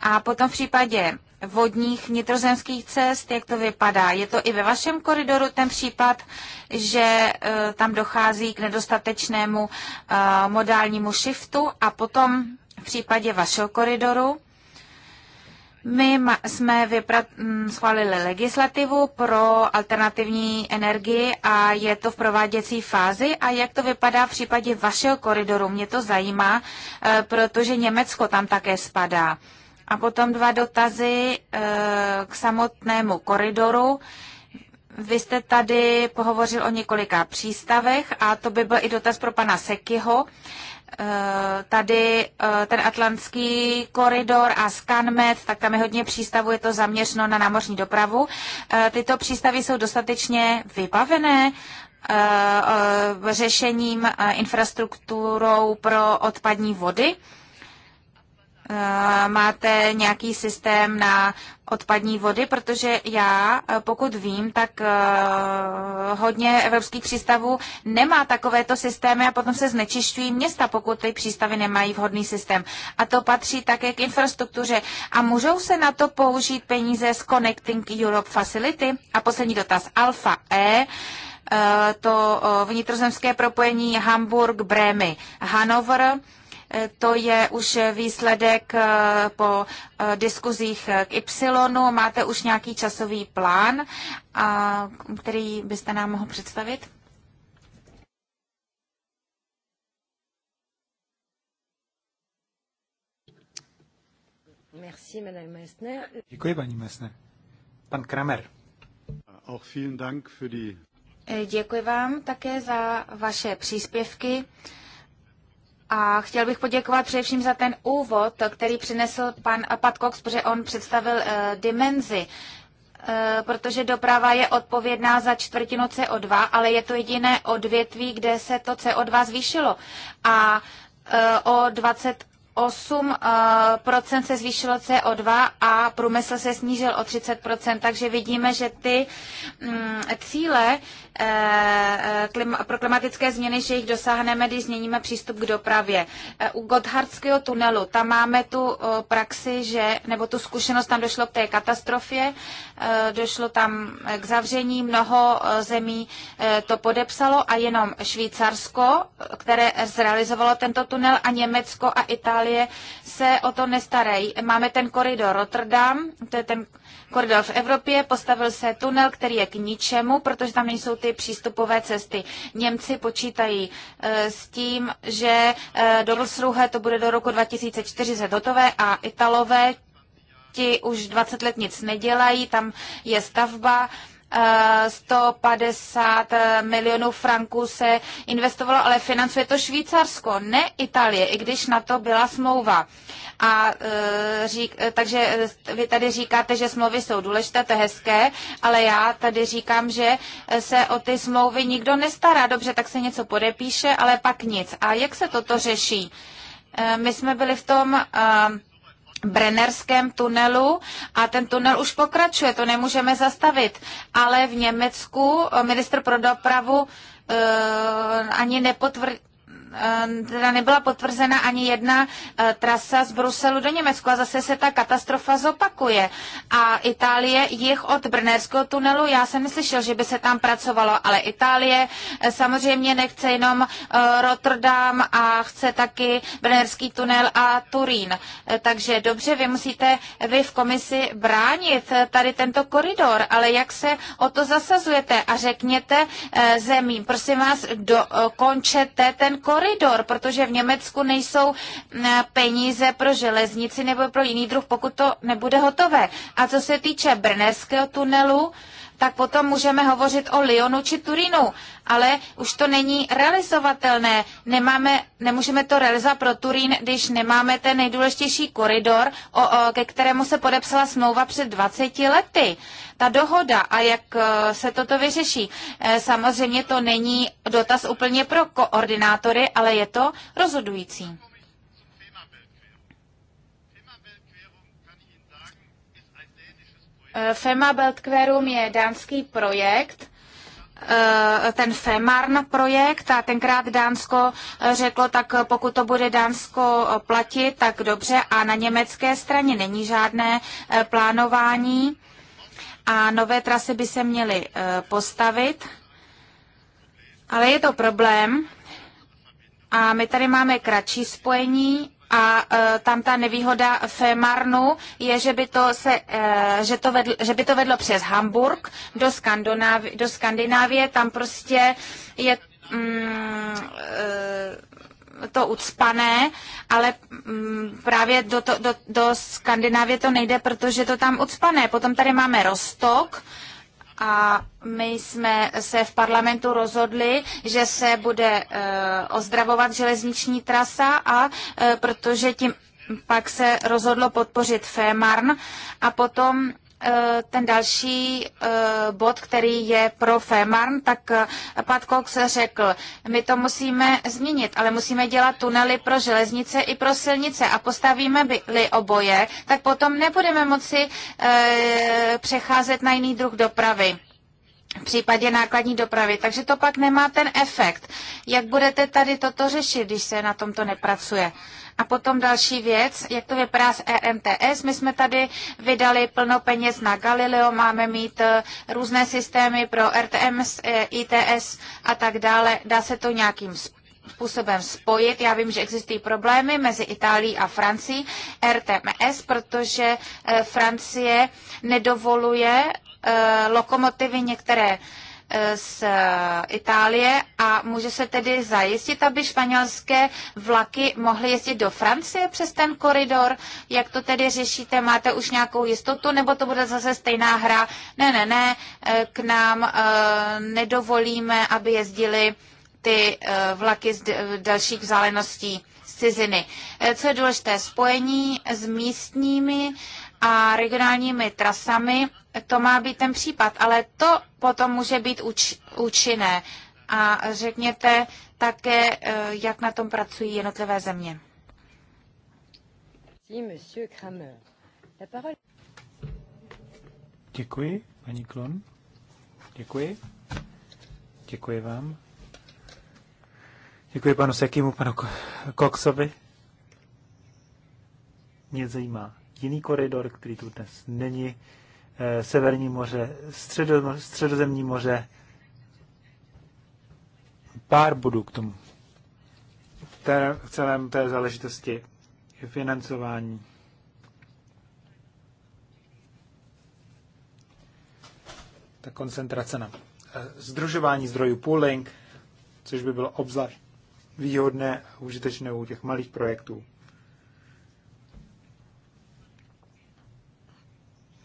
A potom v případě vodních nitrozemských cest, jak to vypadá? Je to i ve vašem koridoru ten případ, že e, tam dochází k nedostatečnému e, modálnímu shiftu a potom v případě vašeho koridoru? My jsme vyprat, schválili legislativu pro alternativní energii a je to v prováděcí fázi. A jak to vypadá v případě vašeho koridoru? Mě to zajímá, e, protože Německo tam také spadá. A potom dva dotazy eh, k samotnému koridoru. Vy jste tady pohovořil o několika přístavech a to by byl i dotaz pro pana Sekyho. Eh, tady eh, ten atlantský koridor a ScanMed, tak tam je hodně přístavů, je to zaměřeno na námořní dopravu. Tyto přístavy jsou dostatečně vybavené řešením, infrastrukturou pro odpadní vody. Eh, máte nějaký systém na odpadní vody, protože já, eh, pokud vím, tak eh, hodně evropských přístavů nemá takovéto systémy a potom se znečišťují města, pokud ty přístavy nemají vhodný systém. A to patří také k infrastruktuře. A můžou se na to použít peníze z Connecting Europe Facility? A poslední dotaz, Alfa E to vnitrozemské propojení Hamburg-Brémy-Hanover Eh, to je už výsledek eh, po eh, diskuzích k Y. Máte už nějaký časový plán, který byste nám mohl představit? Merci, Madame Messner. Děkuji, paní Messner. Pan Kramer. Auch vielen Dank für die Děkuji vám také za vaše příspěvky. A chtěl bych poděkovat především za ten úvod, který přinesl pan Pat Cox, protože on představil uh, dimenzi eh, protože doprava je odpovědná za čtvrtinu CO2, ale je to jediné odvětví, kde se to CO2 zvýšilo. A eh, o 20 8% eh, se zvýšilo CO2 a průmysl se snížil o 30%, takže vidíme, že ty mm, cíle eh, pro klimatické změny, že jich dosáhneme, když změníme přístup k dopravě. Eh, u Gotthardského tunelu, tam máme tu praxi, že, nebo tu zkušenost, tam došlo k té katastrofě, došlo tam k zavření, mnoho zemí to podepsalo a jenom Švýcarsko, které zrealizovalo tento tunel a Německo a Itálie Itálie se o to nestarají. Máme ten koridor Rotterdam, to je ten koridor v Evropě, postavil se tunel, který je k ničemu, protože tam nejsou ty přístupové cesty. Němci počítají e, s tím, že e, do Rusruhe to bude do roku 2040 hotové a Italové ti už 20 let nic nedělají, tam je stavba, 150 milionů franků se investovalo, ale financuje to Švýcarsko, ne Itálie, i když na to byla smlouva. A e, řík, e, takže e, vy tady říkáte, že smlouvy jsou důležité, to je hezké, ale já tady říkám, že se o ty smlouvy nikdo nestará. Dobře, tak se něco podepíše, ale pak nic. A jak se toto řeší? My jsme byli v tom Brennerském tunelu a ten tunel už pokračuje, to nemůžeme zastavit. Ale v Německu ministr pro dopravu uh, ani nepotvrdil, Eh, teda nebyla potvrzena ani jedna eh, trasa z Bruselu do Německa, a zase se ta katastrofa zopakuje. A Itálie jich od Brnerského tunelu, já jsem neslyšel, že by se tam pracovalo, ale Itálie eh, samozřejmě nechce jenom Rotterdam a chce taky Brnerský tunel a Turín. Takže dobře, vy musíte vy v komisi bránit tady tento koridor, ale jak se o to zasazujete a řekněte zemím, prosím vás, dokončete ten koridor koridor, protože v Německu nejsou eh, peníze pro železnici nebo pro jiný druh, pokud to nebude hotové. A co se týče Brneského tunelu, tak potom můžeme hovořit o Lyonu či Turínu, ale už to není realizovatelné. Nemáme, nemůžeme to realizovat pro Turín, když nemáme ten nejdůležitější koridor, o, o, ke kterému se podepsala smlouva před 20 lety. Ta dohoda a jak e, se toto vyřeší. E, samozřejmě to není dotaz úplně pro koordinátory, ale je to rozhodující. FEMA Beltquerum je dánský projekt, eh, ten FEMARN projekt a tenkrát Dánsko eh, řeklo, tak pokud to bude Dánsko eh, platit, tak dobře a na německé straně není žádné plánování a nové trasy by se měly postavit. Ale je to problém a my tady máme kratší spojení a e, tam ta nevýhoda Fémarnu je, že by to, se, e, že to, vedl, že by to vedlo přes Hamburg do, Skandinávie, do Skandinávie, tam prostě je uh, to ucpané, ale mm, právě do, to, do, do Skandinávie to nejde, protože to tam ucpané. Potom tady máme Rostok, a my jsme se v parlamentu rozhodli, že se bude eh, ozdravovat železniční trasa a eh, protože tím pak se rozhodlo podpořit Fémarn a potom Eh, ten další eh, bod, který je pro Fémarn, tak eh, Pat Cox řekl, my to musíme změnit, ale musíme dělat tunely pro železnice i pro silnice a postavíme-li oboje, tak potom nebudeme moci přecházet na jiný druh dopravy v případě nákladní dopravy. Takže to pak nemá ten efekt. Jak budete tady toto řešit, když se na tomto nepracuje? A potom další věc, jak to vypadá s EMTS. My jsme tady vydali plno peněz na Galileo, máme mít eh, různé systémy pro RTMS, eh, ITS a tak dále. Dá se to nějakým způsobem spojit. Já vím, že existují problémy mezi Itálií a Francií, RTMS, protože eh, Francie nedovoluje Eh, lokomotivy některé eh, z Itálie a může se tedy zajistit, aby španělské vlaky mohly jezdit do Francie přes ten koridor? Jak to tedy řešíte? Máte už nějakou jistotu nebo to bude zase stejná hra? Ne, ne, ne, eh, k nám nedovolíme, aby jezdili ty vlaky z dalších vzdáleností z ciziny. Co je důležité? Spojení s místními a regionálními trasami, to má být ten případ, ale to potom může být úč, účinné. A řekněte také, eh, jak na tom pracují jednotlivé země. Děkuji, paní Klon. Děkuji. Děkuji vám. Děkuji panu Sekimu, panu Koksovi. Mě zajímá jiný koridor, který tu dnes není. Eh, Severní moře, středo, středozemní moře. Pár bodů k tomu. Té, v celém té záležitosti financování. Ta koncentrace na eh, združování zdrojů pooling, což by bylo obzvlášť výhodné a užitečné u těch malých projektů.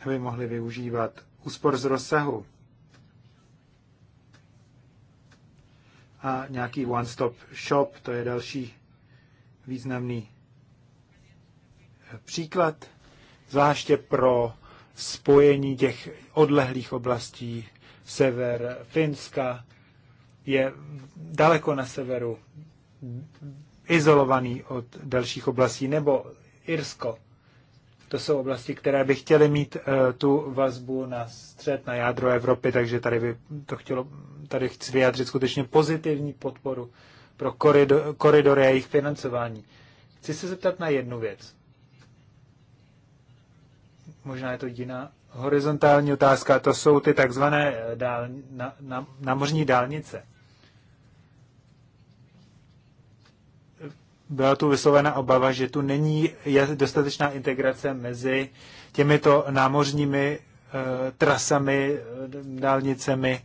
aby mohli využívat úspor z rozsahu a nějaký one-stop shop, to je další významný eh, příklad, zvláště pro spojení těch odlehlých oblastí sever Finska, je daleko na severu, izolovaný od dalších oblastí, nebo Irsko to jsou oblasti, které by chtěly mít eh, tu vazbu na střed, na jádro Evropy, takže tady by to chtělo, tady chci vyjádřit skutečně pozitivní podporu pro koridor, koridory a jejich financování. Chci se zeptat na jednu věc. Možná je to jiná horizontální otázka, to jsou ty takzvané eh, dál, na, na, námořní dálnice. byla tu vyslovena obava, že tu není dostatečná integrace mezi těmito námořními eh, trasami, eh, dálnicemi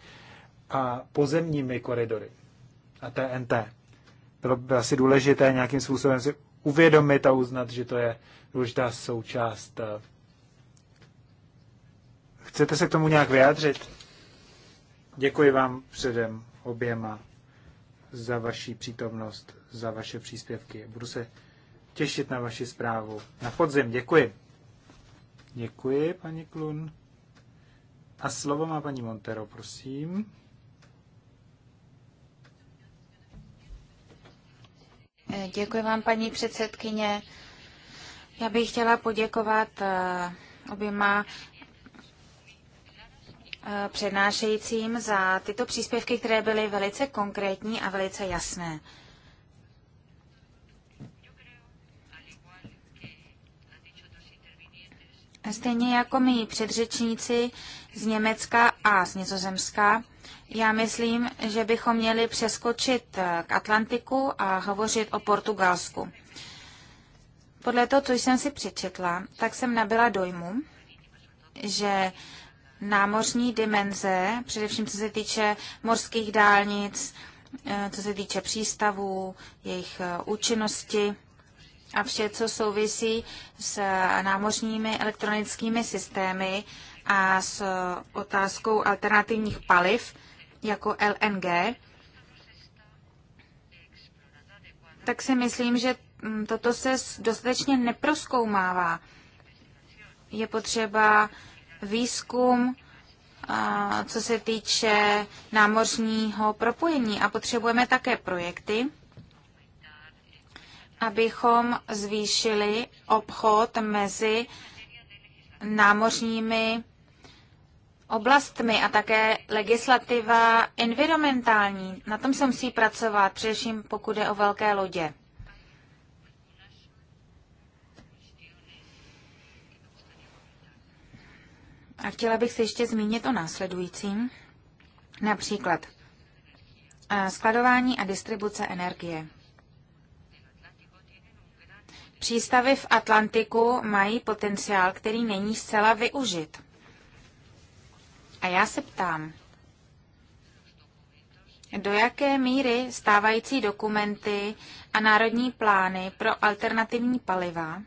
a pozemními koridory a TNT. Bylo by asi důležité nějakým způsobem si uvědomit a uznat, že to je důležitá součást. Eh. Chcete se k tomu nějak vyjádřit? Děkuji vám předem oběma za vaši přítomnost, za vaše příspěvky. Budu se těšit na vaši zprávu. Na podzim, děkuji. Děkuji, paní Klun. A slovo má paní Montero, prosím. Děkuji vám, paní předsedkyně. Já bych chtěla poděkovat eh, oběma Eh, přednášejícím za tyto příspěvky, které byly velice konkrétní a velice jasné. Stejně jako mý předřečníci z Německa a z Nizozemska, já myslím, že bychom měli přeskočit eh, k Atlantiku a hovořit o Portugalsku. Podle toho, co jsem si přečetla, tak jsem nabyla dojmu, že námořní dimenze, především co se týče morských dálnic, eh, co se týče přístavů, jejich eh, účinnosti a vše, co souvisí s námořními elektronickými systémy a s eh, otázkou alternativních paliv jako LNG, tak si myslím, že mm, toto se dostatečně neproskoumává. Je potřeba výzkum, co se týče námořního propojení. A potřebujeme také projekty, abychom zvýšili obchod mezi námořními oblastmi a také legislativa environmentální. Na tom se musí pracovat, především pokud je o velké lodě. A chtěla bych se ještě zmínit o následujícím. Například eh, skladování a distribuce energie. Přístavy v Atlantiku mají potenciál, který není zcela využit. A já se ptám, do jaké míry stávající dokumenty a národní plány pro alternativní paliva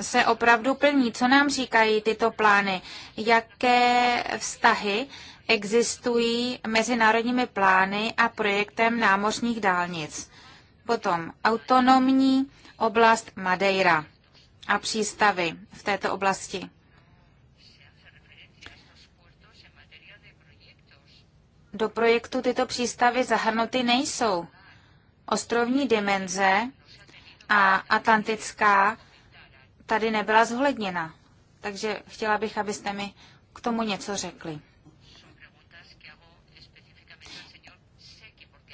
se opravdu plní. Co nám říkají tyto plány? Jaké vztahy existují mezi národními plány a projektem námořních dálnic? Potom autonomní oblast Madeira a přístavy v této oblasti. Do projektu tyto přístavy zahrnuty nejsou. Ostrovní dimenze a atlantická tady nebyla zohledněna. Takže chtěla bych, abyste mi k tomu něco řekli.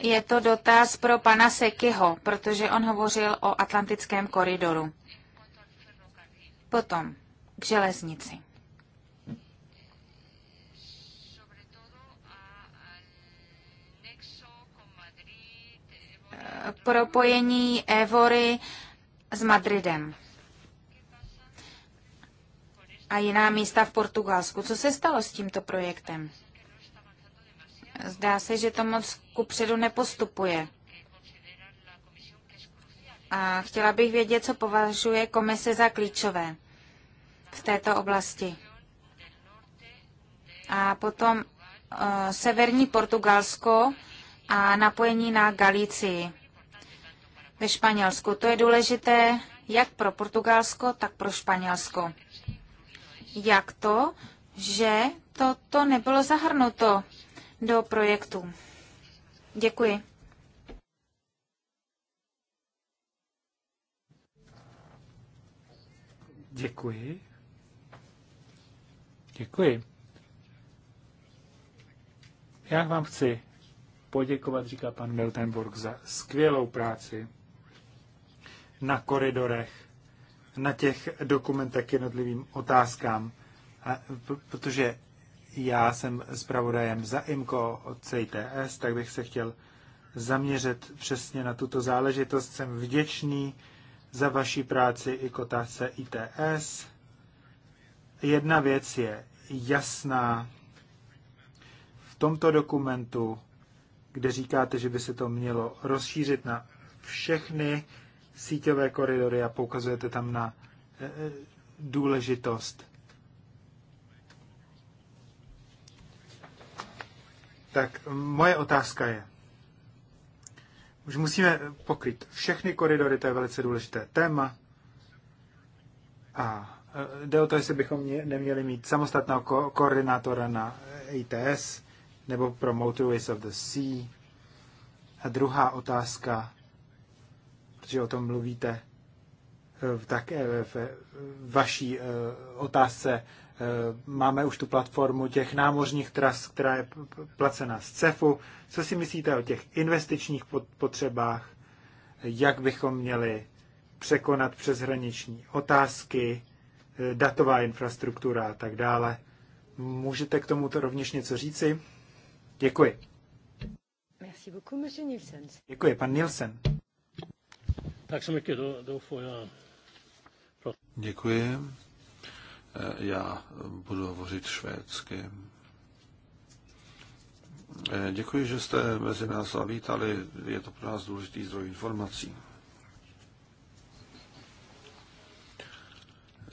Je to dotaz pro pana Sekyho, protože on hovořil o Atlantickém koridoru. Potom k železnici. Propojení Evory s Madridem a jiná místa v Portugalsku. Co se stalo s tímto projektem? Zdá se, že to moc kupředu nepostupuje. A chtěla bych vědět, co považuje komise za klíčové v této oblasti. A potom uh, severní Portugalsko a napojení na Galicii ve Španělsku. To je důležité jak pro Portugalsko, tak pro Španělsko jak to, že toto nebylo zahrnuto do projektu. Děkuji. Děkuji. Děkuji. Já vám chci poděkovat, říká pan Miltenburg, za skvělou práci na koridorech na těch dokumentech k jednotlivým otázkám, a, protože já jsem zpravodajem za IMCO od CITS, tak bych se chtěl zaměřit přesně na tuto záležitost. Jsem vděčný za vaší práci i k otázce ITS. Jedna věc je jasná. V tomto dokumentu, kde říkáte, že by se to mělo rozšířit na všechny síťové koridory a poukazujete tam na e, e, důležitost. Tak moje otázka je, už musíme pokryt všechny koridory, to je velice důležité téma. A e, jde o to, jestli bychom neměli mít samostatného ko- koordinátora na ITS nebo pro Motorways of the Sea. A druhá otázka protože o tom mluvíte eh, také eh, eh, v vaší otázce. Máme už tu platformu těch námořních tras, která je placena z CEFu. Co si myslíte o těch investičních potřebách? Jak bychom měli překonat přeshraniční otázky, datová infrastruktura a tak dále? Můžete k tomu to rovněž něco říci? Děkuji. Děkuji, pan Nielsen. Tak se Děkuji. Eh, já budu hovořit švédsky. Eh, děkuji, že jste mezi nás zavítali. Je to pro nás důležitý zdroj informací.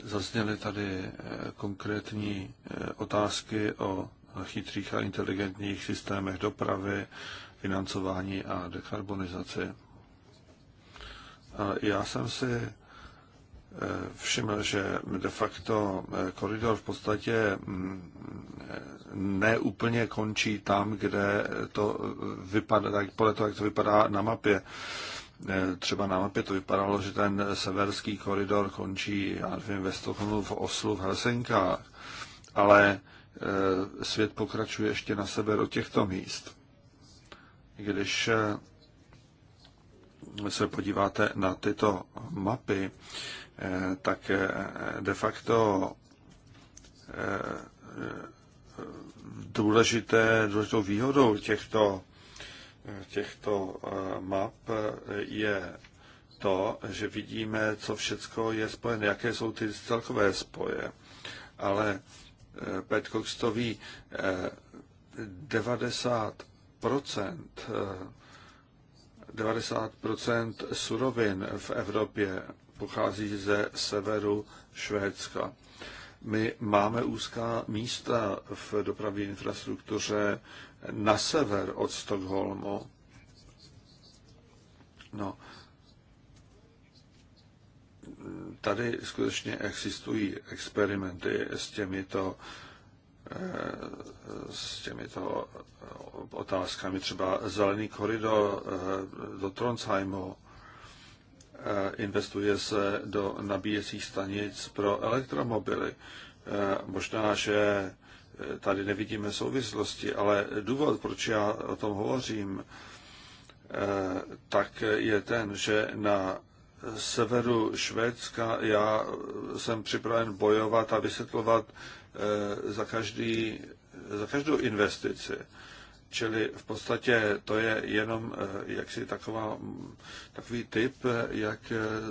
Zazněly tady eh, konkrétní otázky o chytrých a inteligentních systémech dopravy, financování a dekarbonizaci já jsem si eh, všiml, že de facto eh, koridor v podstatě mm, eh, neúplně končí tam, kde to vypadá, tak podle toho, jak to vypadá na mapě. Třeba na mapě to vypadalo, že ten severský koridor končí, já nevím, ve Stockholmu, v Oslu, v Helsinkách, ale svět pokračuje ještě na sebe od těchto míst. Když se podíváte na tyto mapy, eh, tak eh, de facto eh, důležité, důležitou výhodou těchto, těchto map je to, že vidíme, co všechno je spojené, jaké jsou ty celkové spoje. Ale Pat Cox to ví, 90% 90 surovin v Evropě pochází ze severu Švédska. My máme úzká místa v dopravní infrastruktuře na sever od Stockholmu. No, tady skutečně existují experimenty s těmito Eh, s těmito otázkami, třeba zelený koridor eh, do Trondheimu, eh, investuje se do nabíjecích stanic pro elektromobily. Možná, že tady nevidíme souvislosti, ale důvod, proč já o tom hovořím, tak je ten, že na severu Švédska já jsem připraven bojovat a vysvětlovat Eh, za, každý, za každou investici. Čili v podstatě to je jenom eh, jaksi taková, takový typ, eh, jak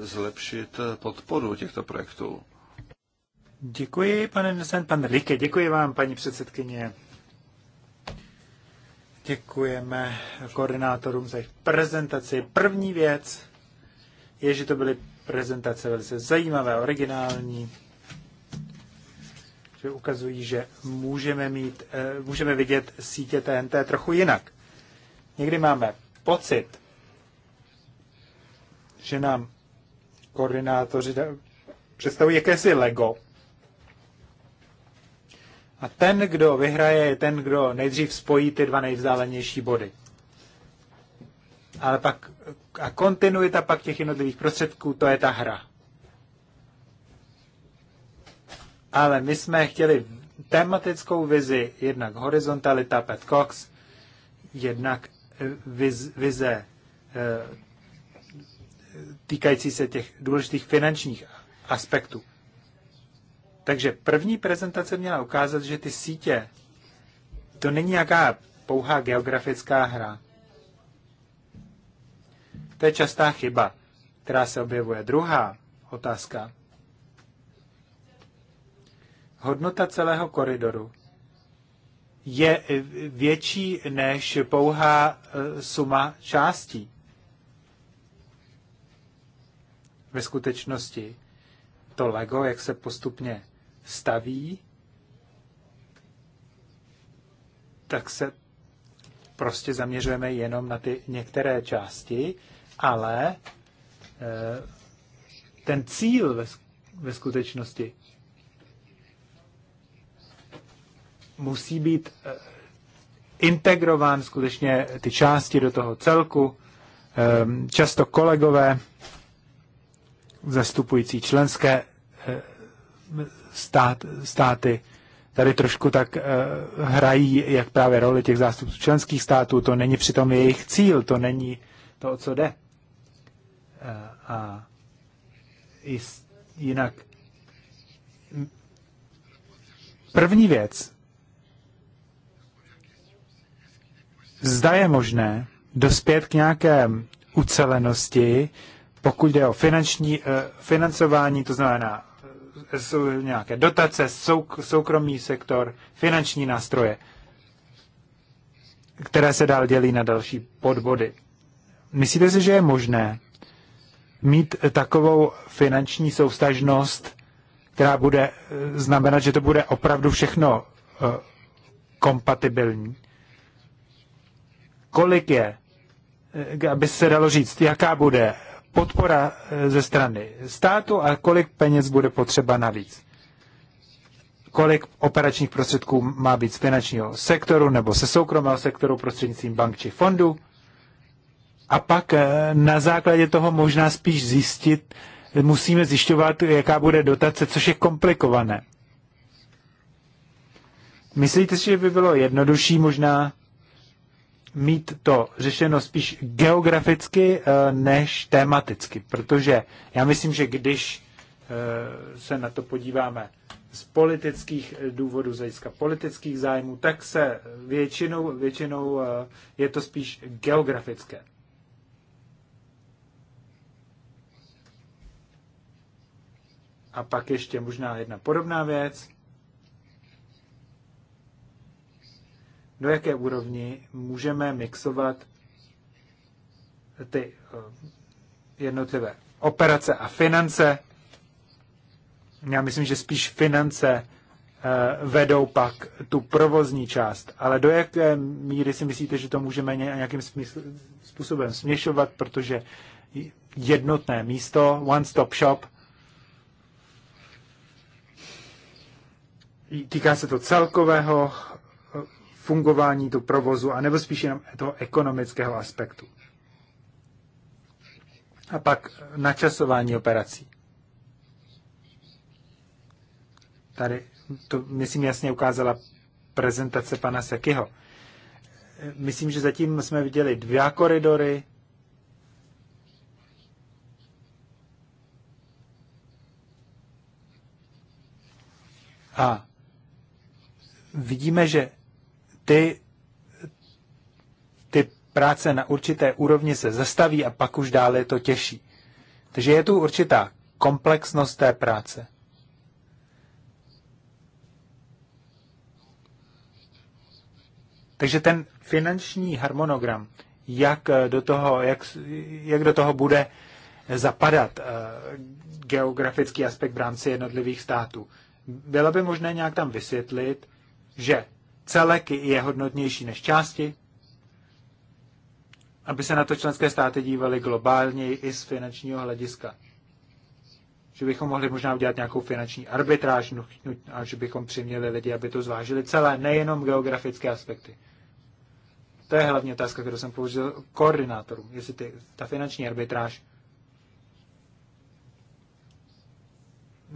zlepšit podporu těchto projektů. Děkuji, pane Nesen, pan Rike, děkuji vám, paní předsedkyně. Děkujeme koordinátorům za jejich prezentaci. První věc je, že to byly prezentace velice zajímavé, originální ukazují, že můžeme, mít, eh, můžeme vidět sítě TNT trochu jinak. Někdy máme pocit, že nám koordinátoři představují jakési Lego. A ten, kdo vyhraje, je ten, kdo nejdřív spojí ty dva nejvzdálenější body. Ale pak a kontinuita pak těch jednotlivých prostředků, to je ta hra. ale my jsme chtěli tematickou vizi, jednak horizontalita Pat Cox, jednak eh, viz, vize eh, týkající se těch důležitých finančních aspektů. Takže první prezentace měla ukázat, že ty sítě, to není nějaká pouhá geografická hra. To je častá chyba, která se objevuje. Druhá otázka hodnota celého koridoru je větší než pouhá e, suma částí. Ve skutečnosti to Lego, jak se postupně staví, tak se prostě zaměřujeme jenom na ty některé části, ale e, ten cíl ve skutečnosti musí být eh, integrován skutečně ty části do toho celku. Ehm, často kolegové zastupující členské eh, stát, státy tady trošku tak eh, hrají, jak právě roli těch zástupců členských států. To není přitom jejich cíl, to není to, o co jde. A jinak první věc, zda je možné dospět k nějaké ucelenosti, pokud jde o finanční, eh, financování, to znamená eh, jsou nějaké dotace, souk, soukromý sektor, finanční nástroje, které se dál dělí na další podbody. Myslíte si, že je možné mít takovou finanční soustažnost, která bude eh, znamenat, že to bude opravdu všechno kompatibilní? kolik je, eh, aby se dalo říct, jaká bude podpora eh, ze strany státu a kolik peněz bude potřeba navíc. Kolik operačních prostředků má být z finančního sektoru nebo se soukromého sektoru prostřednictvím bank či fondů. A pak eh, na základě toho možná spíš zjistit, musíme zjišťovat, jaká bude dotace, což je komplikované. Myslíte si, že by bylo jednodušší možná mít to řešeno spíš geograficky eh, než tematicky, protože já myslím, že když eh, se na to podíváme z politických důvodů, z hlediska politických zájmů, tak se většinou, většinou eh, je to spíš geografické. A pak ještě možná jedna podobná věc. do jaké úrovni můžeme mixovat ty eh, jednotlivé operace a finance. Já myslím, že spíš finance eh, vedou pak tu provozní část. Ale do jaké míry si myslíte, že to můžeme nějakým smysl, způsobem směšovat, protože jednotné místo, one-stop shop, týká se to celkového fungování tu provozu, anebo spíš jenom toho ekonomického aspektu. A pak načasování operací. Tady to, myslím, jasně ukázala prezentace pana Sekyho. Myslím, že zatím jsme viděli dva koridory, A vidíme, že ty, ty práce na určité úrovni se zastaví a pak už dále je to těžší. Takže je tu určitá komplexnost té práce. Takže ten finanční harmonogram, jak do toho, jak, jak do toho bude zapadat eh, geografický aspekt v rámci jednotlivých států. Bylo by možné nějak tam vysvětlit, že celek je hodnotnější než části, aby se na to členské státy dívaly globálně i z finančního hlediska. Že bychom mohli možná udělat nějakou finanční arbitráž a že bychom přiměli lidi, aby to zvážili celé, nejenom geografické aspekty. To je hlavní otázka, kterou jsem použil koordinátorům, jestli ty, ta finanční arbitráž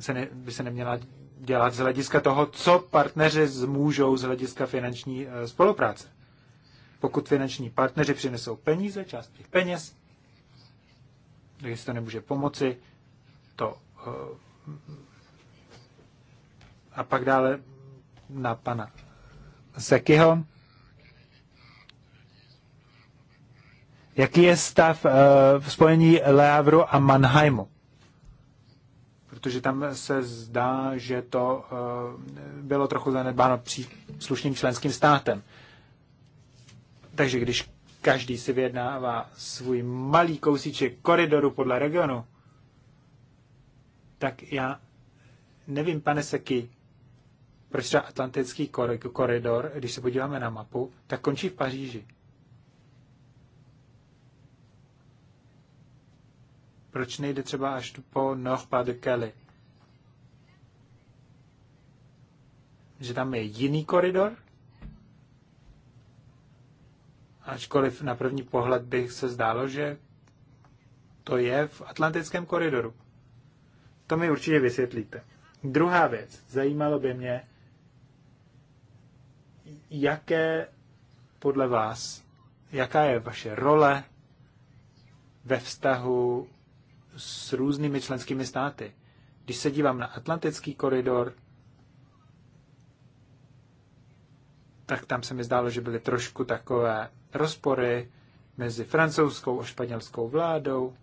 se ne, by se neměla dělat z hlediska toho, co partneři zmůžou z hlediska finanční eh, spolupráce. Pokud finanční partneři přinesou peníze, část těch peněz, když to nemůže pomoci, to eh, a pak dále na pana Sekyho. Jaký je stav uh, spojení Leavru a Mannheimu? protože tam se zdá, že to eh, bylo trochu zanedbáno příslušným členským státem. Takže když každý si vyjednává svůj malý kousíček koridoru podle regionu, tak já nevím, pane Seky, proč třeba Atlantický koridor, když se podíváme na mapu, tak končí v Paříži. Proč nejde třeba až po Noh de Kelly? Že tam je jiný koridor? Ačkoliv na první pohled bych se zdálo, že to je v Atlantickém koridoru. To mi určitě vysvětlíte. Druhá věc. Zajímalo by mě, jaké podle vás, jaká je vaše role ve vztahu s různými členskými státy. Když se dívám na Atlantický koridor, tak tam se mi zdálo, že byly trošku takové rozpory mezi francouzskou a španělskou vládou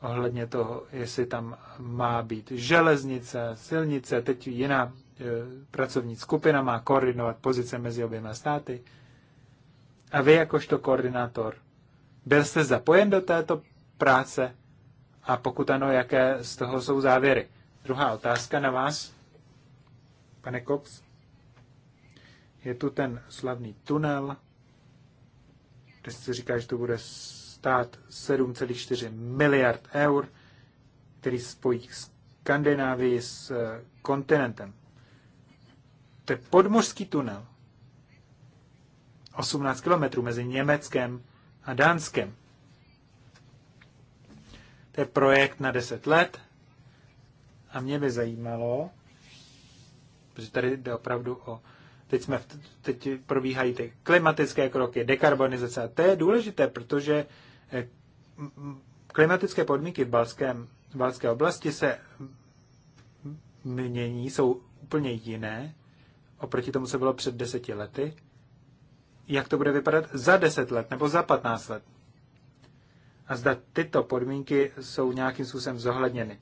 ohledně toho, jestli tam má být železnice, silnice, teď jiná e, pracovní skupina má koordinovat pozice mezi oběma státy. A vy jakožto koordinátor, byl jste zapojen do této práce a pokud ano, jaké z toho jsou závěry. Druhá otázka na vás, pane Cox. Je tu ten slavný tunel, kde se říká, že to bude stát 7,4 miliard eur, který spojí Skandinávii s eh, kontinentem. To je podmořský tunel. 18 kilometrů mezi Německem a Dánskem. To je projekt na 10 let a mě by zajímalo, protože tady jde opravdu o teď, jsme v, teď probíhají ty klimatické kroky, dekarbonizace. A to je důležité, protože eh, klimatické podmínky v Balském, v Balské oblasti se mění, jsou úplně jiné oproti tomu, co bylo před deseti lety. Jak to bude vypadat za deset let nebo za patnáct let? a zda tyto podmínky jsou nějakým způsobem zohledněny.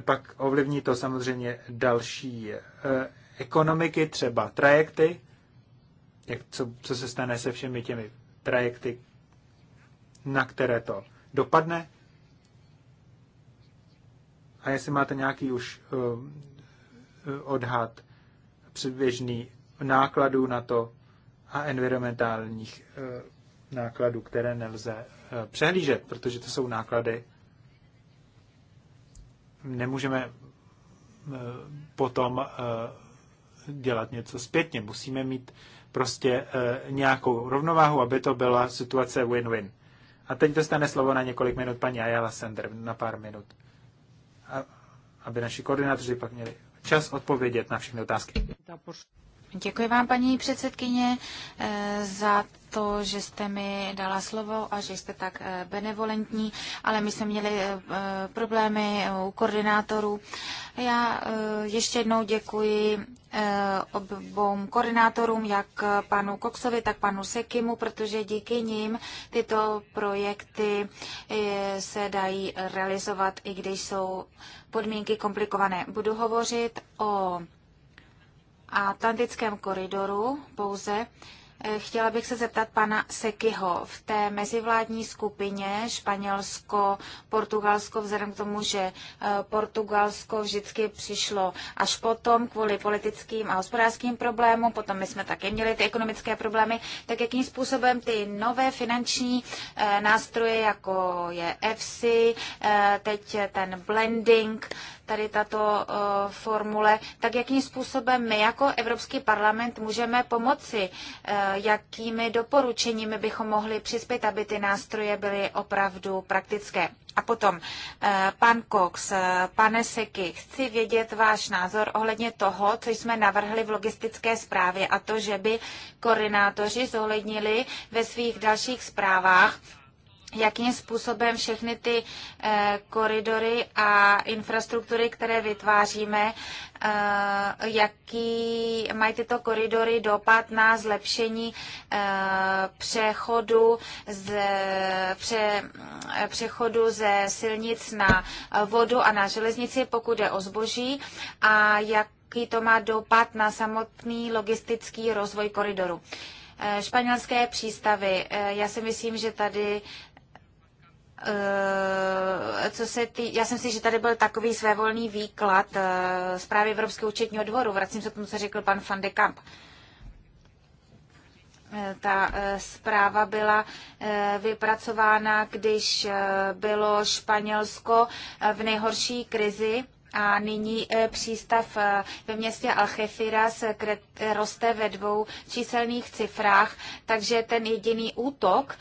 Pak ovlivní to samozřejmě další eh, ekonomiky, třeba trajekty, jak, co, co se stane se všemi těmi trajekty, na které to dopadne. A jestli máte nějaký už eh, odhad předběžný nákladů na to a environmentálních eh, nákladů, které nelze eh, přehlížet, protože to jsou náklady. Nemůžeme eh, potom eh, dělat něco zpětně. Musíme mít prostě nějakou rovnováhu, aby to byla situace win-win. A teď dostane slovo na několik minut paní Ayala Sender, na pár minut. aby naši koordinátoři pak měli čas odpovědět na všechny otázky. Děkuji vám, paní předsedkyně, eh, za to, že jste mi dala slovo a že jste tak eh, benevolentní, ale my jsme měli eh, problémy u koordinátorů. Já ještě jednou děkuji obou koordinátorům, jak panu Koksovi, tak panu Sekimu, protože díky nim tyto projekty se dají realizovat, i když jsou podmínky komplikované. Budu hovořit o Atlantickém koridoru pouze. Eh, chtěla bych se zeptat pana Sekyho. V té mezivládní skupině Španělsko, Portugalsko, vzhledem k tomu, že eh, Portugalsko vždycky přišlo až potom kvůli politickým a hospodářským problémům, potom my jsme také měli ty ekonomické problémy, tak jakým způsobem ty nové finanční eh, nástroje, jako je EFSI, teď ten blending, tady tato eh, formule, tak jakým způsobem my jako Evropský parlament můžeme pomoci, eh, jakými doporučeními bychom mohli přispět, aby ty nástroje byly opravdu praktické. A potom, eh, pan Cox, pane Seky, chci vědět váš názor ohledně toho, co jsme navrhli v logistické zprávě a to, že by koordinátoři zohlednili ve svých dalších zprávách jakým způsobem všechny ty eh, koridory a infrastruktury, které vytváříme, eh, jaký mají tyto koridory dopad na zlepšení eh, přechodu z, pře, přechodu ze silnic na vodu a na železnici, pokud je o zboží, a jaký to má dopad na samotný logistický rozvoj koridoru španělské přístavy. Já si myslím, že tady Eh, co se tý, já jsem si, že tady byl takový svévolný výklad eh, zprávy Evropského účetního dvoru. Vracím se k tomu, co řekl pan van de Kamp. Eh, ta zpráva byla vypracována, když bylo Španělsko v nejhorší krizi a nyní přístav ve městě Alchefiras roste ve dvou číselných cifrách, takže ten jediný útok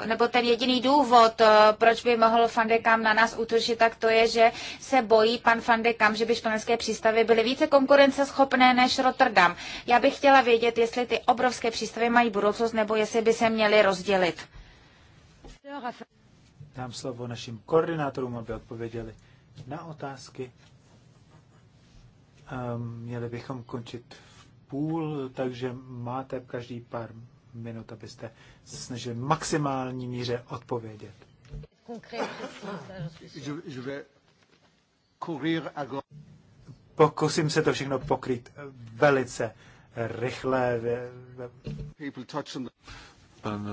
Eh, nebo ten jediný důvod, eh, proč by mohl Fandekam na nás útočit, tak to je, že se bojí pan Fandekam, že by španělské přístavy byly více konkurenceschopné než Rotterdam. Já bych chtěla vědět, jestli ty obrovské přístavy mají budoucnost, nebo jestli by se měly rozdělit. Dám slovo našim koordinátorům, aby odpověděli na otázky. Eh, měli bychom končit v půl, takže máte každý pár minut, abyste se snažili maximální míře odpovědět. Pokusím se to všechno pokrýt velice rychle. Pan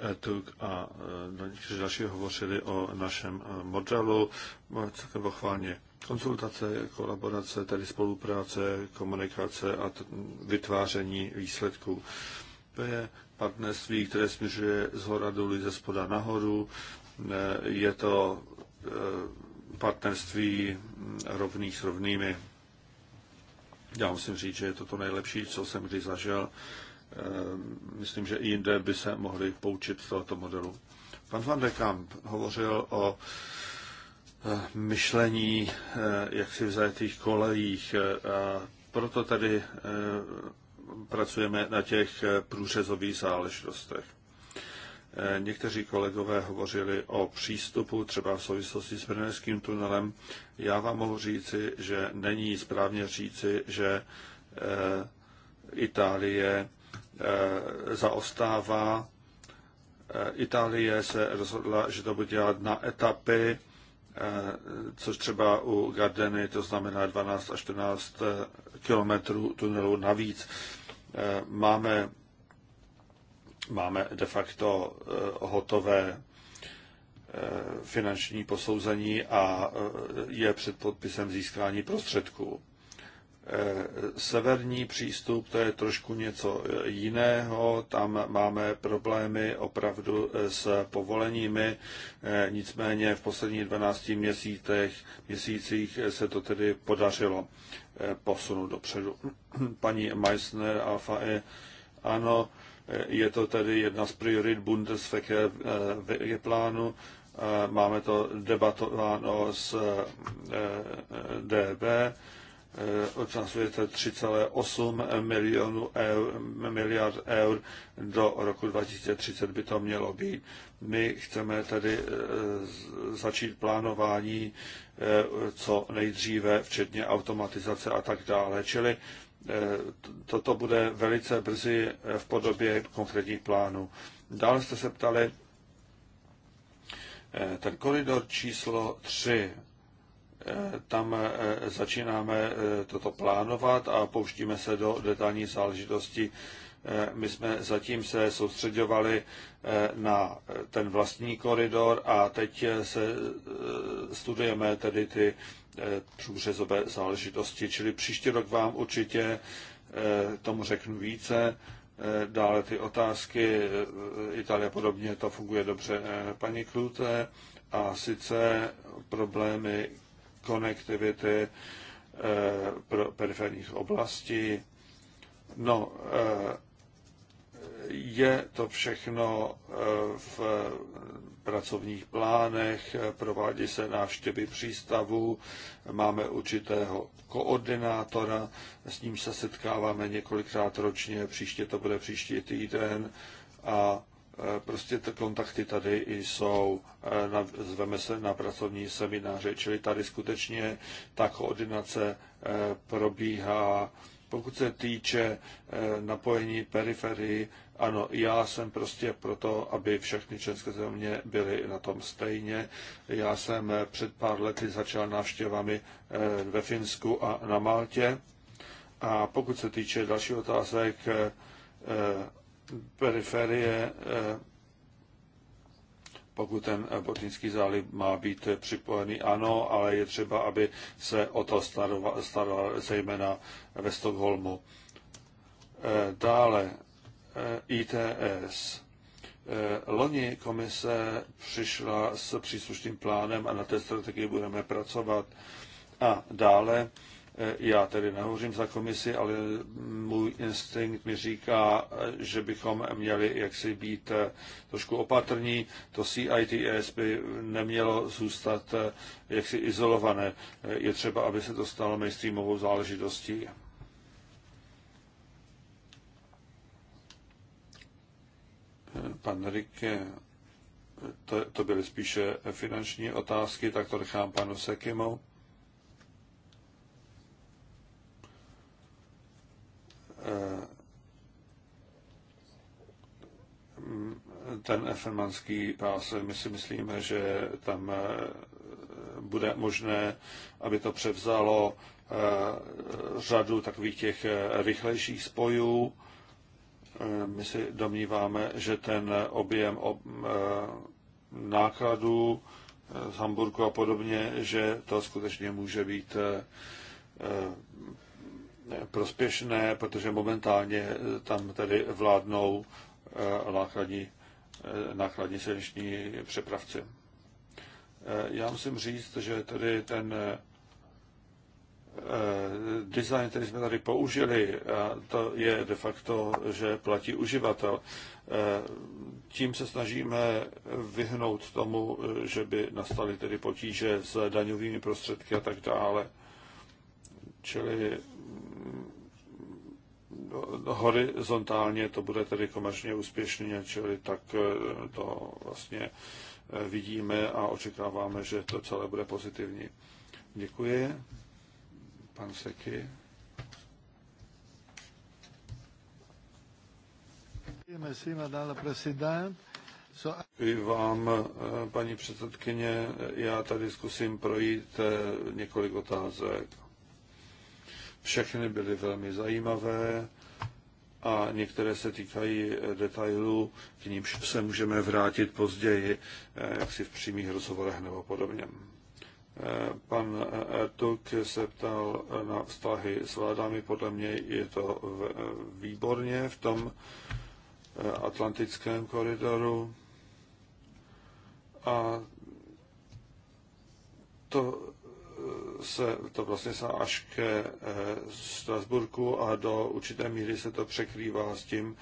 eh, Tuk a eh, další hovořili o našem eh, modelu, celkem pochválně Konzultace, kolaborace, tedy spolupráce, komunikace a vytváření výsledků. To je partnerství, které směřuje z hora dolů, ze spoda nahoru. Eh, je to eh, partnerství mm, rovných s rovnými. Já musím říct, že je to to nejlepší, co jsem kdy zažil. Eh, myslím, že i jinde by se mohli poučit z tohoto modelu. Pan Van de Kamp hovořil o Eh, myšlení eh, jaksi v zajetých kolejích. Eh, a proto tady pracujeme na těch průřezových záležitostech. Někteří kolegové hovořili o přístupu třeba v souvislosti s Brněnským tunelem. Já vám mohu říci, že není správně říci, že Itálie zaostává. Itálie se rozhodla, že to bude dělat na etapy Eh, což třeba u Gardeny to znamená 12 až 14 eh, kilometrů tunelu navíc. Eh, máme, máme de facto hotové finanční posouzení a je před podpisem získání prostředků. Eh, severní přístup to je trošku něco eh, jiného, tam máme problémy opravdu eh, s povoleními, nicméně v posledních 12 měsících, měsících se to tedy podařilo posunout dopředu. *clears throat* Paní Meissner, Alfa E, ano, je to tedy jedna z priorit Bundeswehr plánu, máme to debatováno s DB, Eh, odčasujete 3,8 milionů eur, miliard eur do roku 2030 by to mělo být. My chceme tedy eh, začít plánování eh, co nejdříve, včetně automatizace a tak dále. Čili toto bude velice brzy v podobě konkrétních plánů. Dále jste se ptali, ten koridor číslo 3, tam eh, začínáme eh, toto plánovat a pouštíme se do detailní záležitosti. Eh, my jsme zatím se soustředovali na ten vlastní koridor a teď se studujeme tedy ty průřezové záležitosti. Čili příští rok vám určitě tomu řeknu více. Dále ty otázky, Itálie podobně, to funguje dobře. Paní Klute, a sice problémy konektivity eh, pro periferních oblastí. No, eh, je to všechno eh, v pracovních plánech, provádí se návštěvy přístavů, máme určitého koordinátora, s ním se setkáváme několikrát ročně, příště to bude příští týden a Eh, prostě ty kontakty tady jsou, eh, zveme se na pracovní semináře, čili tady skutečně ta koordinace eh, probíhá. Pokud se týče napojení periferii, ano, já jsem prostě proto, aby všechny české země byly na tom stejně. Já jsem před pár lety začal návštěvami ve Finsku a na Maltě. A pokud se týče další otázek, periferie, eh, pokud ten Botnický záliv má být připojený, ano, ale je třeba, aby se o to staral zejména ve Stockholmu. Eh, dále eh, ITS. Loni komise přišla s příslušným plánem a na té strategii budeme pracovat. A dále já tedy nehovořím za komisi, ale můj instinkt mi říká, že bychom měli jaksi být eh, trošku opatrní. To CITS by nemělo zůstat eh, jaksi izolované. Eh, je třeba, aby se to stalo mainstreamovou záležitostí. Pan Rik, to, to byly spíše finanční otázky, tak to nechám panu Sekimu. Eh, ten efermanský pás, my si myslíme, že tam eh, bude možné, aby to převzalo eh, řadu takových těch rychlejších spojů. My si domníváme, že ten objem nákladů z Hamburgu a podobně, že to skutečně může být prospěšné, protože momentálně eh, tam tedy vládnou eh, nákladní, eh, nákladní silniční přepravci. Já musím říct, že tedy ten design, který jsme tady použili, to je de facto, že platí uživatel. Tím se snažíme vyhnout tomu, že by nastaly tedy potíže s daňovými prostředky a tak dále. Čili horizontálně to bude tedy komerčně úspěšné, čili tak eh, to vlastně eh, vidíme a očekáváme, že to celé bude pozitivní. Děkuji. Pan Seky. Děkuji vám, eh, paní předsedkyně. Já tady zkusím projít několik otázek. Všechny byly velmi zajímavé a některé se týkají eh, detailů, k nímž se můžeme vrátit později, eh, jak si v přímých rozhovorech nebo podobně. Eh, pan Ertuk se ptal na vztahy s vládami. Podle mě je to výborně v tom atlantickém koridoru. A to se to vlastně se až ke eh, Strasburku a do určité míry se to překrývá s tím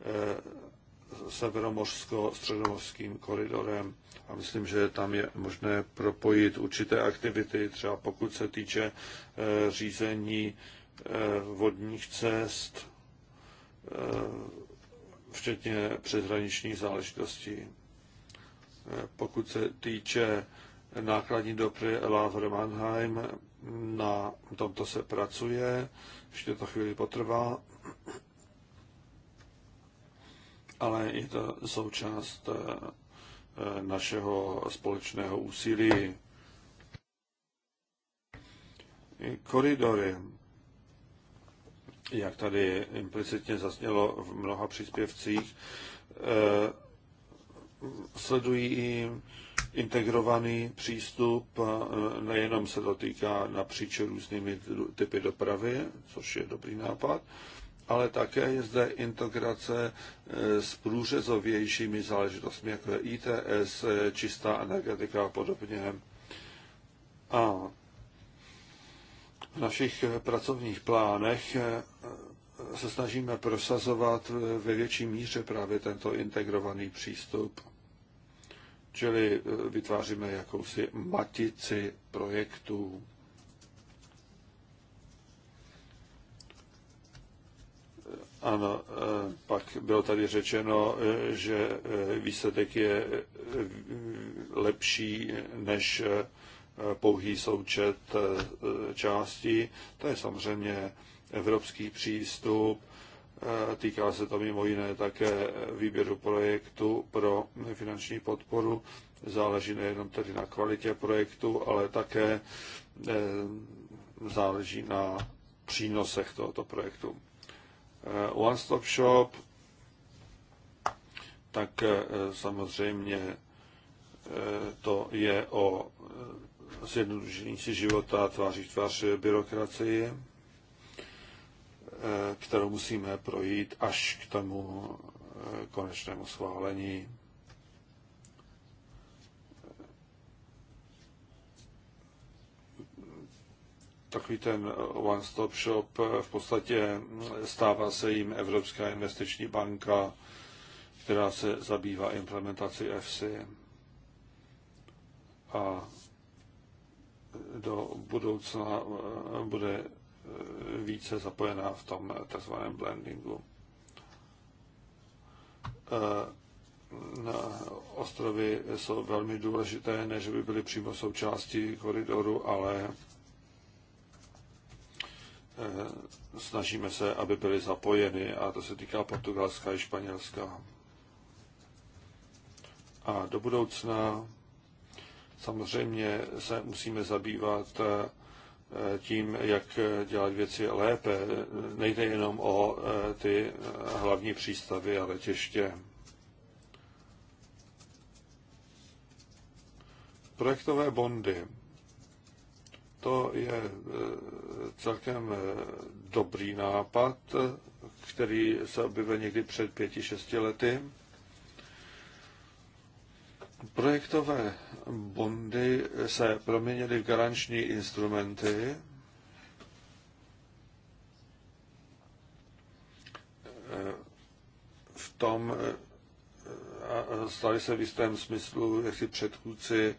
eh, severomořsko-středomorským koridorem. A myslím, že tam je možné propojit určité aktivity, třeba pokud se týče eh, řízení vodních cest, včetně přeshraničních záležitostí. Pokud se týče nákladní dopravy Lavr Mannheim. Na tomto se pracuje, ještě to chvíli potrvá, ale je to součást eh, našeho společného úsilí. Koridory, jak tady implicitně zasnělo v mnoha příspěvcích, eh, sledují integrovaný přístup, e, nejenom se to týká napříč různými typy dopravy, což je dobrý nápad, ale také je zde integrace e, s průřezovějšími záležitostmi, jako je ITS, e, čistá energetika a podobně. A v našich pracovních plánech se snažíme prosazovat ve větší míře právě tento integrovaný přístup. Čili eh, vytváříme jakousi matici projektů. Eh, ano, eh, pak bylo tady řečeno, že výsledek je lepší než pouhý součet částí. To je samozřejmě evropský přístup Eh, týká se to mimo jiné také výběru projektu pro finanční podporu. Záleží nejenom tedy na kvalitě projektu, ale také eh, záleží na přínosech tohoto projektu. Eh, One Stop Shop, tak samozřejmě to je o zjednodušení si života tváří tvář byrokracie. Eh, kterou musíme projít až k tomu eh, konečnému schválení. Takový ten one-stop shop, v podstatě stává se jim Evropská investiční banka, která se zabývá implementací EFSI. A do budoucna eh, bude více zapojená v tom tzv. blendingu. Eh, na ostrovy jsou velmi důležité, než by byly přímo součástí koridoru, ale eh, snažíme se, aby byly zapojeny a to se týká Portugalska i Španělska. A do budoucna samozřejmě se musíme zabývat eh, tím, jak dělat věci lépe. Nejde jenom o eh, ty hlavní přístavy a letiště. Projektové bondy. To je eh, celkem eh, dobrý nápad, který se objevil někdy před pěti, šesti lety. Projektové bondy se proměnily v garanční instrumenty, v tom stali se v jistém smyslu jaksi předchůdci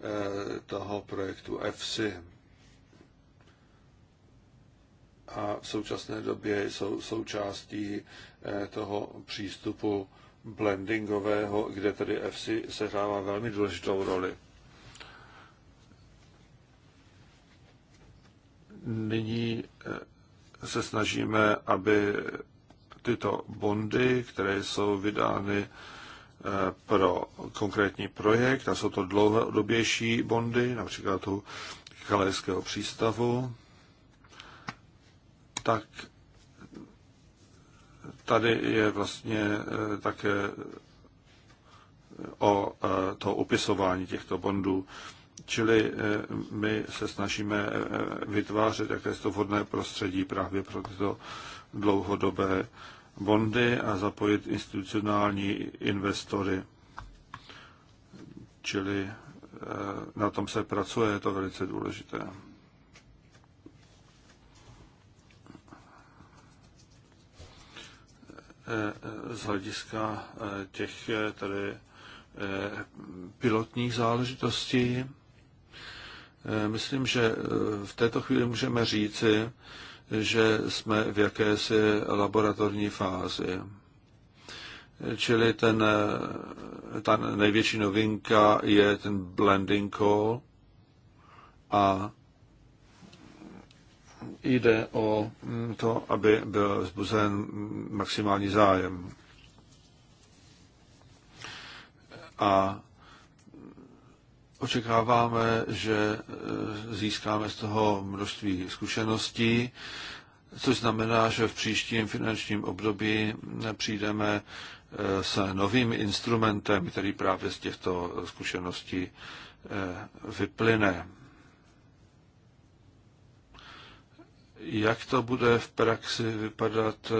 e, toho projektu EFSI. A v současné době jsou součástí e, toho přístupu blendingového, kde tedy EFSI sehrává velmi důležitou roli. Nyní eh, se snažíme, aby tyto bondy, které jsou vydány eh, pro konkrétní projekt, a jsou to dlouhodobější bondy, například u Kalejského přístavu, tak tady je vlastně eh, také eh, o eh, to upisování těchto bondů. Čili my se snažíme vytvářet jakési to vhodné prostředí právě pro tyto dlouhodobé bondy a zapojit institucionální investory. Čili na tom se pracuje, je to velice důležité. z hlediska eh, těch eh, tedy eh, pilotních záležitostí. Myslím, že v této chvíli můžeme říci, že jsme v jakési laboratorní fázi. Čili ten, ta největší novinka je ten blending call a jde o mm, to, aby byl vzbuzen maximální zájem. A očekáváme, že e, získáme z toho množství zkušeností, což znamená, že v příštím finančním období přijdeme e, s novým instrumentem, který právě z těchto zkušeností e, vyplyne. jak to bude v praxi vypadat eh,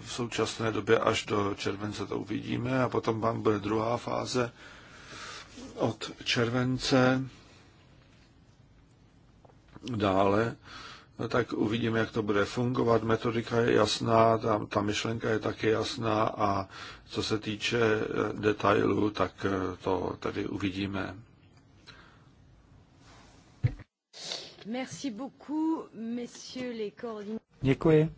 v současné době až do července, to uvidíme. A potom vám bude druhá fáze od července dále. No tak uvidíme, jak to bude fungovat. Metodika je jasná, ta, ta myšlenka je také jasná a co se týče eh, detailů, tak eh, to tady uvidíme. Merci beaucoup, messieurs les coordinateurs. Děkuji.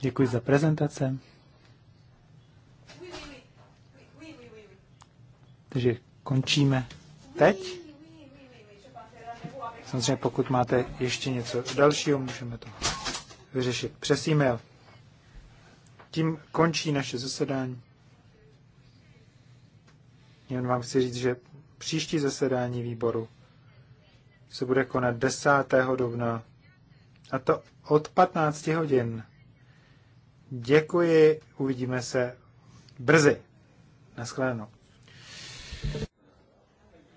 Děkuji za prezentace. Takže končíme teď. Samozřejmě pokud máte ještě něco dalšího, můžeme to vyřešit přes e-mail. Tím končí naše zasedání. Jen vám chci říct, že příští zasedání výboru se bude konat 10. dubna. A to od 15 hodin. Děkuji, uvidíme se brzy. Naschledanou.